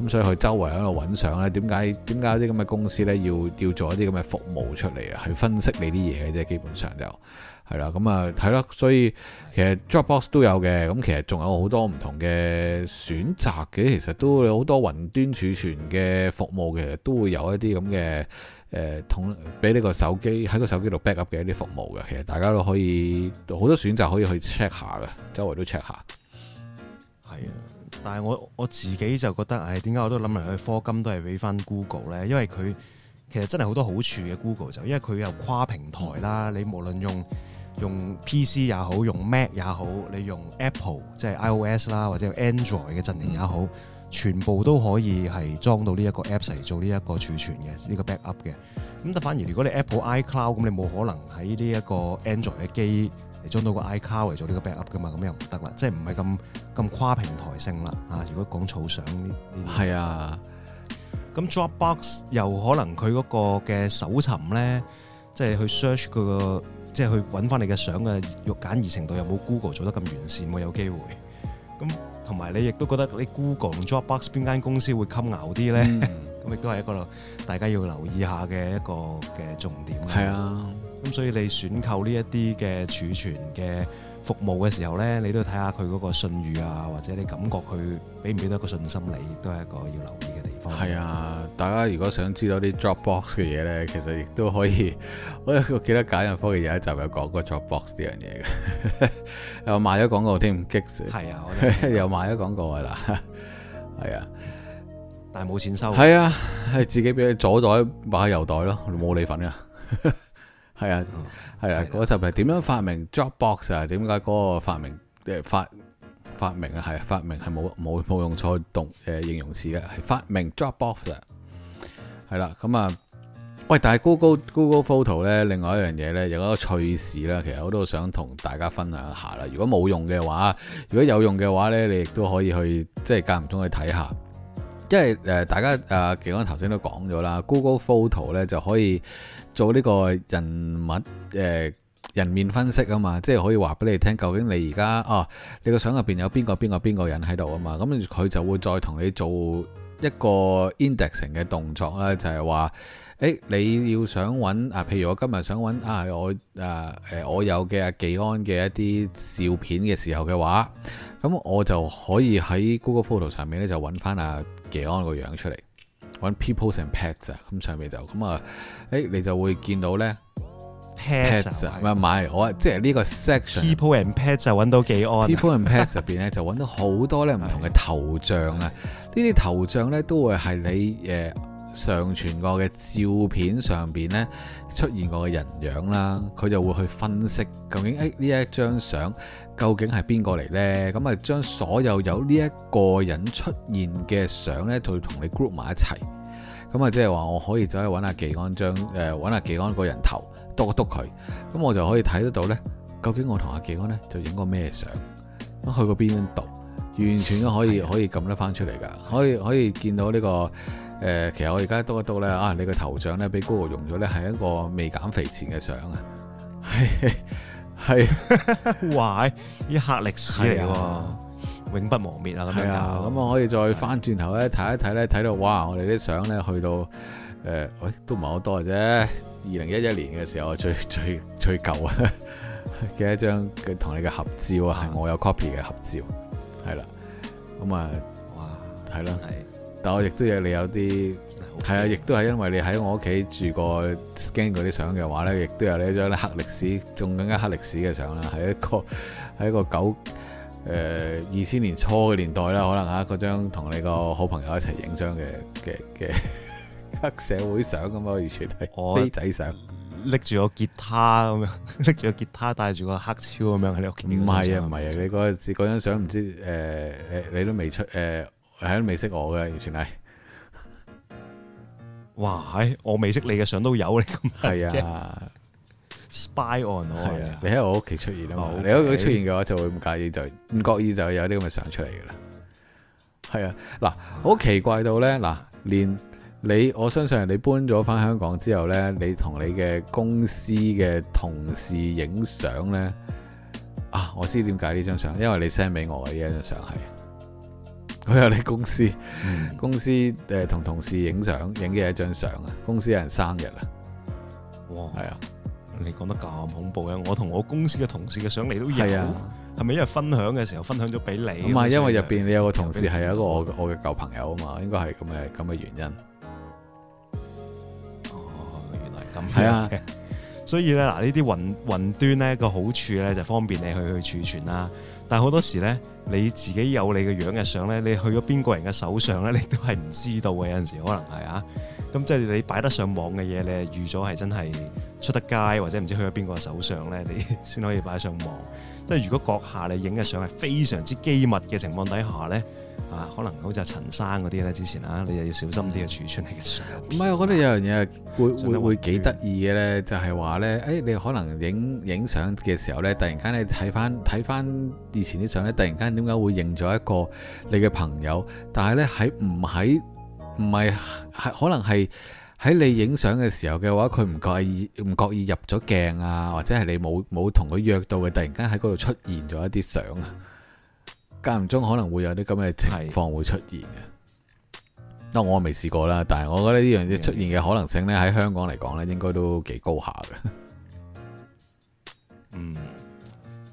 Speaker 2: 咁所以佢周圍喺度揾相咧。點解點解啲咁嘅公司咧要要做一啲咁嘅服務出嚟啊？去分析你啲嘢嘅啫，基本上就係啦。咁啊係啦，所以其實 Dropbox 都有嘅。咁其實仲有好多唔同嘅選擇嘅，其實都有好多雲端儲存嘅服務嘅，都會有一啲咁嘅。誒，同俾呢個手機喺個手機度 backup 嘅一啲服務嘅，其實大家都可以好多選擇可以去 check 下嘅，周圍都 check 下。
Speaker 1: 係啊，但係我我自己就覺得，誒點解我都諗嚟去課金都係俾翻 Google 咧？因為佢其實真係好多好處嘅 Google 就因為佢有跨平台啦，嗯、你無論用用 PC 也好，用 Mac 也好，你用 Apple 即係 iOS 啦，或者用 Android 嘅陣營也好。嗯全部都可以係裝到呢一個 Apps 嚟做呢一個儲存嘅呢個 backup 嘅。咁但反而如果你 Apple iCloud 咁，你冇可能喺呢一個 Android 嘅機嚟裝到個 iCloud 嚟做呢個 backup 噶嘛。咁又唔得啦，即係唔係咁咁跨平台性啦。啊，如果講儲相呢？係啊。咁 Dropbox 又可能佢嗰個嘅搜尋咧，即係去 search 佢個，即係去揾翻你嘅相嘅，若簡易程度有冇 Google 做得咁完善？有，有機會咁。同埋你亦都覺得你 Google Dropbox 邊間公司會吸牛啲咧？咁亦都係一個大家要留意下嘅一個嘅重點。係啊，咁所以你選購呢一啲嘅儲存嘅服務嘅時候咧，你都睇下佢嗰個信譽啊，或者你感覺佢俾唔俾到一個信心，你都係一個要留意。係、oh, 啊，
Speaker 2: 大家如果想知道啲 Dropbox 嘅嘢咧，其實亦都可以，嗯、我一個記得簡約科技嘅嘢有一集有講過 Dropbox 呢樣嘢嘅， 又賣咗廣告添，激死！係啊，我 又賣咗廣告啦，係 啊，但係冇錢收。係啊，係自己俾左袋買右袋咯，冇你份 啊！係、嗯、啊，係啊，嗰的集係點樣發明 Dropbox 啊？點解嗰個發明嘅發？發明啊，係發明係冇冇冇用錯動誒形容詞嘅，係發明 drop off 嘅。係啦咁啊，喂，但係 Google Google Photo 咧，另外一樣嘢咧，有一個趣事啦，其實我都想同大家分享一下啦。如果冇用嘅話，如果有用嘅話咧，你亦都可以去即係間唔中去睇下，因為誒、呃、大家誒其實我頭先都講咗啦，Google Photo 咧就可以做呢個人物誒。呃人面分析啊嘛，即係可以話俾你聽，究竟你而家啊，你個相入邊有邊個邊個邊個人喺度啊嘛。咁佢就會再同你做一個 indexing 嘅動作啦，就係話誒，你要想揾啊，譬如我今日想揾啊，我誒誒、啊、我有嘅阿技安嘅一啲照片嘅時候嘅話，咁我就可以喺 Google Photo 上面咧就揾翻阿技安個樣出嚟，揾 People and Pets 啊，咁上面就咁啊，誒你就會見到呢。Pets 啊，唔係，我即係呢個 section。People and Pets 就揾到紀安。People and Pets 入邊咧，就揾到好多咧唔同嘅頭像啊，呢啲頭像咧，都會係你誒上傳過嘅照片上邊咧出現過嘅人樣啦。佢就會去分析究竟誒呢一張相究竟係邊個嚟咧？咁啊，將所有有呢一個人出現嘅相咧，就同你 group 埋一齊。咁啊，即係話我可以走去揾下紀安張，誒，揾下紀安個人頭。篤一篤佢，咁我就可以睇得到咧，究竟我同阿健安咧就影過咩相，咁去過邊度，完全都可以可以撳得翻出嚟噶，可以的可以見到呢、這個誒、呃，其實我而家篤一篤咧啊，你個頭像咧俾 Google 用咗咧，係一個未減肥前嘅相 啊，係係哇，黑歷史嚟喎，永不磨滅啊咁的樣，咁的我可以再翻轉頭咧睇一睇咧，睇到哇，我哋啲相咧去到誒，喂、呃哎、都唔係好多嘅啫。二零一一年嘅時候最，最最最舊嘅一張佢同你嘅合照啊，係我有 copy 嘅合照，係啦，咁啊，哇，係啦，但我亦都有你有啲，係啊，亦都係因為你喺我屋企住過 scan 嗰啲相嘅話咧，亦都有呢張黑歷史，仲更加黑歷史嘅相啦，係一個係一個九誒二千年初嘅年代啦，可能嚇、啊、嗰張同你個好朋友一齊影相嘅嘅嘅。黑社會相咁啊！完全係飛仔相，
Speaker 1: 拎住個吉他咁樣，拎住個吉他，帶住個，個黑超咁樣喺你屋企。唔係啊，唔係啊，你嗰個嗰張相唔知誒、呃、你，
Speaker 2: 你都未出誒，係、呃、都未識我嘅，完全係。哇！我未識你嘅相都有你咁係啊
Speaker 1: ？Spy on 我係啊！
Speaker 2: 你喺我屋企出現啊嘛！你喺屋企出現嘅 okay 話就，就，就會唔介意就唔覺意就有啲咁嘅相出嚟噶啦。係啊，嗱，好奇怪到咧，嗱連。練你我相信你搬咗翻香港之後呢，你同你嘅公司嘅同事影相呢。啊！我知點解呢張相，因為你 send 俾我嘅呢張相係，我喺你公司、嗯、公司誒同同事影相影嘅一張相啊！公司有人生日啦，哇，係啊，你講得咁恐怖嘅？我同我公司嘅同事嘅相你都有，
Speaker 1: 係咪因為分享嘅時候分享咗俾你？唔係、就是，因為入
Speaker 2: 邊你有個同事係有一個我我嘅舊朋友啊嘛，應該係咁嘅咁嘅原因。
Speaker 1: 係啊，所以咧嗱，呢啲雲雲端咧，個好處咧就方便你去去儲存啦。但係好多時咧，你自己有你嘅樣嘅相咧，你去咗邊個人嘅手上咧，你都係唔知道嘅。有陣時可能係啊，咁即係你擺得上網嘅嘢，你預咗係真係出得街，或者唔知去咗邊個手上咧，你先可以擺上網。即係如果閣下你影嘅相係非常之機密嘅情況底下咧。啊，可能好似阿陳生嗰啲咧，之前啊，你又要小心啲嘅、嗯、儲出你嘅
Speaker 2: 相。唔係，我覺得有樣嘢會、啊、會會幾得意嘅咧，就係話咧，誒、哎，你可能影影相嘅時候咧，突然間你睇翻睇翻以前啲相咧，突然間點解會認咗一個你嘅朋友？但係咧，喺唔喺唔係係可能係喺你影相嘅時候嘅話，佢唔覺意唔覺意入咗鏡啊，或者係你冇冇同佢約到嘅，突然間喺嗰度出現咗一啲相啊！間唔中可能會有啲咁嘅情況會出現嘅，嗱是我未試過啦，但係我覺得呢樣嘢出現嘅可能性呢，喺香港嚟講呢，應該都幾高下嘅。嗯，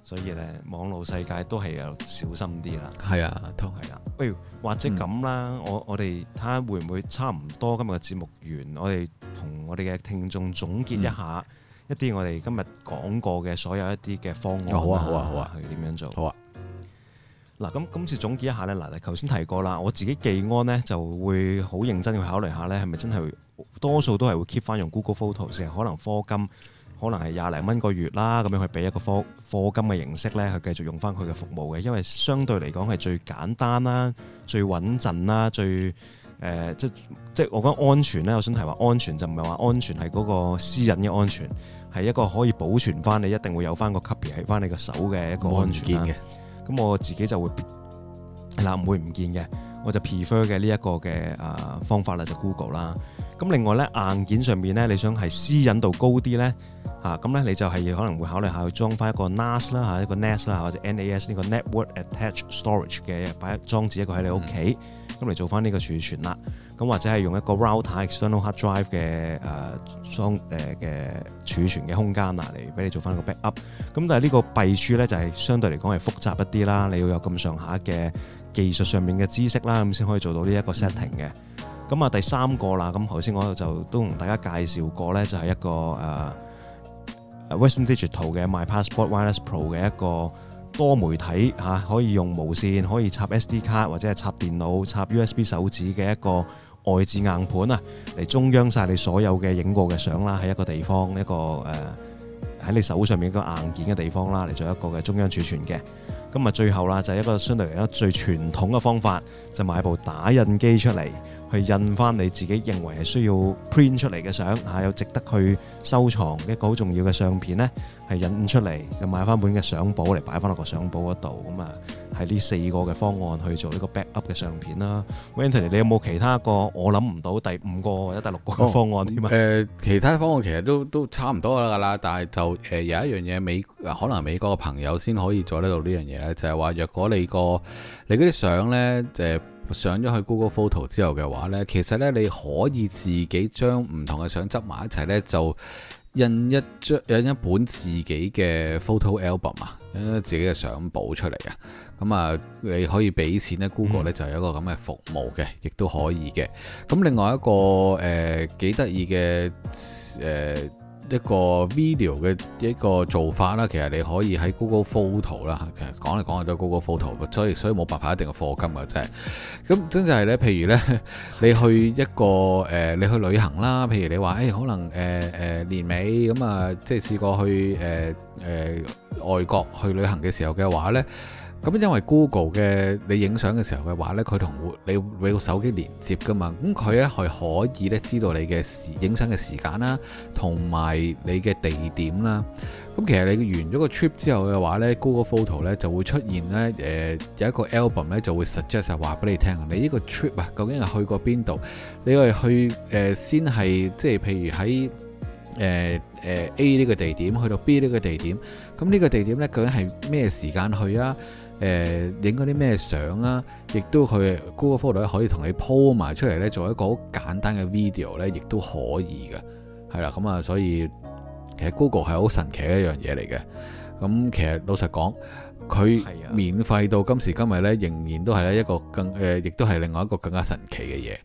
Speaker 1: 所以呢，網絡世界都係要小心啲啦。係啊，都係啦。喂，或者咁啦、嗯，我我哋睇下會唔會差唔多今日嘅節目完，我哋同我哋嘅聽眾總結一下、嗯、一啲我哋今日講過嘅所有一啲嘅方案。好啊，好啊，好啊，去點樣做？好啊。嗱，咁今次總結一下咧，嗱，頭先提過啦，我自己記安咧就會好認真去考慮下咧，係咪真係多數都係會 keep 翻用 Google Photos，可能課金，可能係廿零蚊個月啦，咁樣去俾一個課金嘅形式咧，去繼續用翻佢嘅服務嘅，因為相對嚟講係最簡單啦，最穩陣啦，最誒、呃、即即我覺得安全咧，我想提話安全就唔係話安全係嗰個私隱嘅安全，係一個可以保存翻你一定會有翻個 copy 喺翻你個手嘅一個安全嘅。不咁我自己就會係啦，唔、啊、會唔見嘅。我就 prefer 嘅呢一個嘅啊方法咧，就是、Google 啦。咁另外咧，硬件上面咧，你想係私隱度高啲咧，嚇咁咧，你就係可能會考慮下去裝翻一個 NAS 啦，嚇一個 NAS 啦，或者 NAS 呢個 Network Attached Storage 嘅，擺裝置一個喺你屋企，咁嚟、嗯、做翻呢個儲存啦。咁或者係用一個 router external hard drive 嘅嘅、啊啊、儲存嘅空間啊，嚟俾你做翻個 backup。咁但係呢個弊處咧就係、是、相對嚟講係複雜一啲啦，你要有咁上下嘅技術上面嘅知識啦，咁先可以做到呢一個 setting 嘅。咁啊第三個啦，咁頭先我就都同大家介紹過咧，就係、是、一個、啊、Western Digital 嘅 My Passport Wireless Pro 嘅一個多媒體、啊、可以用無線，可以插 SD 卡或者係插電腦、插 USB 手指嘅一個。外置硬盤啊，嚟中央晒你所有嘅影過嘅相啦，喺一個地方一個誒，喺、呃、你手上面一個硬件嘅地方啦，嚟做一個嘅中央儲存嘅。咁啊，最後啦就係、是、一個相對嚟一最傳統嘅方法，就買部打印機出嚟，去印翻你自己認為係需要 print 出嚟嘅相嚇，有、啊、值得去收藏一個好重要嘅相片呢，係印出嚟就買翻本嘅相簿嚟擺翻落個相簿嗰度咁啊。係呢四個嘅方案去做呢個 backup 嘅相片啦，Wendy、嗯、你有冇其他一個我諗唔到第五個或者第六個嘅方案添啊？誒、哦呃，其他方案其實都都差唔多㗎啦，但係就誒、呃、有一
Speaker 2: 樣嘢美可能美國嘅朋友先可以做得到呢樣嘢咧，就係、是、話若果你個你嗰啲相咧，誒、呃、上咗去 Google Photo 之後嘅話咧，其實咧你可以自己將唔同嘅相執埋一齊咧，就印一張印一本自己嘅 photo album 啊。自己嘅相簿出嚟啊！咁啊，你可以俾錢呢 Google 呢就係一個咁嘅服務嘅，亦都可以嘅。咁另外一個誒幾得意嘅誒。呃一個 video 嘅一個做法啦，其實你可以喺 Google Photo 啦，其實講嚟講去都係 Google Photo，所以所以冇辦法一定個課金嘅啫。咁真係咧，譬如咧，你去一個誒、呃，你去旅行啦，譬如你話誒、哎，可能誒誒、呃呃、年尾咁啊，即係試過去誒誒、呃呃、外國去旅行嘅時候嘅話咧。咁因為 Google 嘅你影相嘅時候嘅話呢，佢同你你個手機連接噶嘛，咁佢咧係可以咧知道你嘅影相嘅時間啦，同埋你嘅地點啦。咁其實你完咗個 trip 之後嘅話呢，Google Photo 呢就會出現呢、呃，有一個 album 呢就會 suggest 話俾你聽，你呢個 trip 啊究竟係去過邊度？你係去、呃、先係即係譬如喺、呃呃、A 呢個地點去到 B 呢個地點，咁呢個地點呢，這個、點究竟係咩時間去啊？誒影嗰啲咩相啊？亦都佢 Google Photo 可以同你鋪埋出嚟呢，做一個好簡單嘅 video 呢，亦都可以嘅，係啦，咁啊，所以其實 Google 係好神奇嘅一樣嘢嚟嘅。咁其實老實講，佢免費到今時今日呢，仍然都係一個更誒，亦都係另外一個更加神奇嘅嘢。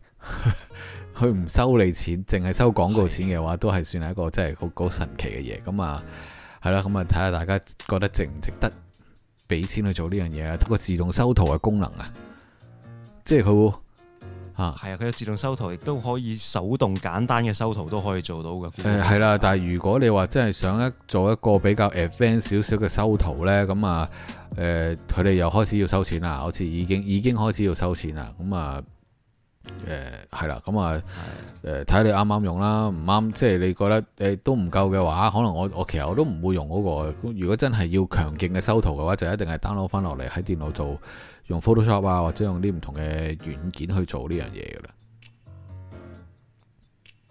Speaker 2: 佢唔收你錢，淨係收廣告錢嘅話，都係算係一個真係好好神奇嘅嘢。咁啊，係啦，咁啊，睇下大家覺得值唔值得？俾錢去做呢樣嘢啊！通過自動修圖嘅功能啊，即係佢會
Speaker 1: 嚇係啊！佢有自動修圖，亦都可以手動簡單嘅修圖都可以做到嘅。誒
Speaker 2: 係啦，但係如果你話真係想一 做一個比較 advanced 少少嘅修圖呢，咁啊誒，佢、呃、哋又開始要收錢啦，好似已經、嗯、已經開始要收錢啦，咁啊～誒，係啦，嗯，咁啊，誒、嗯，睇的、嗯、你啱啱用啦，唔啱的，即係、就是、你覺得誒都唔夠嘅話，可能我我其實我都唔會用嗰、那個。如果真係要強勁嘅修圖嘅話，就一定係 download 翻落嚟喺電腦做，用 Photoshop 啊，或者用啲唔同嘅軟件去做呢樣嘢噶啦。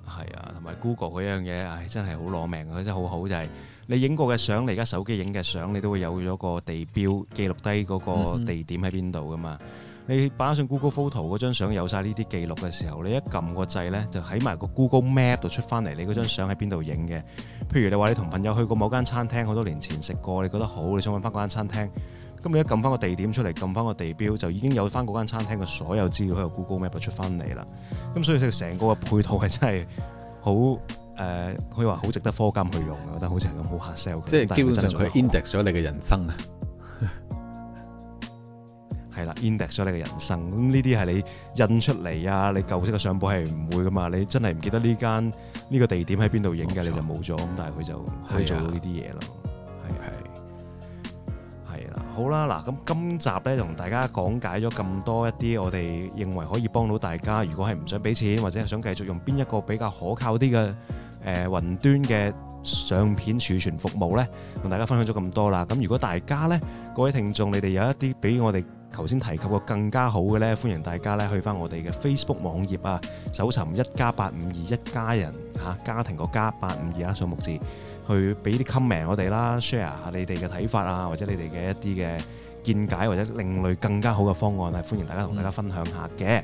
Speaker 1: 係啊，同埋 Google 嗰樣嘢，唉，真係好攞命啊！真係好好就係、是、你影過嘅相，你而家手機影嘅相，你都會有咗個地標記錄低嗰個地點喺邊度噶嘛。嗯你擺上 Google Photo 嗰張相有晒呢啲記錄嘅時候，你一撳個掣咧，就喺埋個 Google Map 度出翻嚟，你嗰張相喺邊度影嘅。譬如你話你同朋友去過某間餐廳好多年前食過，你覺得好，你想揾翻嗰間餐廳，咁你一撳翻個地點出嚟，撳翻個地標，就已經有翻嗰間餐廳嘅所有資料喺個 Google Map 度出翻嚟啦。咁所以成個嘅配套係真係好誒、呃，可以話好值得課金去用，我覺得好似係咁好嚇 sell。佢，即係佢 index 咗你嘅人生啊！係啦，index 咗你嘅人生，咁呢啲係你印出嚟啊，你舊式嘅相簿係唔會噶嘛？你真係唔記得呢間呢個地點喺邊度影嘅，沒錯你就冇咗咁。但係佢就可以做到呢啲嘢咯，係係係啦。好啦，嗱，咁今集咧同大家講解咗咁多一啲，我哋認為可以幫到大家。如果係唔想俾錢，或者係想繼續用邊一個比較可靠啲嘅誒雲端嘅相片儲存服務咧，同大家分享咗咁多啦。咁如果大家咧，各位聽眾，你哋有一啲俾我哋。頭先提及過更加好嘅呢，歡迎大家呢去翻我哋嘅 Facebook 網頁啊，搜尋一家八五二一家人嚇家庭個家，八五二啦數目字，去俾啲 comment 我哋啦，share 下你哋嘅睇法啊，或者你哋嘅一啲嘅見解，或者另類更加好嘅方案，係歡迎大家同大家分享一下嘅。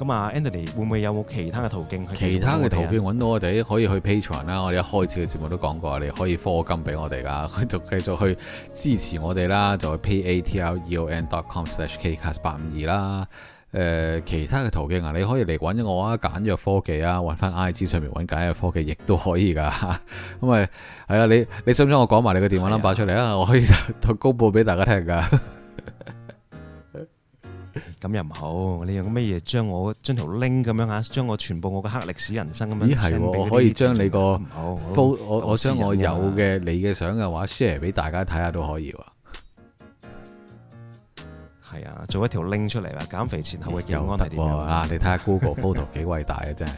Speaker 1: 咁啊，Andy 會唔會有冇其他嘅途徑去？其他嘅途徑
Speaker 2: 揾到我哋，可以去 Patreon 啦。我哋一開始嘅節目都講過，你可以課金俾我哋噶，繼續去支持我哋啦。就去 patreon.com/slashkcast 八五二啦。誒、呃，其他嘅途徑啊，你可以嚟揾我啊，簡約科技啊，揾翻 I G 上面揾簡約科技，亦都可以噶。咁啊，係啊，你你信唔信我講埋你嘅
Speaker 1: 電話 number 出嚟啊？的我可以高公佈俾大家聽噶。咁又唔好，你用乜嘢將我將條 link 咁樣嚇，將我全部我嘅黑歷史人生咁樣，啊、我可以將你個
Speaker 2: 好，的我我我，我有嘅你
Speaker 1: 嘅相嘅話 share 俾大家睇下都可以喎。係啊，做一條 link 出嚟啦，減肥前後嘅健康圖啊，啊，你睇下 Google Photo 幾 偉大啊！真係，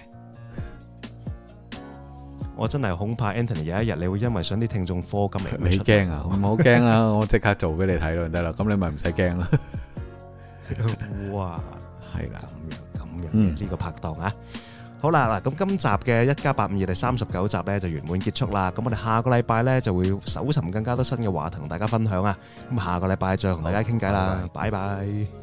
Speaker 1: 我真係恐怕 Anthony 有一日你會因為想啲聽眾科 o 咁嚟，你驚啊？唔好驚啦，
Speaker 2: 我即刻做俾你睇咯，得啦， 咁你咪唔使驚啦。
Speaker 1: 哇，係啦，咁樣咁樣呢個拍檔啊，嗯、好啦，嗱，咁今集嘅一加八五二第三十九集呢就圓滿結束啦，咁我哋下個禮拜呢就會搜尋更加多新嘅話題同大家分享啊，咁下個禮拜再同大家傾偈啦，吧拜拜。拜拜。